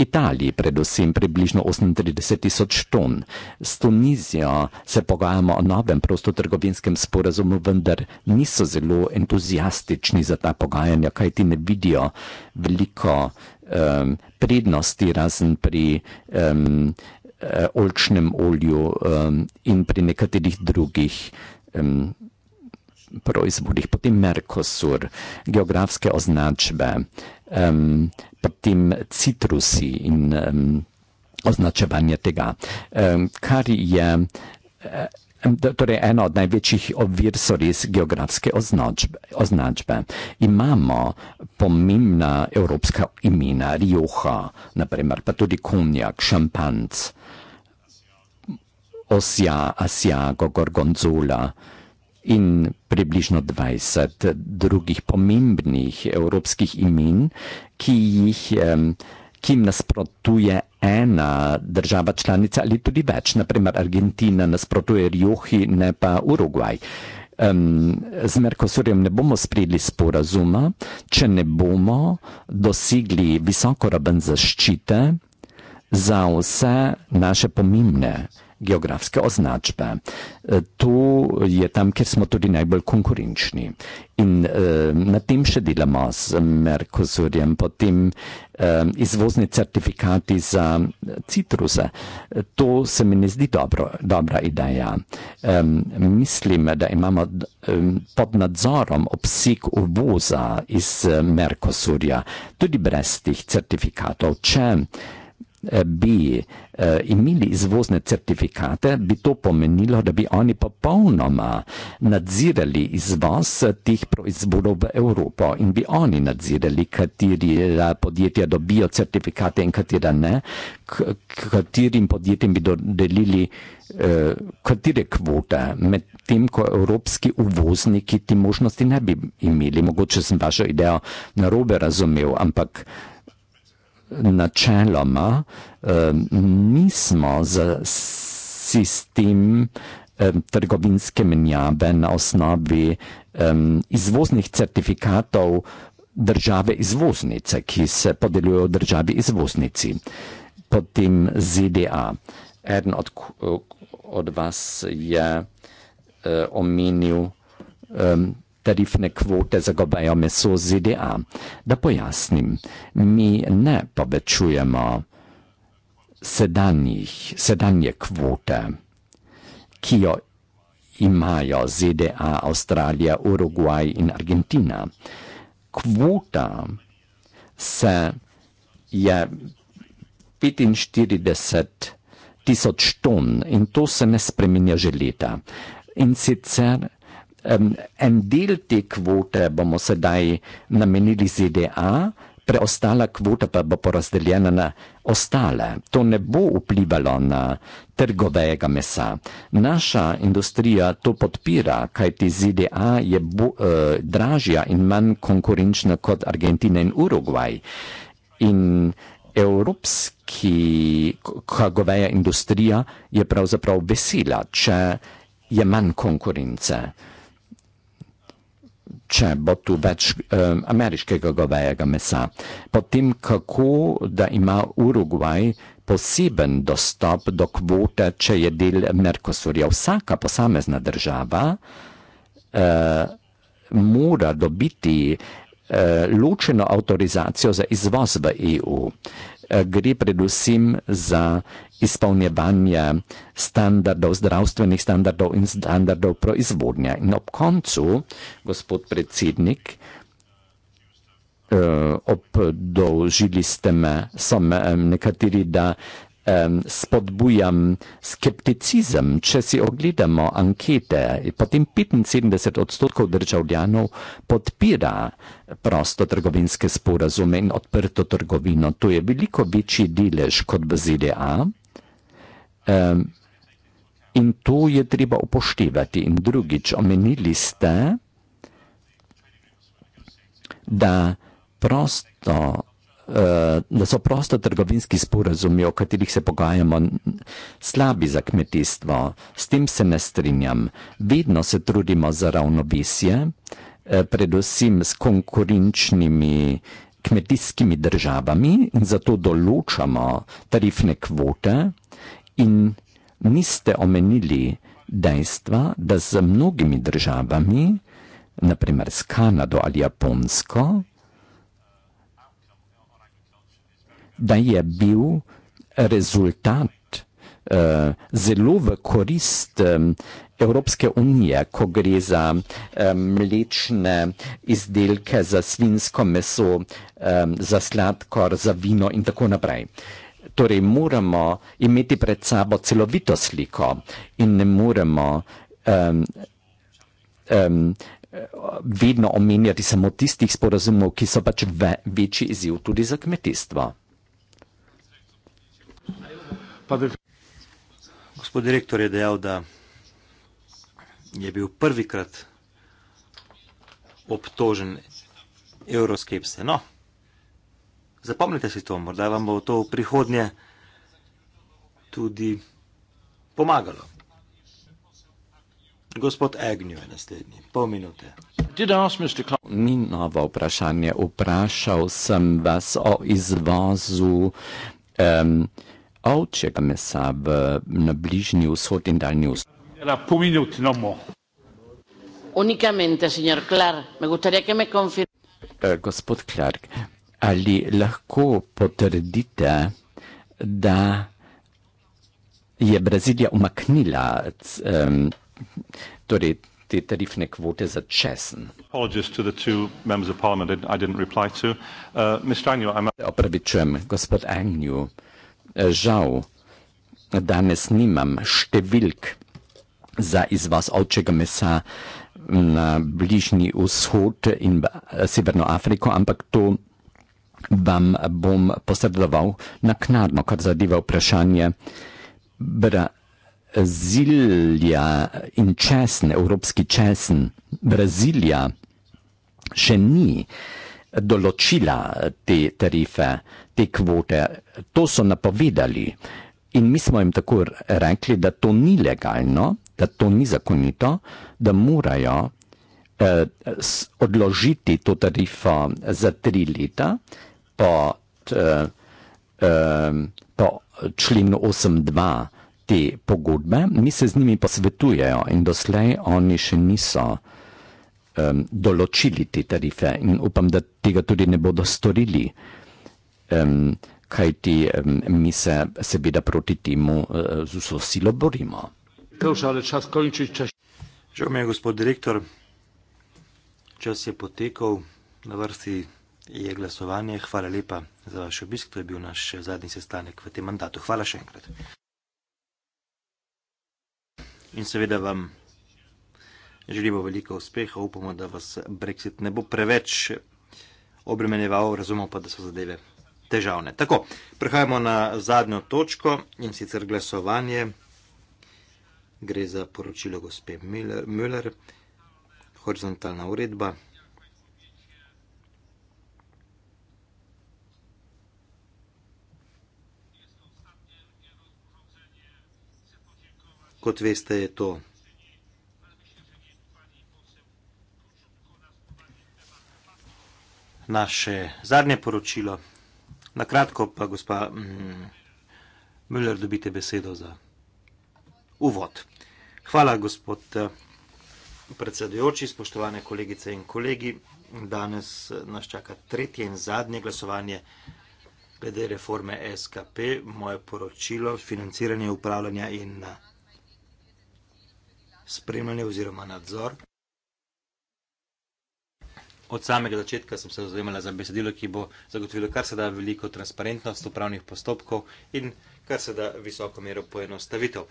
Italiji predvsem približno 38 tisoč ton. S Tunizijo se pogajamo o novem prostotrgovinskem sporazumu, vendar niso zelo entuzijastični za ta pogajanja, kaj ti ne vidijo veliko um, prednosti razen pri um, eh, olčnem olju um, in pri nekaterih drugih. Um, proizvodih, potem Merkosur, geografske označbe, um, potem citrusi in um, označevanje tega, um, kar je. Torej, ena od največjih ovir so res geografske označbe. označbe. Imamo pomembna evropska imena, Rjoha, naprimer, pa tudi konjak, šampanc, osja, asjago, gorgonzola in približno 20 drugih pomembnih evropskih imen, ki jih ki jim nasprotuje ena država članica ali tudi več, naprimer Argentina nasprotuje Rjohi, ne pa Urugvaj. Um, z Merkosurjem ne bomo sprejeli sporazuma, če ne bomo dosegli visoko raven zaščite za vse naše pomembne geografske označbe. E, to je tam, kjer smo tudi najbolj konkurenčni. In uh, e, na tem še delamo s Merkosurjem, potem um, izvozni certifikati za citruse. To se mi ne zdi dobro, dobra ideja. Um, mislim, da imamo um, pod nadzorom obseg uvoza iz Merkosurja, tudi brez teh certifikatov. Če, Eh, bi uh, imeli izvozne certifikate, bi to pomenilo, da bi oni popolnoma nadzirali izvoz teh proizvodov v Evropo in bi oni nadzirali, katera podjetja dobijo certifikate in katera ne, katerim podjetjem bi dodelili uh, katere kvote, medtem ko evropski uvozniki ti možnosti ne bi imeli. Mogoče sem vašo idejo narobe razumel, ampak uh, načeloma nismo z sistem trgovinske menjave na osnovi izvoznih certifikatov države izvoznice, ki se podeljujejo državi izvoznici, potem ZDA. Eden od, eh, od vas je eh, omenil, tarifne kvote za gobejo meso ZDA. Da pojasnim, mi ne povečujemo sedanjih, sedanje kvote, ki jo imajo ZDA, Avstralija, Urugvaj in Argentina. Kvota se je 45 tisoč ton in to se ne spreminja že leta. In sicer um, en del te kvote bomo sedaj namenili ZDA, preostala kvota pa bo porazdeljena na ostale. To ne bo vplivalo na trgovega mesa. Naša industrija to podpira, kajti ZDA je bo, uh, dražja in manj konkurenčna kot Argentina in Urugvaj. In evropski goveja industrija je pravzaprav vesela, če je manj konkurence če bo tu več um, ameriškega govejega mesa. Potem kako, da ima Urugvaj poseben dostop do kvote, če je del Merkosurja. Vsaka posamezna država uh, mora dobiti uh, ločeno avtorizacijo za izvoz v EU. Gre predvsem za izpolnjevanje standardov, zdravstvenih standardov in standardov proizvodnja. In ob koncu, gospod predsednik, eh, obdolžili ste me, so me nekateri, da spodbujam skepticizem. Če si ogledamo ankete, potem 75 odstotkov državljanov podpira prosto trgovinske sporazume in odprto trgovino. To je veliko večji delež kot v ZDA. Um, in to je treba upoštevati. In drugič, omenili ste, da, prosto, uh, da so prosto trgovinski sporazumi, o katerih se pogajamo, slabi za kmetijstvo. S tem se ne strinjam. Vedno se trudimo za ravnovesje, eh, predvsem s konkurenčnimi kmetijskimi državami in zato določamo tarifne kvote in niste omenili dejstva, da z mnogimi državami, naprimer s Kanado ali Japonsko, da je bil rezultat uh, zelo v korist um, Evropske unije, ko gre za um, mlečne izdelke, za svinsko meso, um, za sladkor, za vino in tako naprej. Uh, Torej moramo imeti pred sabo celovito sliko in ne moremo um, um, vedno omenjati samo tistih sporazumov, ki so pač ve, večji izziv tudi za kmetijstvo. Gospod direktor je dejal, da je bil prvikrat obtožen euroskepse. No, Zapomnite si to, morda vam bo to v prihodnje tudi pomagalo. Gospod Agnew je naslednji, pol minute. Ni novo vprašanje. Vprašal sem vas o izvozu um, ovčjega mesa v, na bližnji vzhod in daljni vzhod. No eh, gospod Clark, ali lahko potrdite, da je Brazilija umaknila um, torej te tarifne kvote za česen? Uh, opravičujem, gospod Agnew, žal, danes nimam številk za izvoz ovčjega mesa na Bližnji vzhod in eh, Severno Afriko, ampak to vam bom posredoval naknadno, kar zadeva vprašanje Brazilija in česen, evropski česen. Brazilija še ni določila te tarife, te kvote. To so napovedali in mi smo jim tako rekli, da to ni legalno, da to ni zakonito, da morajo eh, odložiti to tarifo za tri leta pa, eh, eh, pa člen 8.2 te pogodbe, mi se z njimi posvetujejo in doslej oni še niso eh, določili te tarife in upam, da tega tudi ne bodo storili, kaj ti mi se seveda proti temu z vso silo borimo. Žal mi je, gospod direktor, čas je potekal, na vrsti je glasovanje. Hvala lepa za vaš obisk. To je bil naš zadnji sestanek v tem mandatu. Hvala še enkrat. In seveda vam želimo veliko uspeha. Upamo, da vas Brexit ne bo preveč obremenjeval, razumemo pa, da so zadeve težavne. Tako, prehajamo na zadnjo točko in sicer glasovanje. Gre za poročilo gospe Müller, horizontalna uredba. kot veste, je to. Naše zadnje poročilo. Na kratko pa, gospa mm, Müller, dobite besedo za uvod. Hvala, gospod eh, predsedujoči, spoštovane kolegice in kolegi. Danes eh, nas čaka tretje in zadnje glasovanje glede reforme SKP, moje poročilo, financiranje upravljanja in eh, spremljanje oziroma nadzor. Od samega začetka sem se zauzemala za besedilo, ki bo zagotovilo kar se da veliko transparentnost upravnih postopkov in kar se da visoko mero poenostavitev.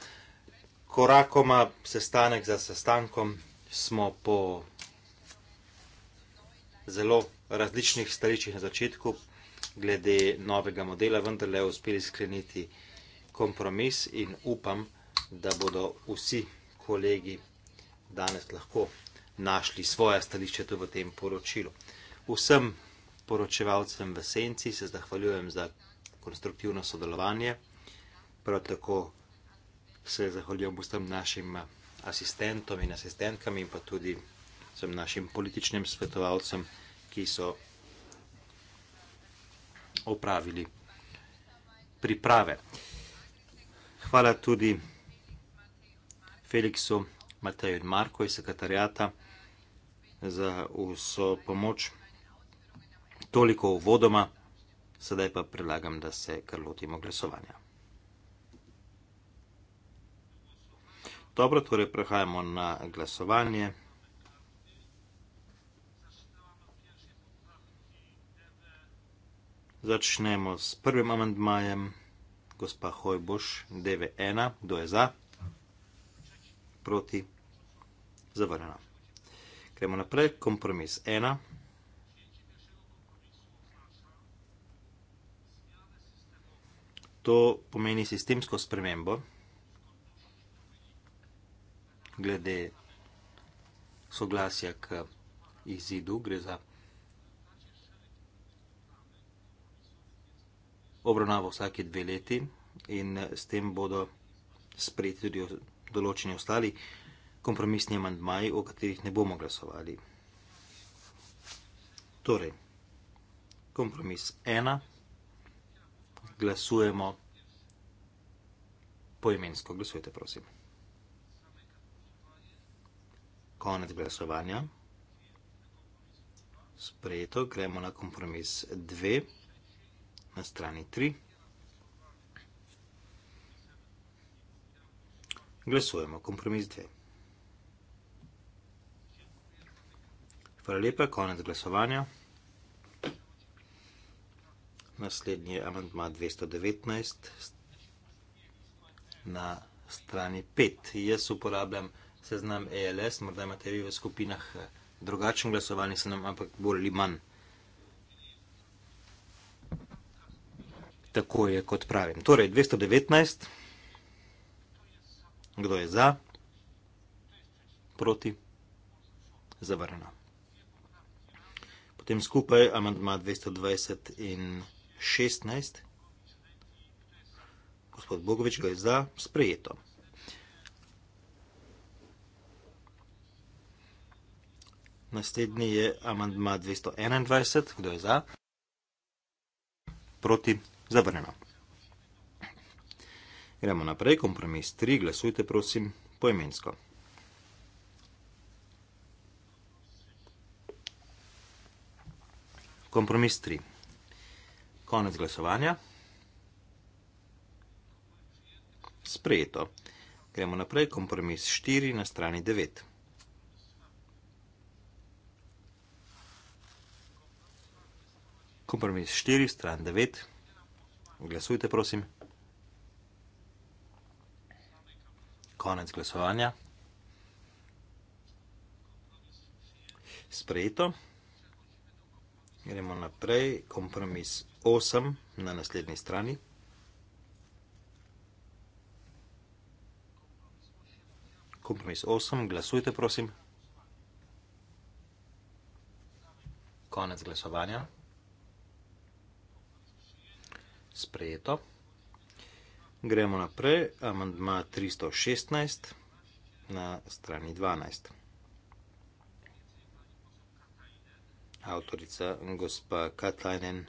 Korakoma, sestanek za sestankom, smo po zelo različnih stališčih na začetku glede novega modela vendarle uspeli skleniti kompromis in upam, da bodo vsi kolegi danes lahko našli svoje stališče tudi v tem poročilu. Vsem poročevalcem v senci se zahvaljujem za konstruktivno sodelovanje, prav tako se zahvaljujem vsem našim asistentom in asistentkam in pa tudi vsem našim političnim svetovalcem, ki so opravili priprave. Hvala tudi Feliksu, Mateju in Marku iz sekretarijata za vso pomoč. Toliko uvodoma, sedaj pa predlagam, da se kar lotimo glasovanja. Dobro, torej prehajamo na glasovanje. Začnemo s prvim amandmajem, gospa Hojboš, DV1, kdo je za? proti, zavrnjeno. Gremo naprej, kompromis ena. To pomeni sistemsko spremembo glede soglasja k izidu, gre za obravnavo vsake dve leti in s tem bodo spreti tudi odločenje določeni ostali kompromisni amantmaji, o katerih ne bomo glasovali. Torej, kompromis ena, glasujemo poimensko. Glasujte, prosim. Konec glasovanja. Sprejeto, gremo na kompromis dve, na strani tri. Glasujemo kompromis 2. Hvala lepa, konec glasovanja. Naslednji je amantma 219 na strani 5. Jaz uporabljam seznam ELS, morda imate vi v skupinah eh, drugačen glasovalni seznam, ampak bolj ali manj. Tako je, kot pravim. Torej, 219. 219. Kdo je za? Proti? Zavrnjeno. Potem skupaj amantma 220 in 16. Gospod Bogovič, kdo je za? Sprejeto. Naslednji je amantma 221. Kdo je za? Proti? Zavrnjeno. Gremo naprej, kompromis 3, glasujte prosim poimensko. Kompromis 3. Konec glasovanja. Sprejeto. Gremo naprej, kompromis 4 na strani 9. Kompromis 4, stran 9. Glasujte prosim. konec glasovanja. Sprejeto. Gremo naprej. Kompromis 8 na naslednji strani. Kompromis 8. Glasujte, prosim. Konec glasovanja. Sprejeto. Gremo naprej, amandma 316 na strani 12. Avtorica gospa Katajnen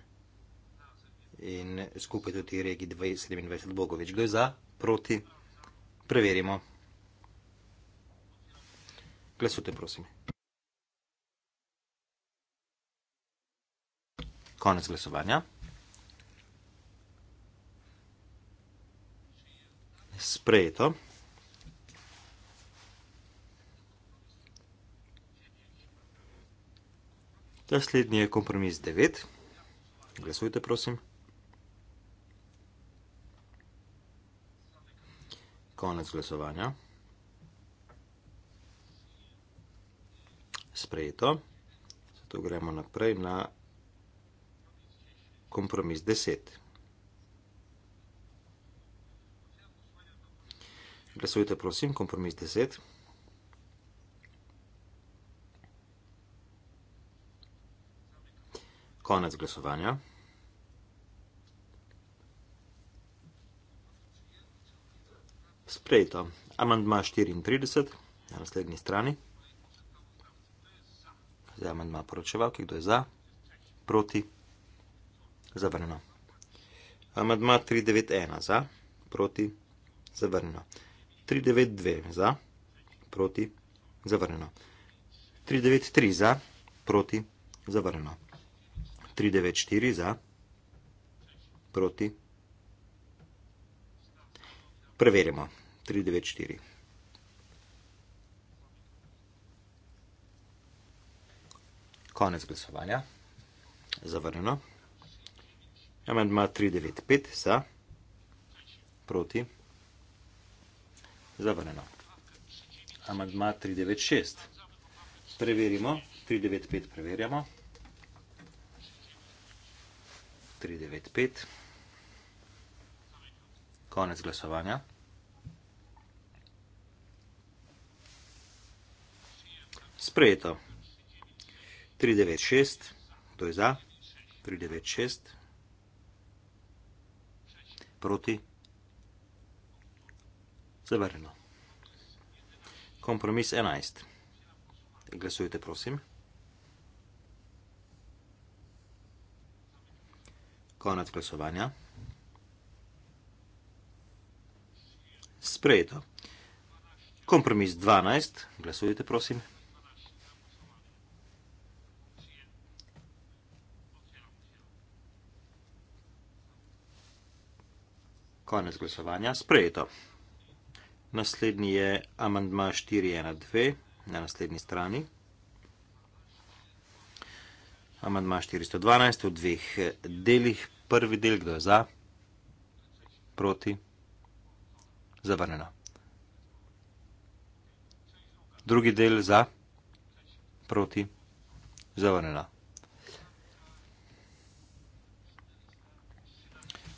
in skupaj tudi regi 27 Bogovič. Kdo je za, proti? Preverimo. Glasujte, prosim. Konec glasovanja. sprejeto. Naslednji je kompromis 9. Glasujte, prosim. Konec glasovanja. Sprejeto. Zato gremo naprej na kompromis 10. 10. Glasujte, prosim, kompromis 10. Konec glasovanja. Sprejeto. Amandma 34 na naslednji strani. Zdaj amandma poročeval, kdo je za, proti, zavrnjeno. Amandma 391 za, proti, zavrnjeno. 392 za, proti, zavrnjeno. 393 za, proti, zavrnjeno. 394 za, proti. Preverimo. 394. Konec glasovanja. Zavrnjeno. Amendma 395 za, proti, zavrnjeno zavrnjeno. Amandma 396. Preverimo. 395 preverjamo. 395. Konec glasovanja. Sprejeto. 396. To je za. 396. Proti. Zavrnjeno. Kompromis 11. Glasujte, prosim. Konec glasovanja. Sprejeto. Kompromis 12. Glasujte, prosim. Konec glasovanja. Sprejeto. Naslednji je amandma 412 na naslednji strani. Amandma 412 v dveh delih. Prvi del, kdo je za, proti, zavrnjeno. Drugi del za, proti, zavrnjeno.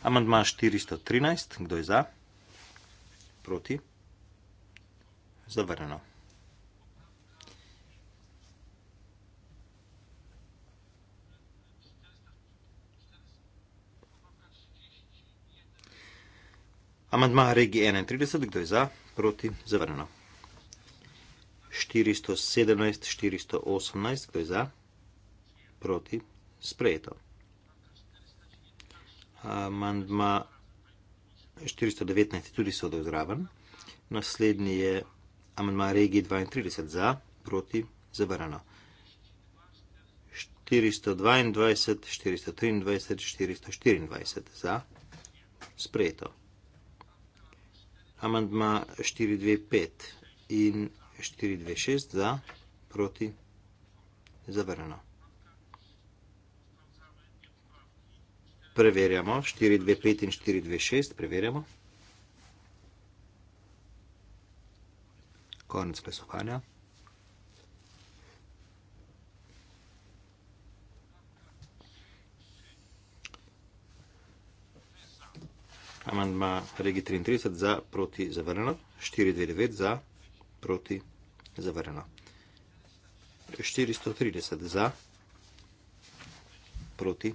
Amandma 413, kdo je za, proti zavrneno. Amandma regi 31, kdo je za, proti, zavrneno. 417, 418, kdo je za, proti, sprejeto. Amandma 419 je tudi sodel zraven. Naslednji je amandma regi 32 za, proti zavarano. 422, 423, 424 za, sprejeto. Amandma 425 in 426 za, proti zavarano. Preverjamo 425 in 426, preverjamo. konec glasovanja. Amandma Regi 33 za proti zavrneno, 429 za proti zavrneno, 430 za proti.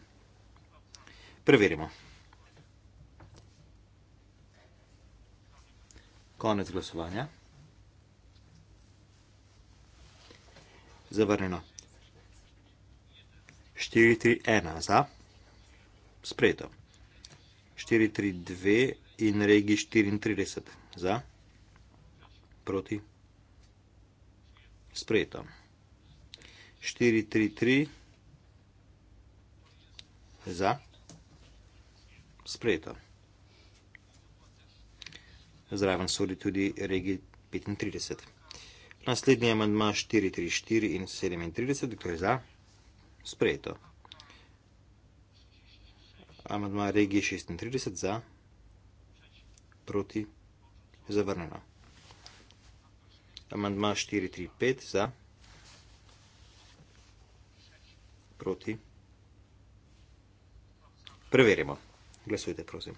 Preverimo. Konec glasovanja. zavrnjeno. 4, 3, 1 za, sprejeto. 4, 3, 2 in regi 34 za, proti, sprejeto. 4, 3, 3 za, sprejeto. Zraven sodi tudi regi 35 za. Naslednji amandma 434 in 37, kdo je za? Sprejeto. Amandma regije 36 za, proti, zavrnjeno. Amandma 435 za, proti, preverimo. Glasujte, prosim.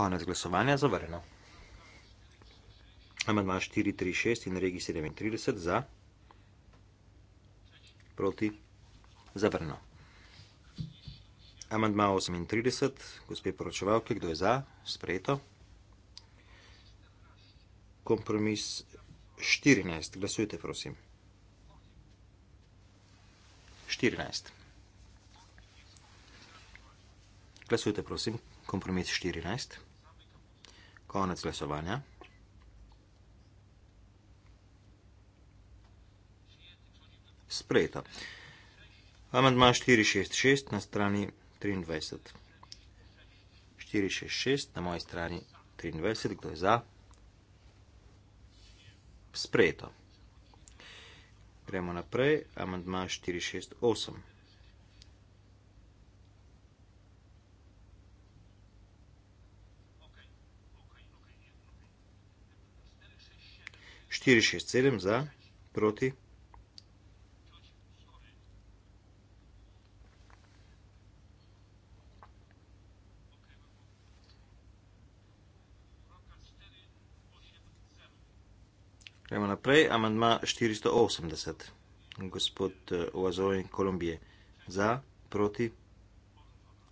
Konec glasovanja je zavrnjeno. Amandma 4, 3, 6 in regi 37 za, proti, zavrnjeno. Amandma 38, gospe poročevalke, kdo je za, sprejeto. Kompromis 14, glasujte, prosim. 14. Glasujte, prosim, kompromis 14. 14. Konec glasovanja. Sprejeta. Amandma 466 na strani 23. 466 na moji strani 23. Kdo je za? Sprejeto. Gremo naprej. Amandma 468. 4, 6, 7 za, proti. Gremo naprej, amandma 480, gospod eh, Oazov in Kolumbije. Za, proti,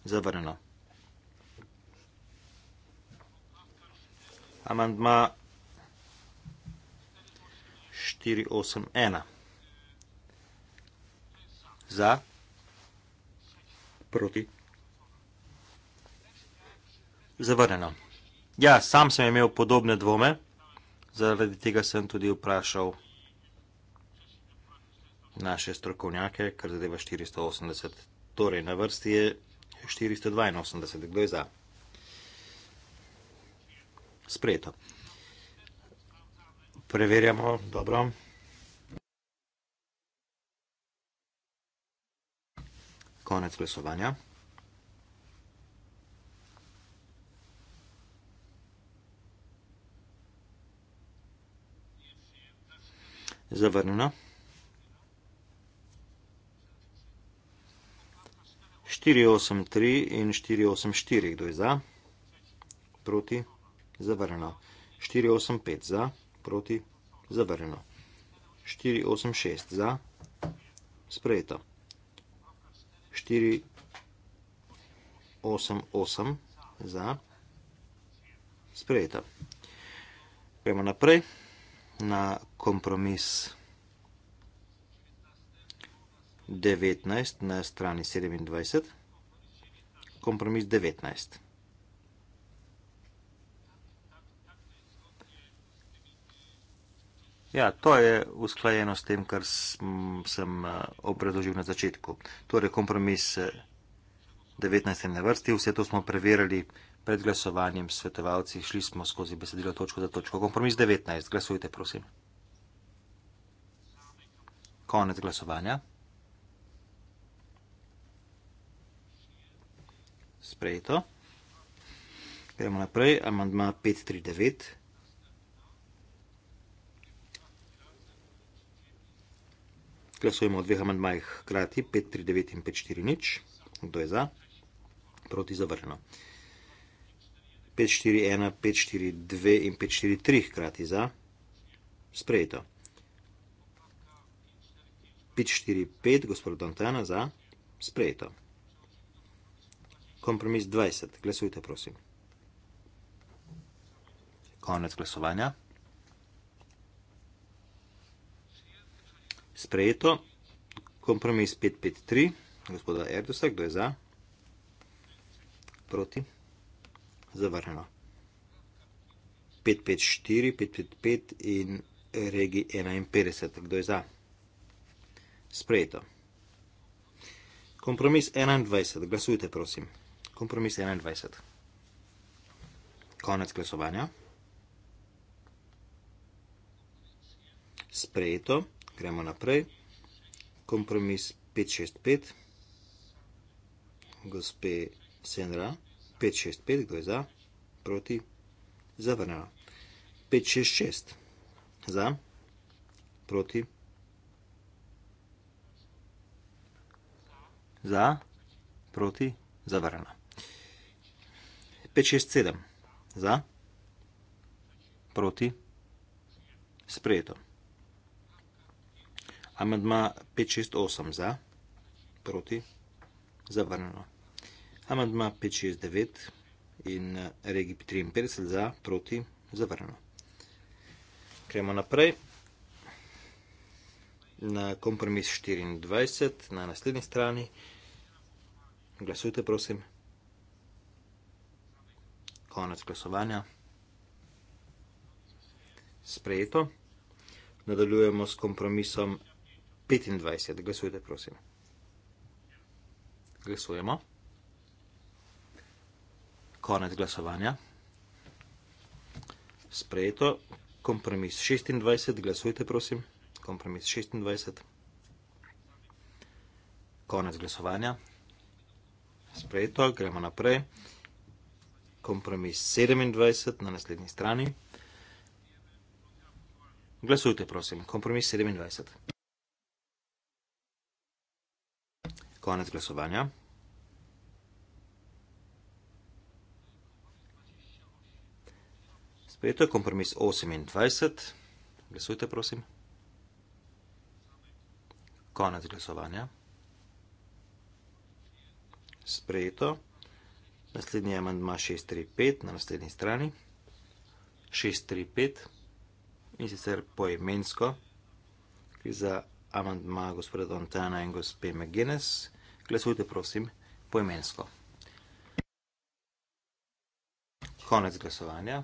zavrnjeno. Amandma 481. Za, proti, zavrnjeno. Ja, sam sem imel podobne dvome, zaradi tega sem tudi vprašal naše strokovnjake, kar zadeva 480. Torej, na vrsti je 482, kdo je za? Sprejeto. Preverjamo, dobro. Konec glasovanja. Zavrnjeno. 483 in 484, kdo je za? Proti? Zavrnjeno. 485 za? proti, zavrljeno. 4, 8, 6 za, sprejeto. 4, 8, 8 za, sprejeto. Pojmo naprej na kompromis 19 na strani 27. Kompromis 19. Kompromis 19. Ja, to je usklajeno s tem, kar sem, sem eh, obrazložil na začetku. Torej, kompromis 19. Eh, na vrsti, vse to smo preverili pred glasovanjem svetovalci, šli smo skozi besedilo točko za točko. Kompromis 19, glasujte, prosim. Konec glasovanja. Sprejeto. Gremo naprej, amandma 539. Glasujemo o dveh amandmajih hkrati, 539 in 540. Kdo je za? Proti zavrženo. 541, 542 in 543 hkrati za. Sprejeto. 545, gospod Dantana, za. Sprejeto. Kompromis 20. Glasujte, prosim. Konec glasovanja. sprejeto. Kompromis 553, gospoda Erdosa, kdo je za? Proti. Zavrneno. 554, 555 in regi 51, kdo je za? Sprejeto. Kompromis 21, glasujte prosim. Kompromis 21. Konec glasovanja. Sprejeto. Sprejeto gremo naprej. Kompromis 565, gospe Senra, 565, kdo je za, proti, zavrnjeno. 566, za, proti, za, proti, zavrnjeno. 567, za, proti, sprejeto. 568, Amandma 568 za, proti, zavrnjeno. Amandma 569 in eh, Regip 53 za, proti, zavrnjeno. Kremo naprej na kompromis 24 na naslednji strani. Glasujte, prosim. Konec glasovanja. Sprejeto. Nadaljujemo s kompromisom 25. Glasujte, prosim. Glasujemo. Konec glasovanja. Sprejeto. Kompromis 26. Glasujte, prosim. Kompromis 26. Konec glasovanja. Sprejeto. Gremo naprej. Kompromis 27 na naslednji strani. Glasujte, prosim. Kompromis 27. konec glasovanja. Sprejeto je kompromis 28. Glasujte, prosim. Konec glasovanja. Sprejeto. Naslednji je amandma 635 na naslednji strani. 635 in sicer poimensko, ki za amandma gospoda Dontana in gospe McGuinness. Glasujte, prosim, poimensko. Konec glasovanja.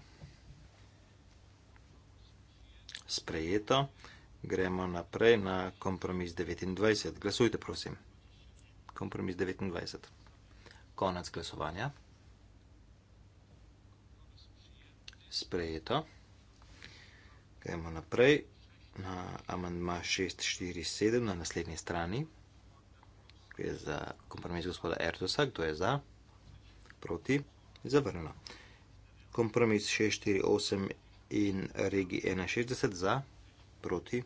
Sprejeto. Gremo naprej na kompromis 29. Glasujte, prosim. Kompromis 29. Konec glasovanja. Sprejeto. Gremo naprej na amandma 647 na naslednji strani je za kompromis gospoda Ertusa, kdo je za, proti, zavrnjeno. Kompromis 648 in regi 61 za, proti,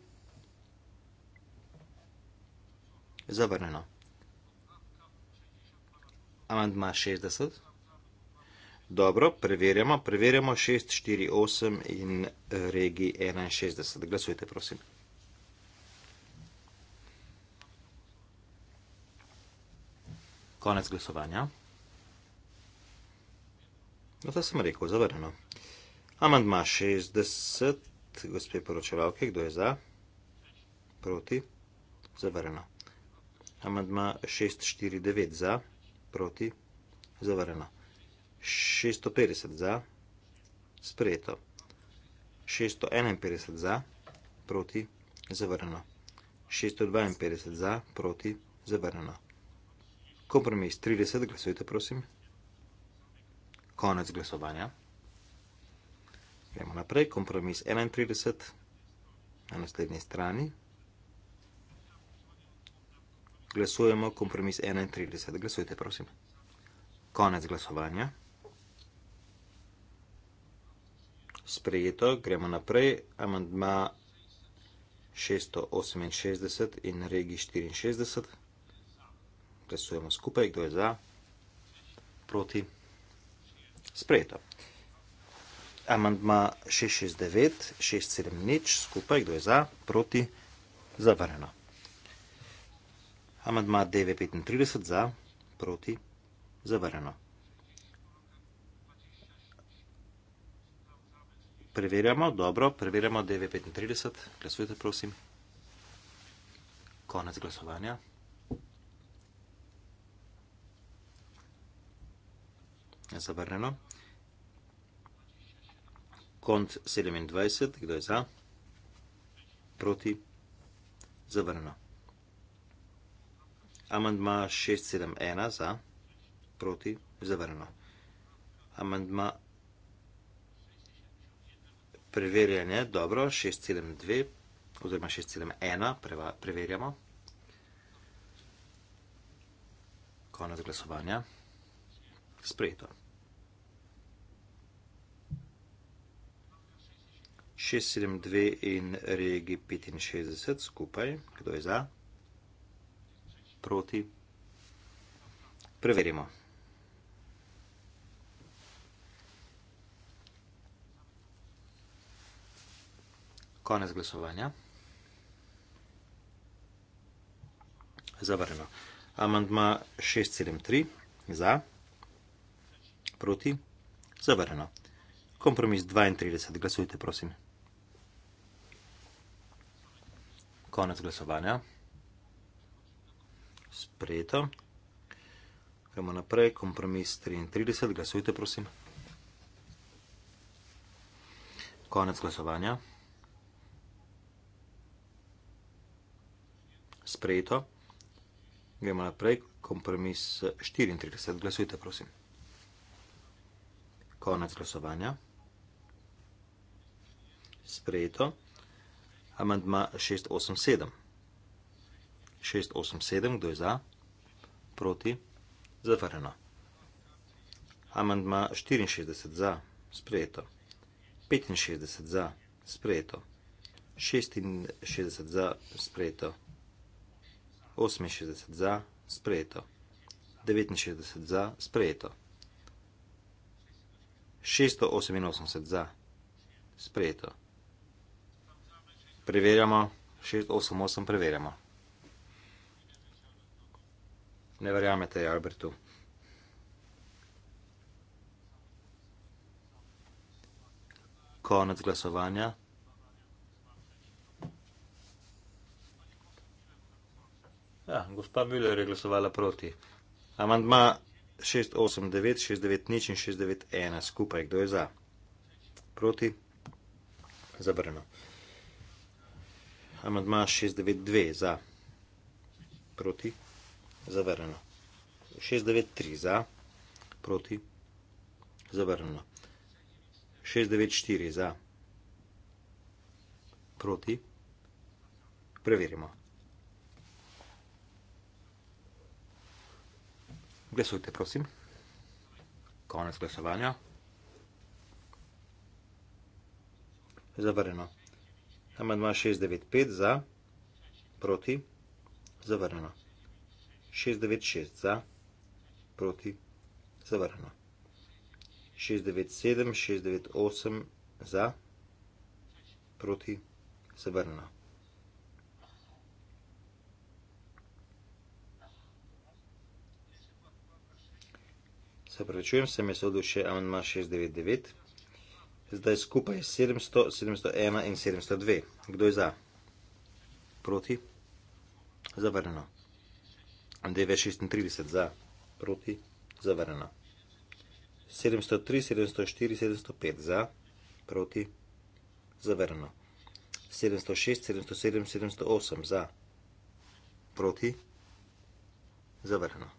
zavrnjeno. Amandma 60. Dobro, preverjamo. Preverjamo 648 in regi 61. Glasujte, prosim. Konec glasovanja. No, to sem rekel, zavrnjeno. Amandma 60, gospe poročevalke, kdo je za? Proti? Zavrnjeno. Amandma 649 za, proti, zavrnjeno. 650 za, sprejeto. 651 za, proti, zavrnjeno. 652 za, proti, zavrnjeno. Kompromis 30, glasujte, prosim. Konec glasovanja. Gremo naprej, kompromis 31 na naslednji strani. Glasujemo kompromis 31, glasujte, prosim. Konec glasovanja. Sprejeto, gremo naprej, amandma 668 in regi 64 glasujemo skupaj, kdo je za, proti, sprejeto. Amandma 669, 670 nič, skupaj, kdo je za, proti, zavarjeno. Amandma 935 za, proti, zavarjeno. Preverjamo, dobro, preverjamo 935, glasujte prosim. Konec glasovanja. Zavrnjeno. Kont 27, kdo je za? Proti. Zavrnjeno. Amandma 671 za, proti, zavrnjeno. Amandma preverjanje, dobro, 672 oziroma 671 preverjamo. Konec glasovanja. Sprejeto. 672 in regi 65 skupaj. Kdo je za? Proti? Preverimo. Konec glasovanja. Zavrnjeno. Amandma 673 za, proti, zavrnjeno. Kompromis 32, glasujte prosim. konec glasovanja. Sprejeto. Gremo naprej, kompromis 33, glasujte prosim. Konec glasovanja. Sprejeto. Gremo naprej, kompromis 34, glasujte prosim. Konec glasovanja. Sprejeto amandma 687. 687, kdo je za? Proti? Zavrljeno. Amandma 64 za, sprejeto. 65 za, sprejeto. 66 za, sprejeto. 68 za, sprejeto. 69 za, sprejeto. 688 za, sprejeto. Preverjamo, 688 preverjamo. Ne verjamete, Albertu. Konec glasovanja. Ja, gospa Müller je glasovala proti. Amandma 689, 690 in 691 skupaj. Kdo je za? Proti? Zabrno. Amandma 692 za, proti, zavrnjeno. 693 za, proti, zavrnjeno. 694 za, proti, preverimo. Glesujte, prosim. Konec glasovanja. Zavrnjeno. Amandma 695 za, proti, zavrnjeno. 696 za, proti, zavrnjeno. 697, 698 za, proti, zavrnjeno. Se pravičujem, sem jaz odlučil še amandma 699. Zdaj skupaj 700, 701 in 702. Kdo je za? Proti? Zavrneno. DV36 za? Proti? Zavrneno. 703, 704, 705 za? Proti? Zavrneno. 706, 707, 708 za? Proti? Zavrneno.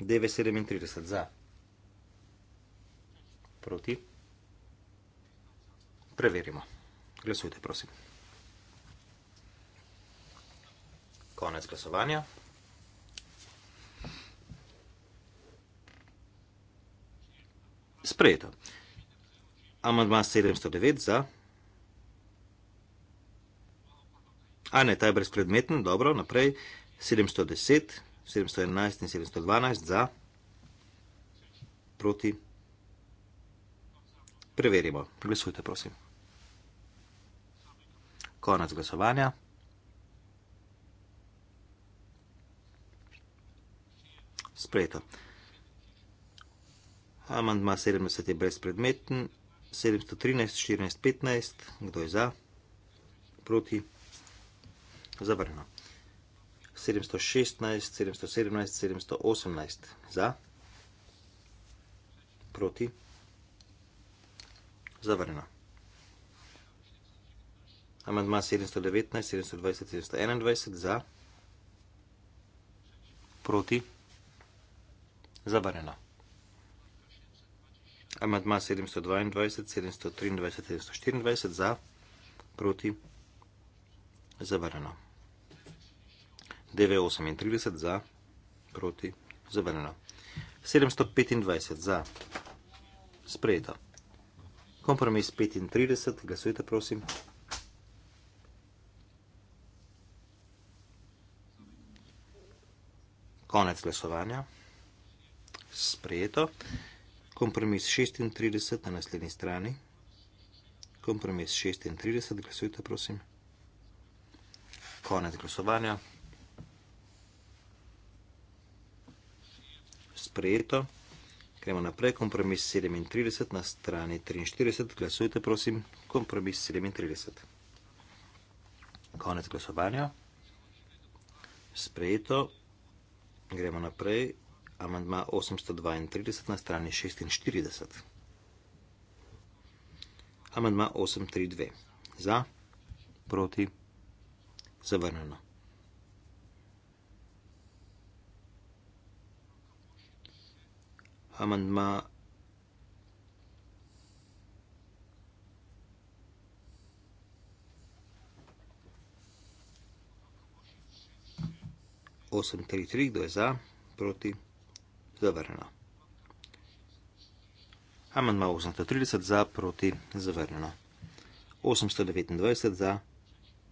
DV37 za? Proti? Proti? Preverimo. Glasujte, prosim. Konec glasovanja. Sprejeto. Amadma 709 za. A ne, ta je brezpredmeten, dobro, naprej. 710, 711 in 712 za. Proti? Proti? Preverimo. Glasujte, prosim. Konec glasovanja. Sprejeto. Amandma 70 je brezpredmeten, 713, 14, 15, kdo je za, proti, zavrnjeno. 716, 717, 718, za, proti zavrnjeno. Amandma 719, 720, 721 za, proti, zavrnjeno. Amandma 722, 723, 724 za, proti, zavrnjeno. 938 za, proti, zavrnjeno. 725 za, sprejeto. Kompromis 35, glasujte prosim. Konec glasovanja. Sprejeto. Kompromis 36 na naslednji strani. Kompromis 36, glasujte prosim. Konec glasovanja. Sprejeto. Gremo naprej, kompromis 37 na strani 43, glasujte prosim, kompromis 37. Konec glasovanja. Sprejeto. Gremo naprej, amandma 832 na strani 46. Amandma 832. Za, proti, zavrneno. amandma osem tri tri kdo je za proti zavrnjeno amandma osemsto trideset za proti zavrnjeno osemsto devetindvajset za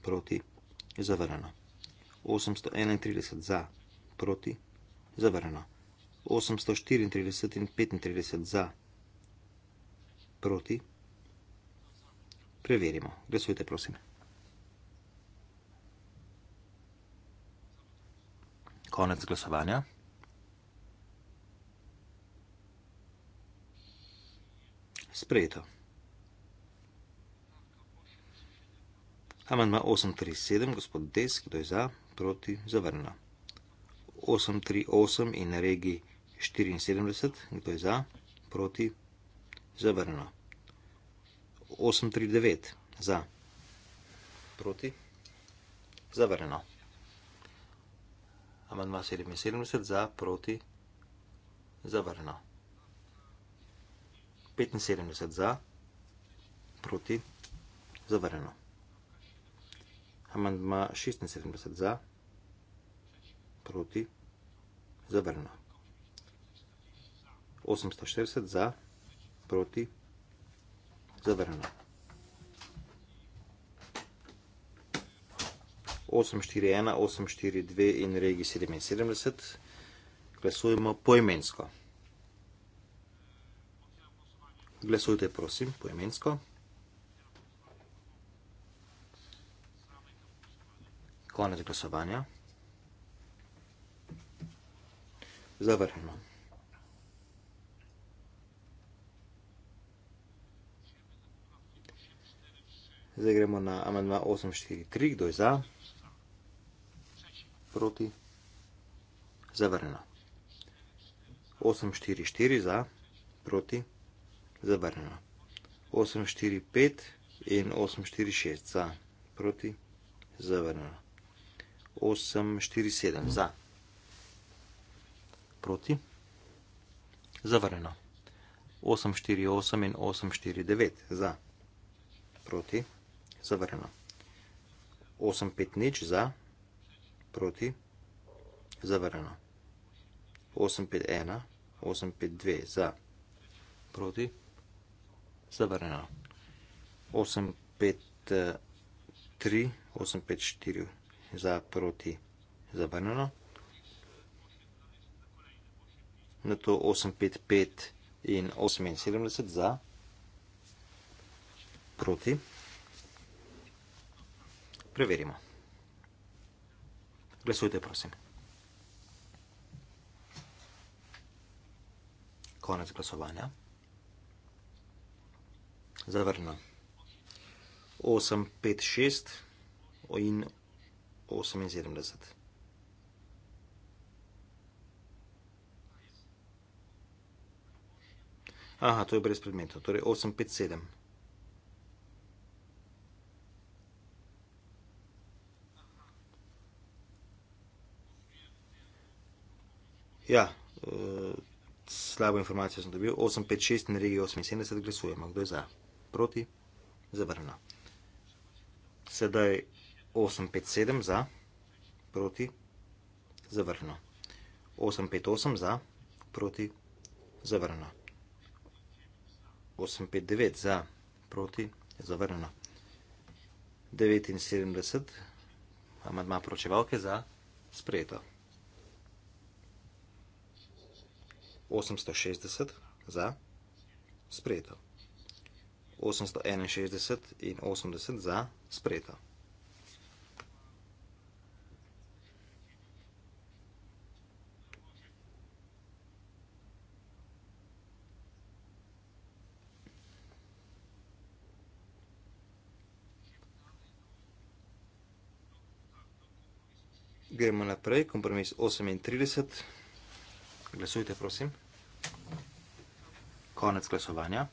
proti zavrnjeno osemsto enaintrideset za proti zavrnjeno 834 in 35 za, proti. Preverimo. Glasujte, prosim. Konec glasovanja. Sprejeto. Amandma 837, gospod Desk, kdo je za, proti, zavrnjeno. 838 in regi 74, kdo je za, proti, zavrnjeno. 839, za, proti, zavrnjeno. Amandma 77, za, proti, zavrnjeno. 75 za, proti, zavrnjeno. Amandma 76 za, proti, zavrnjeno. 840 za, proti, zavrano. 841, 842 in regi 77, glasujemo poimensko. Glasujte, prosim, poimensko. Konec glasovanja. Zavrhnemo. Zdaj gremo na amendma 843, kdo je za, proti, zavrnjeno. 844 za, proti, zavrnjeno. 845 in 846 za, proti, zavrnjeno. 847 za, proti, zavrnjeno. 848 in 849 za, proti, zavrnjeno. Заварено. 8 петнич за, проти, заварено. 851, 852 за, проти, заварено. 853, 854 за, проти, заварено. На то 855 in 78 za, proti. Preverimo. Glasujte, prosim. Konec glasovanja. Zavrnjeno. 8, 5, 6 in 78. Aha, to je brez predmetov, torej 8, 5, 7. Ja, e, slabo informacijo sem dobil. 856 in regija 78 glasujemo. Kdo je za? Proti? Zavrnjeno. Sedaj 857 za, proti, zavrnjeno. 858 za, proti, zavrnjeno. 859 za, proti, zavrnjeno. 79, amadma pročevalke za, sprejeto. 860 za, sprejeto. 861 in 80 za, sprejeto. Gremo naprej, kompromis 38, Glasujte, prosim. Konec glasovanja.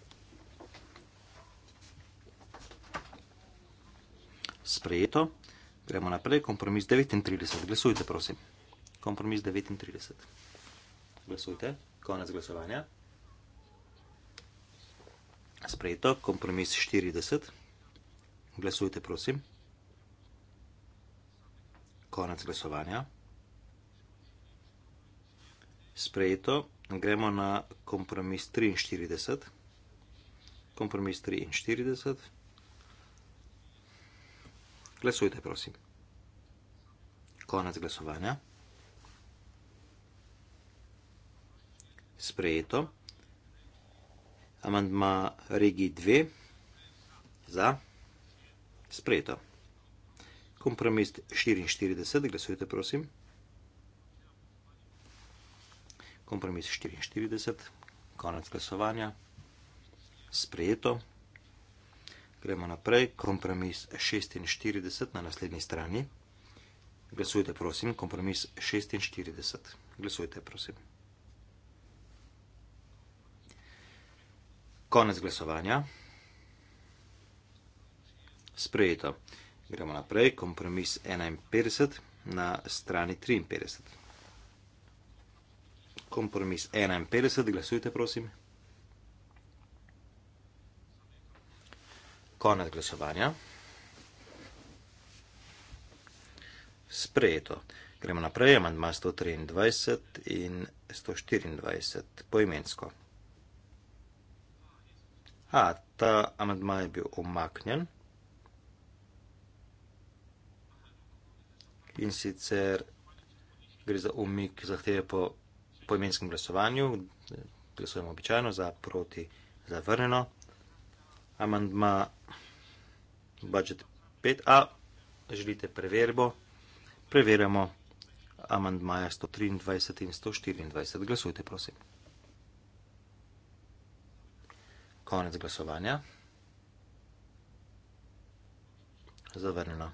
Sprejeto. Gremo naprej. Kompromis 39. Glasujte, prosim. Kompromis 39. Glasujte. Konec glasovanja. Sprejeto. Kompromis 40. Glasujte, prosim. Konec glasovanja sprejeto, gremo na kompromis 43. Kompromis 43. Glasujte, prosim. Konec glasovanja. Sprejeto. Amandma regi 2. Za. Sprejeto. Kompromis 44. Glasujte, prosim. kompromis 44, konec glasovanja, sprejeto. Gremo naprej, kompromis 46 na naslednji strani. Glasujte, prosim, kompromis 46. Glasujte, prosim. Konec glasovanja. Sprejeto. Gremo naprej, kompromis 51 na strani 53 kompromis 51, glasujte, prosim. Konec glasovanja. Sprejeto. Gremo naprej, amandma 123 in 124 poimensko. A, ta amandma je bil omaknjen. In sicer gre za umik zahteve po po imenskem glasovanju, glasujemo običajno za proti zavrneno. Amandma budžet 5a, želite preverbo, preverjamo amandmaja 123 in 124. Glasujte, prosim. Konec glasovanja. Zavrnjeno.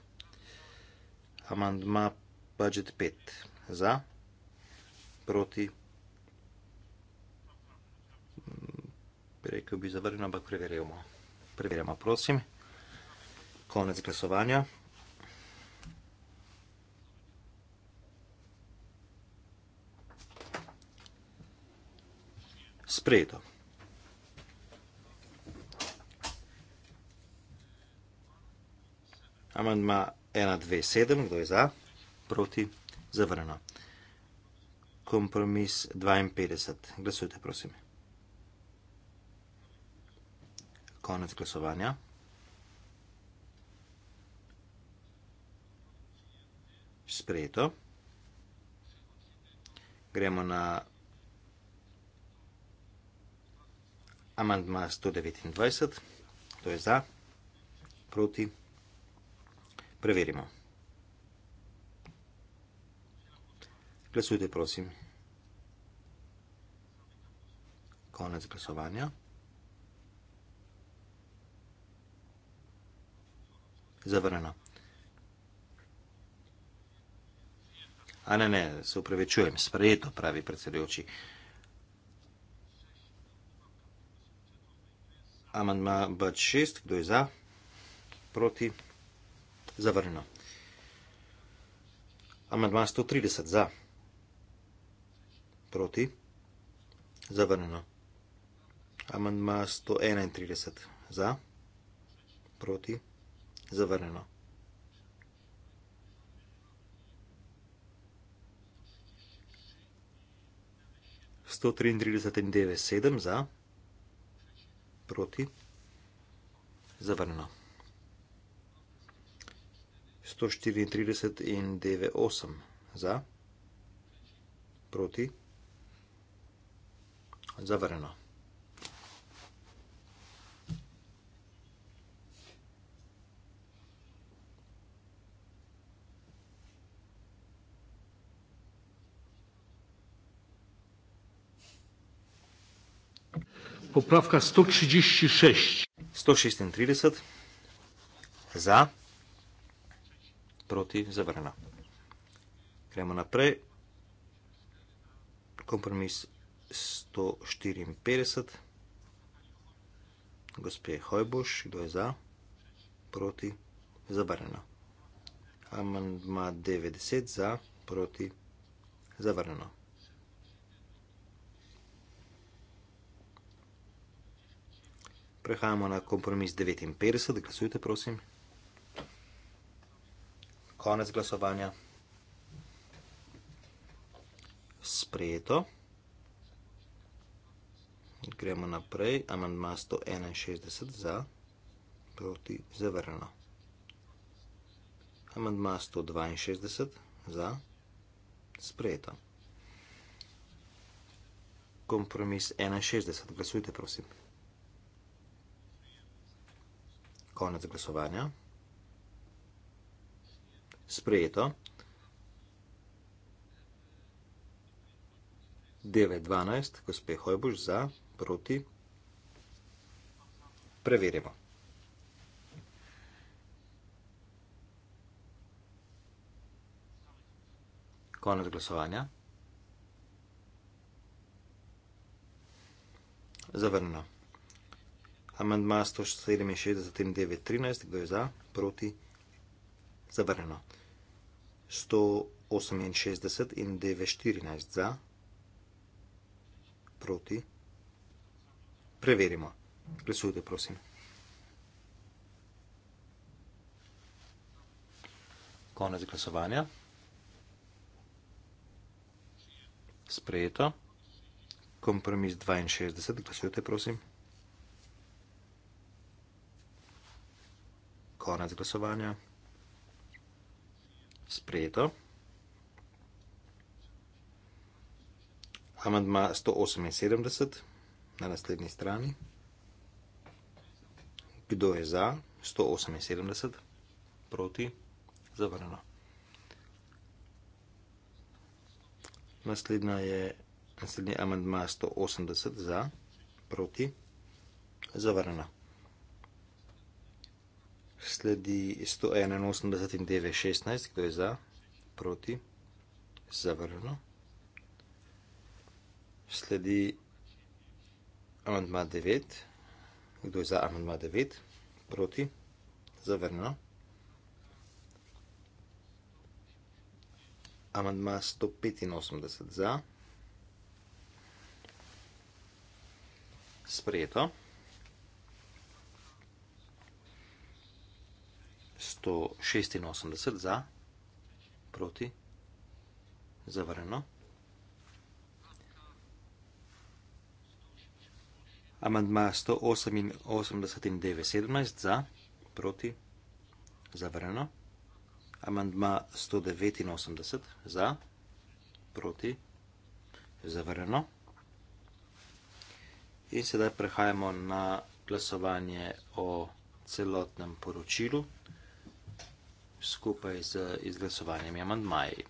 Amandma budžet 5 za, proti rekel bi zavrnil, ampak preverjamo. Preverjamo, prosim. Konec glasovanja. Sprejeto. Amandma 1, 2, 7, kdo je za, proti, zavrnjeno. Kompromis 52, glasujte, prosim. konec glasovanja. Sprejeto. Gremo na amandma 129, to je za, proti, preverimo. Glasujte, prosim. Konec glasovanja. zavrnjeno. A ne, ne, se upravičujem, sprejeto, pravi predsedujoči. Amandma B6, kdo je za? Proti? Zavrnjeno. Amandma 130, za? Proti? Zavrnjeno. Amandma 131, za? Proti? Zavrnjeno zavrnjeno. Sto triintrideset in devet, sedem za, proti, zavrnjeno. Sto štiriintrideset in devet, osem za, proti, zavrnjeno. Poprawka 136. 136. Za. Proti. Zavrna. Gremo naprej. Kompromis 154. Gospe Hojboš, kdo je za? Proti. Zavrna. Amandma 90 za, proti, zavrnjeno. Prehajamo na kompromis 59, glasujte, prosim. Konec glasovanja. Sprejeto. Gremo naprej. Amendma 161 za, proti zavrljeno. Amendma 162 za, sprejeto. Kompromis 61, glasujte, prosim. konec glasovanja. Sprejeto. 912, gospe Hojbuš, za, proti. Preverimo. Konec glasovanja. Zavrnjeno. Amandma 167 in 913, kdo je za, proti, zavrnjeno. 168 in 914 za, proti, preverimo. Glasujte, prosim. Konec glasovanja. Sprejeto. Kompromis 62, glasujte, prosim. konec glasovanja. Sprejeto. Amendma 178 na naslednji strani. Kdo je za? 178 proti. Zavrnjeno. Naslednja je naslednji amendma 180 za, proti, zavrnjeno sledi 181 in 916, kdo je za, proti, zavrljeno. Sledi amandma 9, kdo je za amandma 9, proti, zavrljeno. Amandma 185 za, sprejeto. 186 za, proti, zavrnjeno. Amandma 188 in 917 za, proti, zavrnjeno. Amandma 189 za, proti, zavrnjeno. In sedaj prehajamo na glasovanje o celotnem poročilu skupaj z izglasovanjem amantmaji.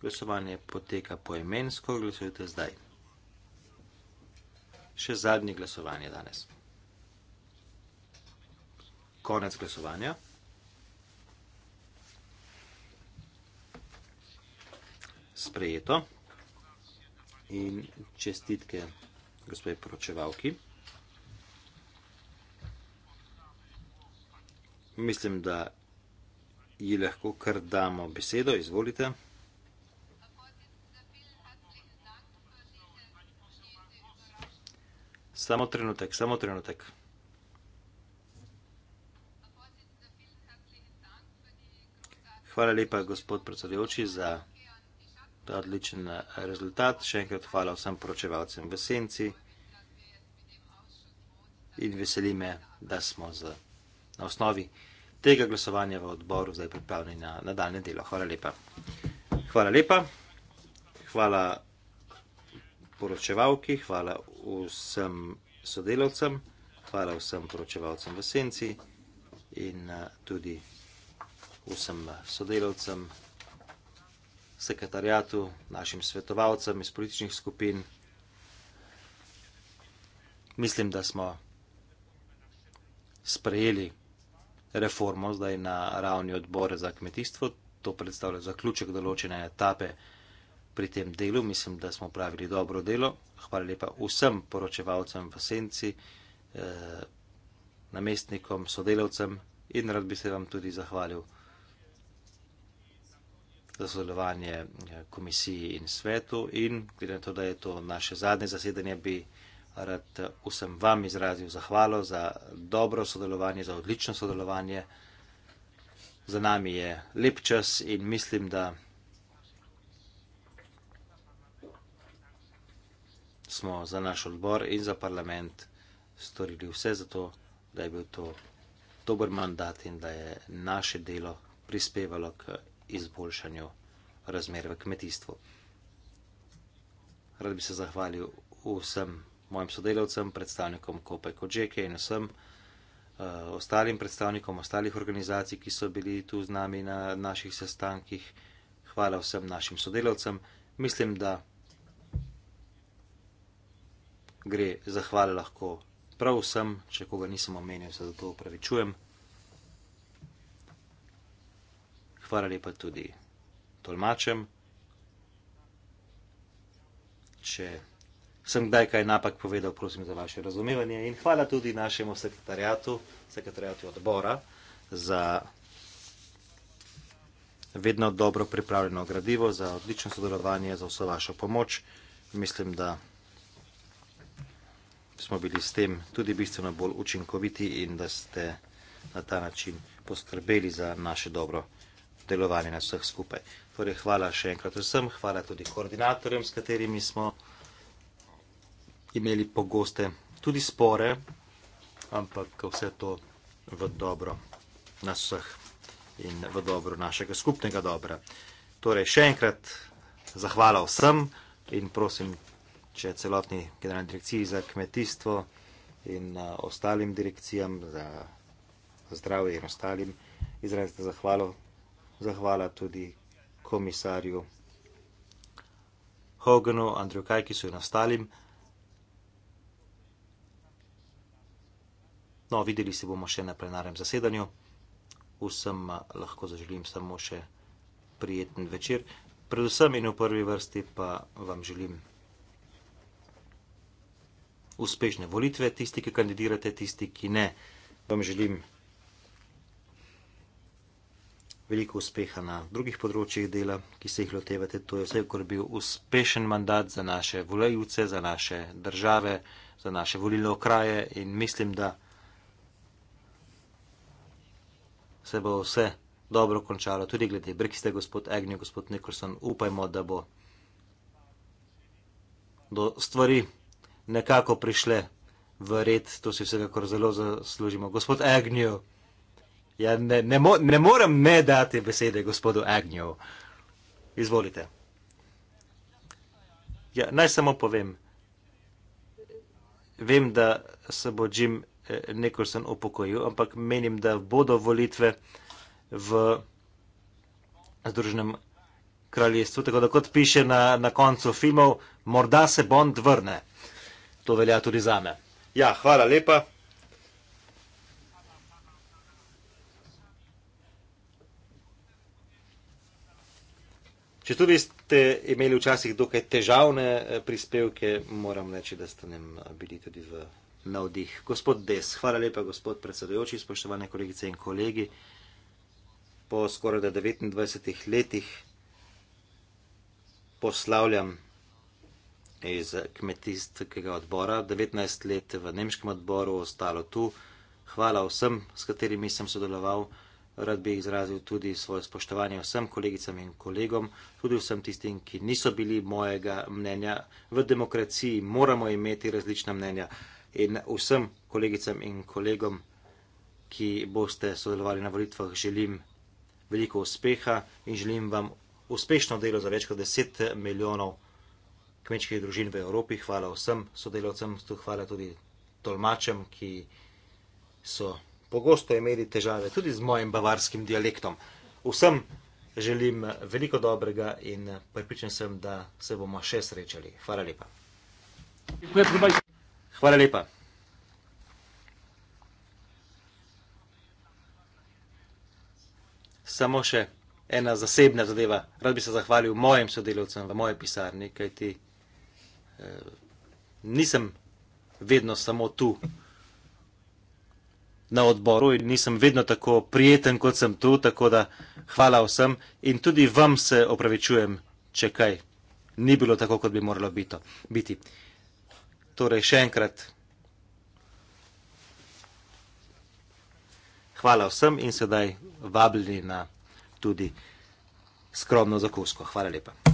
Glasovanje poteka poemensko, glasujte zdaj. Še zadnje glasovanje danes. Konec glasovanja. Sprejeto. In čestitke gospodje poročevalki. Mislim, da ji lahko kar damo besedo, izvolite. Samo trenutek, samo trenutek. Hvala lepa, gospod predsedujoči, za ta odličen rezultat. Še enkrat hvala vsem poročevalcem v senci in veseli me, da smo z, na osnovi tega glasovanja v odboru zdaj pripravljeni na nadaljne delo. Hvala lepa. Hvala lepa. Hvala poročevalki, hvala vsem sodelavcem, hvala vsem poročevalcem v senci in eh, tudi vsem sodelavcem, sekretarjatu, našim svetovalcem iz političnih skupin. Mislim, da smo sprejeli reformo zdaj na ravni odbora za kmetijstvo. To predstavlja zaključek določene etape pri tem delu. Mislim, da smo pravili dobro delo. Hvala lepa vsem poročevalcem v senci, eh, namestnikom, sodelavcem in rad bi se vam tudi zahvalil za sodelovanje eh, komisiji in svetu in glede na to, da je to naše zadnje zasedanje, bi rad eh, vsem vam izrazil zahvalo za dobro sodelovanje, za odlično sodelovanje. Za nami je lep čas in mislim, da smo za naš odbor in za parlament storili vse za to, da je bil to dober mandat in da je naše delo prispevalo k izboljšanju razmer v kmetijstvu. Rad bi se zahvalil vsem mojim sodelavcem, predstavnikom Kope Kočeke in vsem uh, ostalim predstavnikom ostalih organizacij, ki so bili tu z nami na naših sestankih. Hvala vsem našim sodelavcem. Mislim, da gre za hvala lahko prav vsem, če koga nisem omenil, se zato upravičujem. Hvala lepa tudi tolmačem. 是。Sure sem kdaj kaj napak povedal, prosim za vaše razumevanje. In hvala tudi našemu sekretarjatu, sekretarjatu odbora, za vedno dobro pripravljeno gradivo, za odlično sodelovanje, za vso vašo pomoč. Mislim, da smo bili s tem tudi bistveno bolj učinkoviti in da ste na ta način poskrbeli za naše dobro delovanje na vseh skupaj. Torej, hvala še enkrat vsem, hvala tudi koordinatorjem, s katerimi smo imeli pogoste tudi spore, ampak vse to v dobro nas vseh in v dobro našega skupnega dobra. Torej, še enkrat zahvala vsem in prosim, če celotni generalni direkciji za kmetijstvo in ostalim direkcijam za zdravje in ostalim izrazite zahvalo, zahvala tudi komisarju Hoganu, Andriju Kajkisu in ostalim direkcijam, No, videli se bomo še na plenarnem zasedanju. Vsem eh, lahko zaželim samo še prijeten večer. Predvsem in v prvi vrsti pa vam želim uspešne volitve, tisti, ki kandidirate, tisti, ki ne. Vam želim veliko uspeha na drugih področjih dela, ki se jih lotevate. To je vse, kar bi bil uspešen mandat za naše volajuce, za naše države, za naše volilne okraje in mislim, da. se bo vse dobro končalo, tudi glede Brkiste, gospod Agnew, gospod Nikolson. Upajmo, da bo do stvari nekako prišle v red, to si vsekakor zelo zaslužimo. Gospod Agnew, ja ne, ne, mo ne morem ne dati besede gospodu Agnew. Izvolite. Ja, naj samo povem. Vem, da se bo Jim neko sem upokojil, ampak menim, da bodo volitve v Združenem kraljestvu. Tako da kot piše na, na koncu filmov, morda se Bond vrne. To velja tudi za me. Ja, hvala lepa. Če tudi ste imeli včasih dokaj težavne eh, prispevke, moram reči, da ste nam bili tudi v navdih. Gospod Des, hvala lepa, gospod predsedujoči, spoštovane kolegice in kolegi. Po skoraj 29 letih poslavljam iz kmetijskega odbora, 19 let v nemškem odboru, ostalo tu. Hvala vsem, s katerimi sem sodeloval. Rad bi izrazil tudi svoje spoštovanje vsem kolegicam in kolegom, tudi vsem tistim, ki niso bili mojega mnenja. V demokraciji moramo imeti različna mnenja in vsem kolegicam in kolegom, ki boste sodelovali na volitvah, želim veliko uspeha in želim vam uspešno delo za več kot 10 milijonov kmečkih družin v Evropi. Hvala vsem sodelavcem, tu hvala tudi tolmačem, ki so pogosto imeli težave tudi z mojim bavarskim dialektom. Vsem želim veliko dobrega in pripričan sem, da se bomo še srečali. Hvala lepa. Thank you. Hvala lepa. Samo še ena zasebna zadeva. Rad bi se zahvalil mojim sodelovcem v moje pisarni, kajti eh, nisem vedno samo tu na odboru in nisem vedno tako prijeten, kot sem tu, tako da hvala vsem in tudi vam se opravičujem, če kaj ni bilo tako, kot bi moralo biti. Torej, še enkrat. Hvala vsem in sedaj vabljeni na tudi skromno zakusko. Hvala lepa.